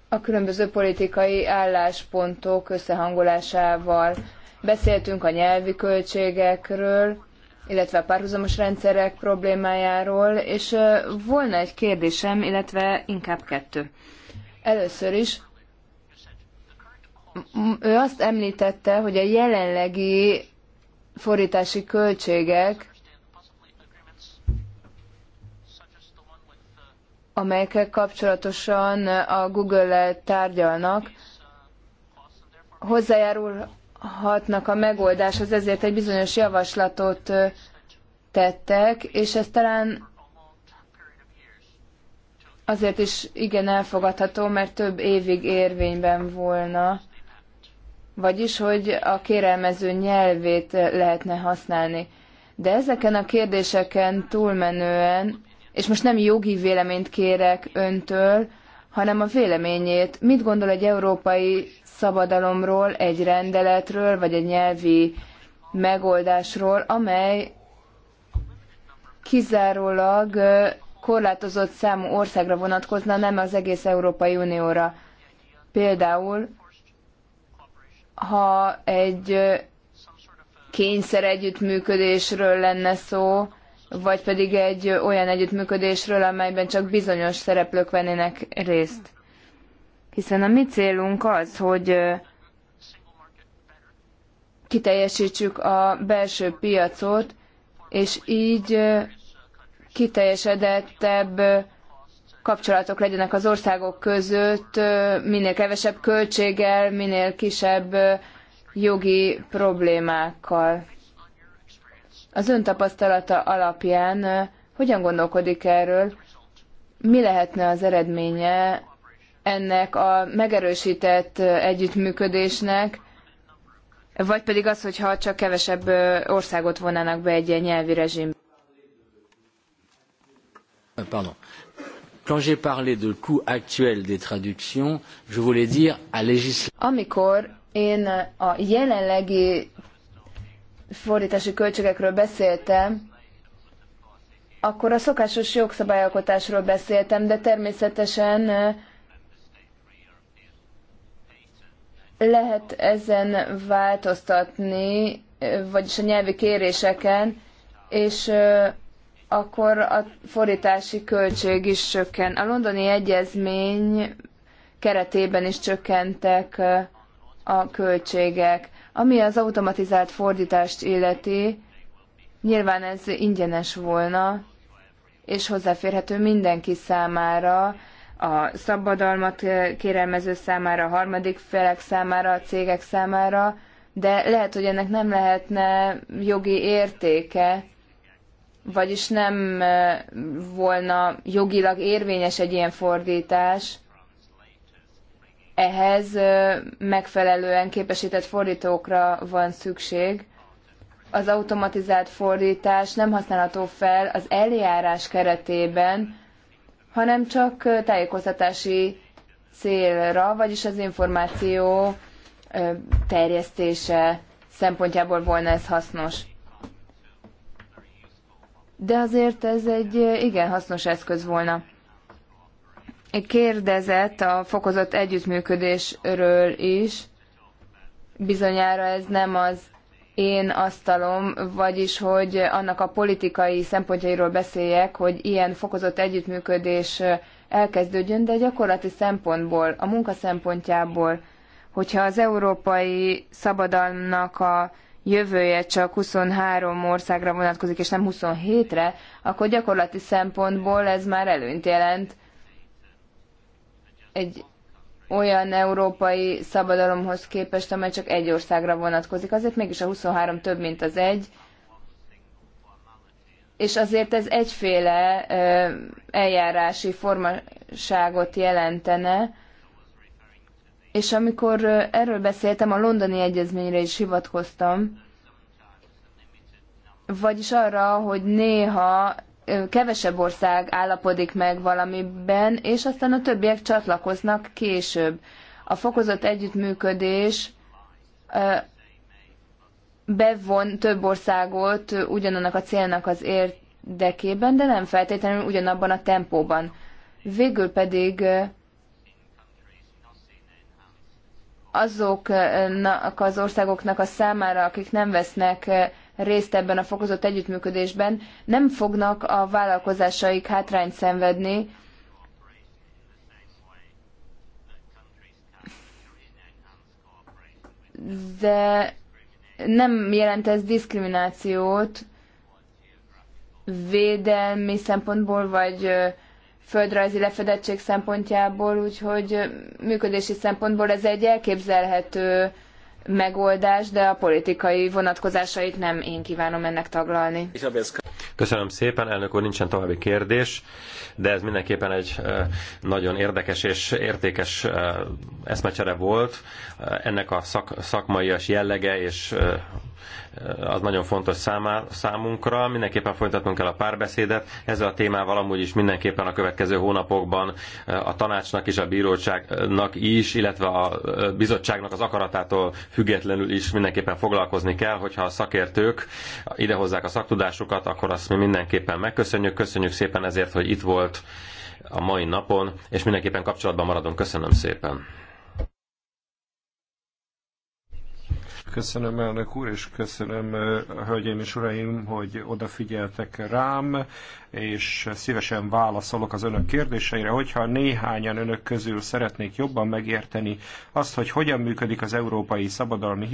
A különböző politikai álláspontok összehangolásával beszéltünk a nyelvi költségekről, illetve a párhuzamos rendszerek problémájáról, és volna egy kérdésem, illetve inkább kettő. Először is, ő azt említette, hogy a jelenlegi fordítási költségek amelyekkel kapcsolatosan a google tárgyalnak, hozzájárulhatnak a megoldáshoz, ezért egy bizonyos javaslatot tettek, és ez talán azért is igen elfogadható, mert több évig érvényben volna, vagyis, hogy a kérelmező nyelvét lehetne használni. De ezeken a kérdéseken túlmenően és most nem jogi véleményt kérek öntől, hanem a véleményét. Mit gondol egy európai szabadalomról, egy rendeletről, vagy egy nyelvi megoldásról, amely kizárólag korlátozott számú országra vonatkozna, nem az egész Európai Unióra. Például, ha egy kényszer együttműködésről lenne szó, vagy pedig egy olyan együttműködésről, amelyben csak bizonyos szereplők vennének részt. Hiszen a mi célunk az, hogy kiteljesítsük a belső piacot, és így kiteljesedettebb kapcsolatok legyenek az országok között, minél kevesebb költséggel, minél kisebb jogi problémákkal. Az ön tapasztalata alapján hogyan gondolkodik erről? Mi lehetne az eredménye ennek a megerősített együttműködésnek, vagy pedig az, hogyha csak kevesebb országot vonnának be egy ilyen nyelvi rezsim. Euh, pardon. Quand j'ai parlé de coût actuel des traductions, je voulais dire à législation. Amikor én a jelenlegi fordítási költségekről beszéltem, akkor a szokásos jogszabályalkotásról beszéltem, de természetesen lehet ezen változtatni, vagyis a nyelvi kéréseken, és akkor a fordítási költség is csökken. A londoni egyezmény keretében is csökkentek a költségek. Ami az automatizált fordítást illeti, nyilván ez ingyenes volna, és hozzáférhető mindenki számára, a szabadalmat kérelmező számára, a harmadik felek számára, a cégek számára, de lehet, hogy ennek nem lehetne jogi értéke, vagyis nem eh, volna jogilag érvényes egy ilyen fordítás, ehhez megfelelően képesített fordítókra van szükség. Az automatizált fordítás nem használható fel az eljárás keretében, hanem csak tájékoztatási célra, vagyis az információ terjesztése szempontjából volna ez hasznos. De azért ez egy igen hasznos eszköz volna kérdezett a fokozott együttműködésről is. Bizonyára ez nem az én asztalom, vagyis hogy annak a politikai szempontjairól beszéljek, hogy ilyen fokozott együttműködés elkezdődjön, de gyakorlati szempontból, a munka szempontjából, hogyha az európai szabadalmnak a jövője csak 23 országra vonatkozik, és nem 27-re, akkor gyakorlati szempontból ez már előnyt jelent egy olyan európai szabadalomhoz képest, amely csak egy országra vonatkozik. Azért mégis a 23 több, mint az egy, és azért ez egyféle eljárási formaságot jelentene, és amikor erről beszéltem, a londoni egyezményre is hivatkoztam, vagyis arra, hogy néha kevesebb ország állapodik meg valamiben, és aztán a többiek csatlakoznak később. A fokozott együttműködés bevon több országot ugyanannak a célnak az érdekében, de nem feltétlenül ugyanabban a tempóban. Végül pedig azoknak az országoknak a számára, akik nem vesznek részt ebben a fokozott együttműködésben, nem fognak a vállalkozásaik hátrányt szenvedni, de nem jelent ez diszkriminációt védelmi szempontból, vagy földrajzi lefedettség szempontjából, úgyhogy működési szempontból ez egy elképzelhető megoldás, de a politikai vonatkozásait nem én kívánom ennek taglalni. Köszönöm szépen, elnök úr, nincsen további kérdés, de ez mindenképpen egy nagyon érdekes és értékes eszmecsere volt. Ennek a szak, szakmaias jellege és az nagyon fontos számá, számunkra. Mindenképpen folytatnunk kell a párbeszédet. Ezzel a témával amúgy is mindenképpen a következő hónapokban eh, a tanácsnak és a bíróságnak is, illetve a eh, bizottságnak az akaratától függetlenül is mindenképpen foglalkozni kell, hogyha a szakértők idehozzák a szaktudásukat, akkor azt mi mindenképpen megköszönjük. Köszönjük szépen ezért, hogy itt volt a mai napon, és mindenképpen kapcsolatban maradunk. Köszönöm szépen. Köszönöm, elnök úr, és köszönöm, hölgyeim és uraim, hogy odafigyeltek rám, és szívesen válaszolok az önök kérdéseire. Hogyha néhányan önök közül szeretnék jobban megérteni azt, hogy hogyan működik az Európai Szabadalmi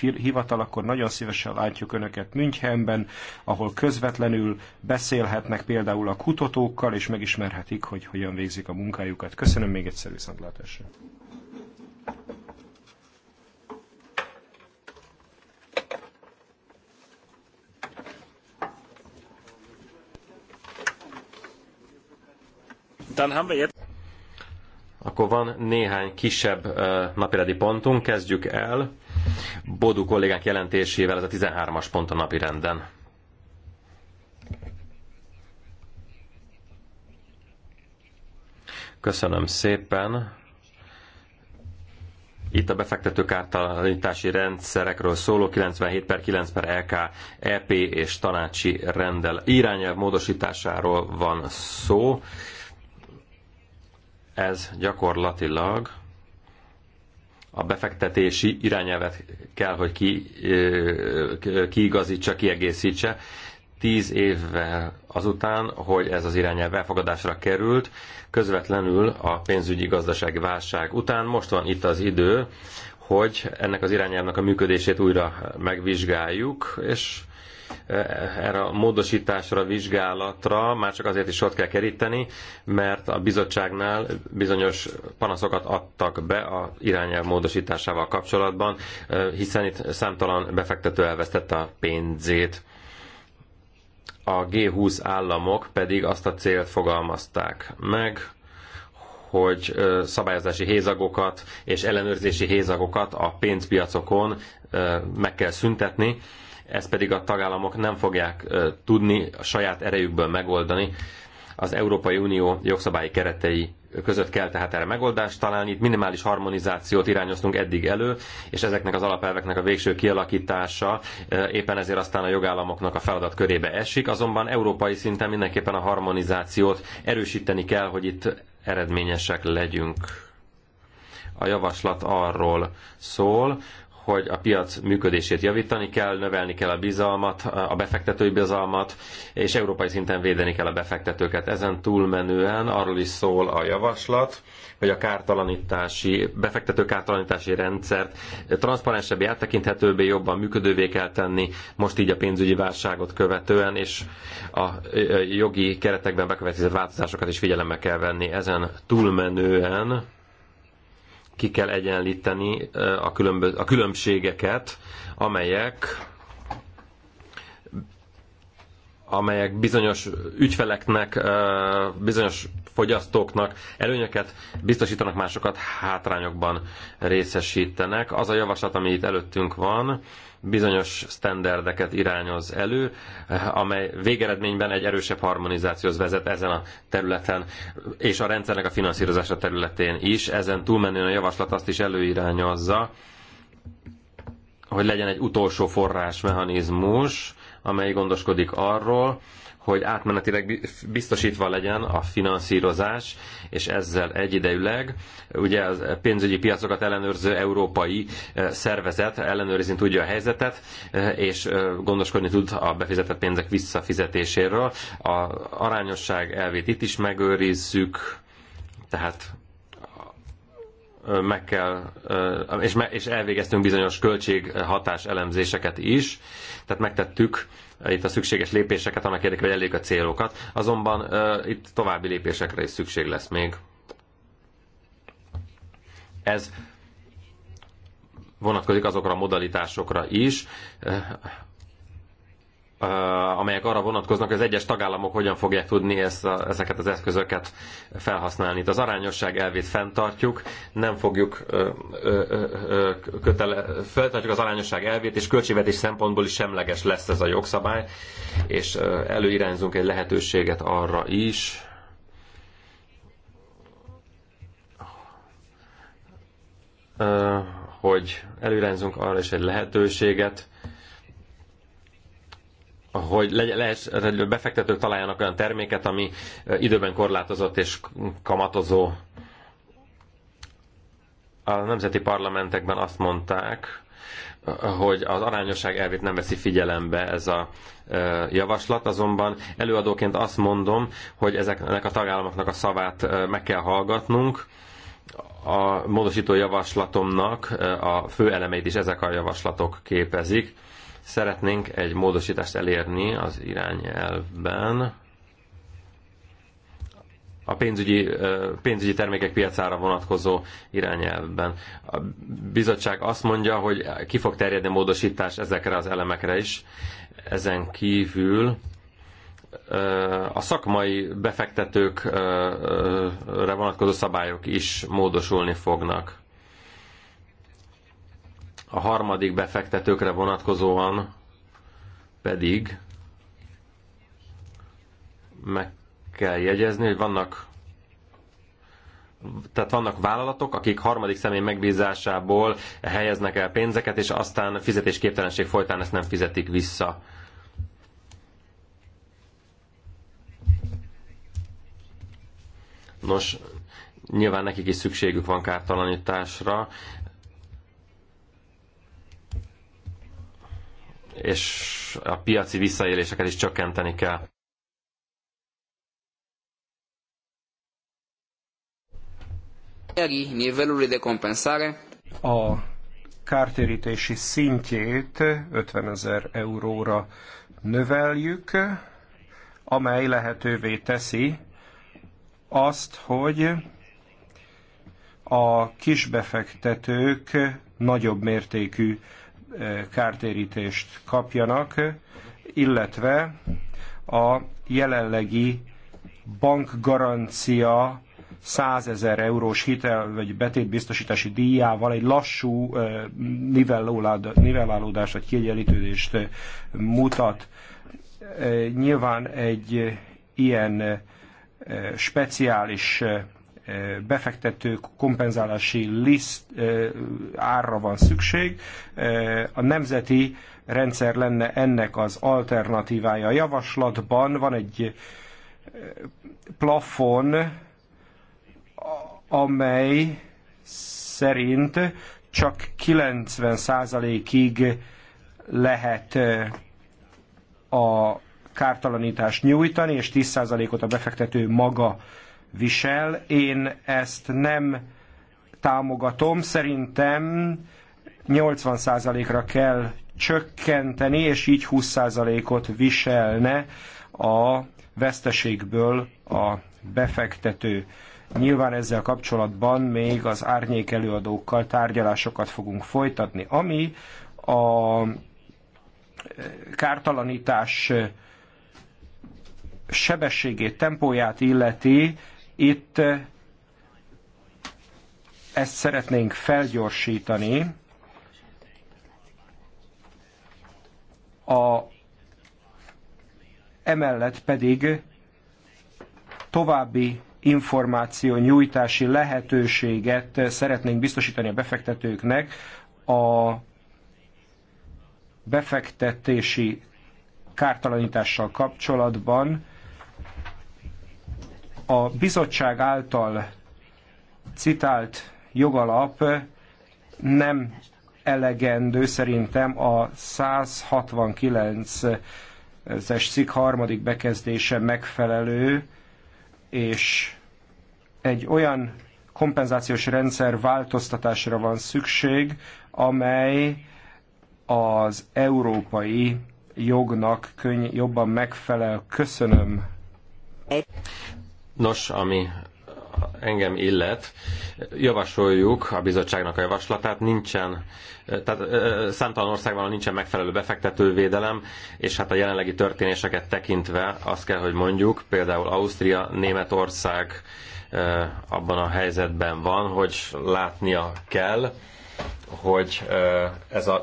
Hivatal, akkor nagyon szívesen látjuk önöket Münchenben, ahol közvetlenül beszélhetnek például a kutatókkal, és megismerhetik, hogy hogyan végzik a munkájukat. Köszönöm még egyszer viszontlátásra. Akkor van néhány kisebb napirendi pontunk, kezdjük el. Bodu kollégánk jelentésével ez a 13-as pont a napirenden. Köszönöm szépen. Itt a befektetők ártalanítási rendszerekről szóló 97 per 9 per LK EP és tanácsi rendel irányelv módosításáról van szó ez gyakorlatilag a befektetési irányelvet kell, hogy ki, kiigazítsa, kiegészítse. Tíz évvel azután, hogy ez az irányelv elfogadásra került, közvetlenül a pénzügyi gazdasági válság után most van itt az idő, hogy ennek az irányelvnek a működését újra megvizsgáljuk, és erre a módosításra, vizsgálatra már csak azért is ott kell keríteni, mert a bizottságnál bizonyos panaszokat adtak be a irányelv módosításával kapcsolatban, hiszen itt számtalan befektető elvesztette a pénzét. A G20 államok pedig azt a célt fogalmazták meg, hogy szabályozási hézagokat és ellenőrzési hézagokat a pénzpiacokon meg kell szüntetni, ezt pedig a tagállamok nem fogják tudni a saját erejükből megoldani. Az Európai Unió jogszabályi keretei között kell tehát erre megoldást találni. Itt minimális harmonizációt irányoztunk eddig elő, és ezeknek az alapelveknek a végső kialakítása éppen ezért aztán a jogállamoknak a feladat körébe esik, azonban európai szinten mindenképpen a harmonizációt erősíteni kell, hogy itt eredményesek legyünk. A javaslat arról szól, hogy a piac működését javítani kell, növelni kell a bizalmat, a befektetői bizalmat, és európai szinten védeni kell a befektetőket. Ezen túlmenően arról is szól a javaslat, hogy a kártalanítási, befektető kártalanítási rendszert transzparensebb, áttekinthetőbbé, jobban működővé kell tenni, most így a pénzügyi válságot követően, és a jogi keretekben bekövetkezett változásokat is figyelembe kell venni. Ezen túlmenően ki kell egyenlíteni a, különbö- a különbségeket, amelyek amelyek bizonyos ügyfeleknek, bizonyos fogyasztóknak előnyöket biztosítanak, másokat hátrányokban részesítenek. Az a javaslat, ami itt előttünk van, bizonyos standardeket irányoz elő, amely végeredményben egy erősebb harmonizációhoz vezet ezen a területen, és a rendszernek a finanszírozása területén is. Ezen túlmenően a javaslat azt is előirányozza, hogy legyen egy utolsó forrásmechanizmus, amely gondoskodik arról, hogy átmenetileg biztosítva legyen a finanszírozás, és ezzel egyidejűleg ugye a pénzügyi piacokat ellenőrző európai eh, szervezet ellenőrizni tudja a helyzetet, eh, és eh, gondoskodni tud a befizetett pénzek visszafizetéséről. A arányosság elvét itt is megőrizzük, tehát meg kell, és, me, és elvégeztünk bizonyos költséghatás elemzéseket is, tehát megtettük itt a szükséges lépéseket, annak érdekében, hogy elég a célokat, azonban itt további lépésekre is szükség lesz még. Ez vonatkozik azokra a modalitásokra is, amelyek arra vonatkoznak, hogy az egyes tagállamok hogyan fogják tudni ezt a, ezeket az eszközöket felhasználni. Itt az arányosság elvét fenntartjuk, nem fogjuk kötele, feltartjuk az arányosság elvét, és költségvetés szempontból is semleges lesz ez a jogszabály, és előirányzunk egy lehetőséget arra is, hogy előirányzunk arra is egy lehetőséget, hogy lehető befektetők találjanak olyan terméket, ami időben korlátozott és kamatozó. A nemzeti parlamentekben azt mondták, hogy az arányosság elvét nem veszi figyelembe ez a javaslat, azonban előadóként azt mondom, hogy ezeknek a tagállamoknak a szavát meg kell hallgatnunk, a módosító javaslatomnak a fő elemeit is ezek a javaslatok képezik. Szeretnénk egy módosítást elérni az irányelvben, a pénzügyi, pénzügyi termékek piacára vonatkozó irányelvben. A bizottság azt mondja, hogy ki fog terjedni a módosítás ezekre az elemekre is. Ezen kívül a szakmai befektetőkre vonatkozó szabályok is módosulni fognak a harmadik befektetőkre vonatkozóan pedig meg kell jegyezni, hogy vannak tehát vannak vállalatok, akik harmadik személy megbízásából helyeznek el pénzeket, és aztán fizetésképtelenség folytán ezt nem fizetik vissza. Nos, nyilván nekik is szükségük van kártalanításra, és a piaci visszaéléseket is csökkenteni kell. A kártérítési szintjét 50 ezer euróra növeljük, amely lehetővé teszi azt, hogy a kisbefektetők nagyobb mértékű kártérítést kapjanak, illetve a jelenlegi bankgarancia 100 ezer eurós hitel vagy betétbiztosítási díjával egy lassú nivellálódást vagy kiegyenlítődést mutat. Nyilván egy ilyen speciális befektető kompenzálási liszt árra van szükség. A nemzeti rendszer lenne ennek az alternatívája. A javaslatban van egy plafon, amely szerint csak 90%-ig lehet a kártalanítást nyújtani, és 10%-ot a befektető maga visel. Én ezt nem támogatom. Szerintem 80%-ra kell csökkenteni, és így 20%-ot viselne a veszteségből a befektető. Nyilván ezzel kapcsolatban még az árnyék előadókkal tárgyalásokat fogunk folytatni, ami a eh, kártalanítás sebességét, tempóját illeti, itt eh, ezt szeretnénk felgyorsítani. A, emellett pedig további információ nyújtási lehetőséget szeretnénk biztosítani a befektetőknek a befektetési kártalanítással kapcsolatban a bizottság által citált jogalap nem elegendő szerintem a 169-es cikk harmadik bekezdése megfelelő, és egy olyan kompenzációs rendszer változtatásra van szükség, amely az európai jognak könny- jobban megfelel. Köszönöm. Nos, ami engem illet, javasoljuk a bizottságnak a javaslatát, nincsen, tehát számtalan országban nincsen megfelelő befektetővédelem, és hát a jelenlegi történéseket tekintve azt kell, hogy mondjuk, például Ausztria, Németország abban a helyzetben van, hogy látnia kell, hogy ez a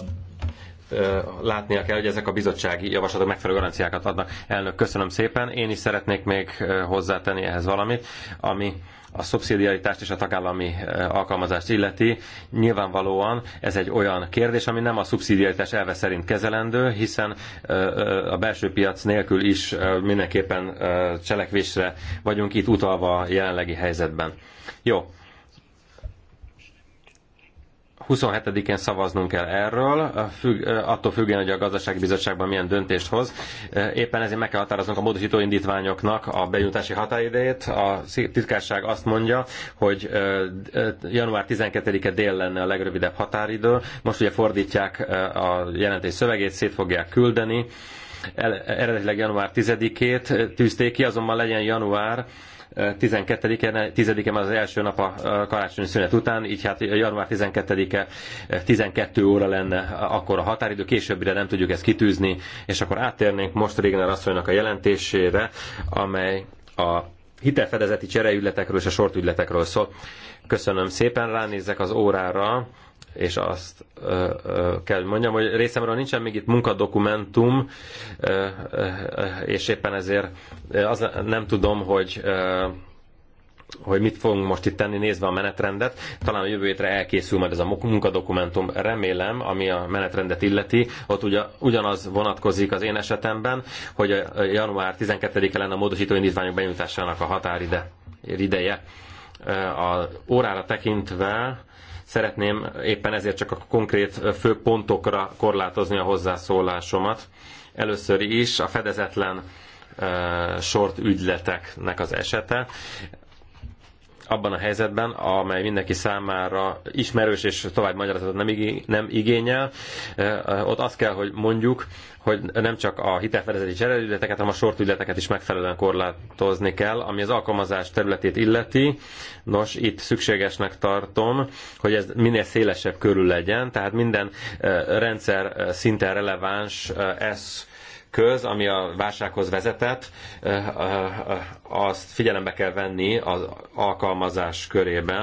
látnia kell, hogy ezek a bizottsági javaslatok megfelelő garanciákat adnak. Elnök, köszönöm szépen. Én is szeretnék még hozzátenni ehhez valamit, ami a szubszidiaritást és a tagállami alkalmazást illeti. Nyilvánvalóan ez egy olyan kérdés, ami nem a szubszidiaritás elve szerint kezelendő, hiszen a belső piac nélkül is mindenképpen cselekvésre vagyunk itt utalva a jelenlegi helyzetben. Jó, 27-én szavaznunk kell erről, függ, attól függően, hogy a gazdasági bizottságban milyen döntést hoz. Éppen ezért meg kell határoznunk a módosító indítványoknak a bejutási határidejét. A titkárság azt mondja, hogy január 12-e dél lenne a legrövidebb határidő. Most ugye fordítják a jelentés szövegét, szét fogják küldeni. Eredetileg január 10-ét tűzték ki, azonban legyen január 12-e, 10-e már az első nap a karácsonyi szünet után, így hát január 12-e 12 óra lenne akkor a határidő, későbbire nem tudjuk ezt kitűzni, és akkor áttérnénk most Régner asszonynak a jelentésére, amely a hitelfedezeti csereügyletekről és a sortügyletekről szól. Köszönöm szépen, ránézzek az órára, és azt ö, ö, kell mondjam, hogy részemről nincsen még itt munkadokumentum, ö, ö, és éppen ezért az nem tudom, hogy ö, hogy mit fogunk most itt tenni, nézve a menetrendet. Talán a jövő hétre elkészül majd ez a munkadokumentum, remélem, ami a menetrendet illeti. Ott ugye, ugyanaz vonatkozik az én esetemben, hogy a január 12-e lenne a módosító indítványok benyújtásának a határide. Ideje. A órára tekintve Szeretném éppen ezért csak a konkrét fő pontokra korlátozni a hozzászólásomat. Először is a fedezetlen eh, sort ügyleteknek az esete abban a helyzetben, amely mindenki számára ismerős és tovább magyarázatot nem, igény, nem igényel. Ott azt kell, hogy mondjuk, hogy nem csak a hitelfedezeti csereügyleteket, hanem a sortügyleteket is megfelelően korlátozni kell, ami az alkalmazás területét illeti. Nos, itt szükségesnek tartom, hogy ez minél szélesebb körül legyen, tehát minden rendszer szinten releváns ez köz, ami a válsághoz vezetett, eh, eh, eh, azt figyelembe kell venni az alkalmazás körében.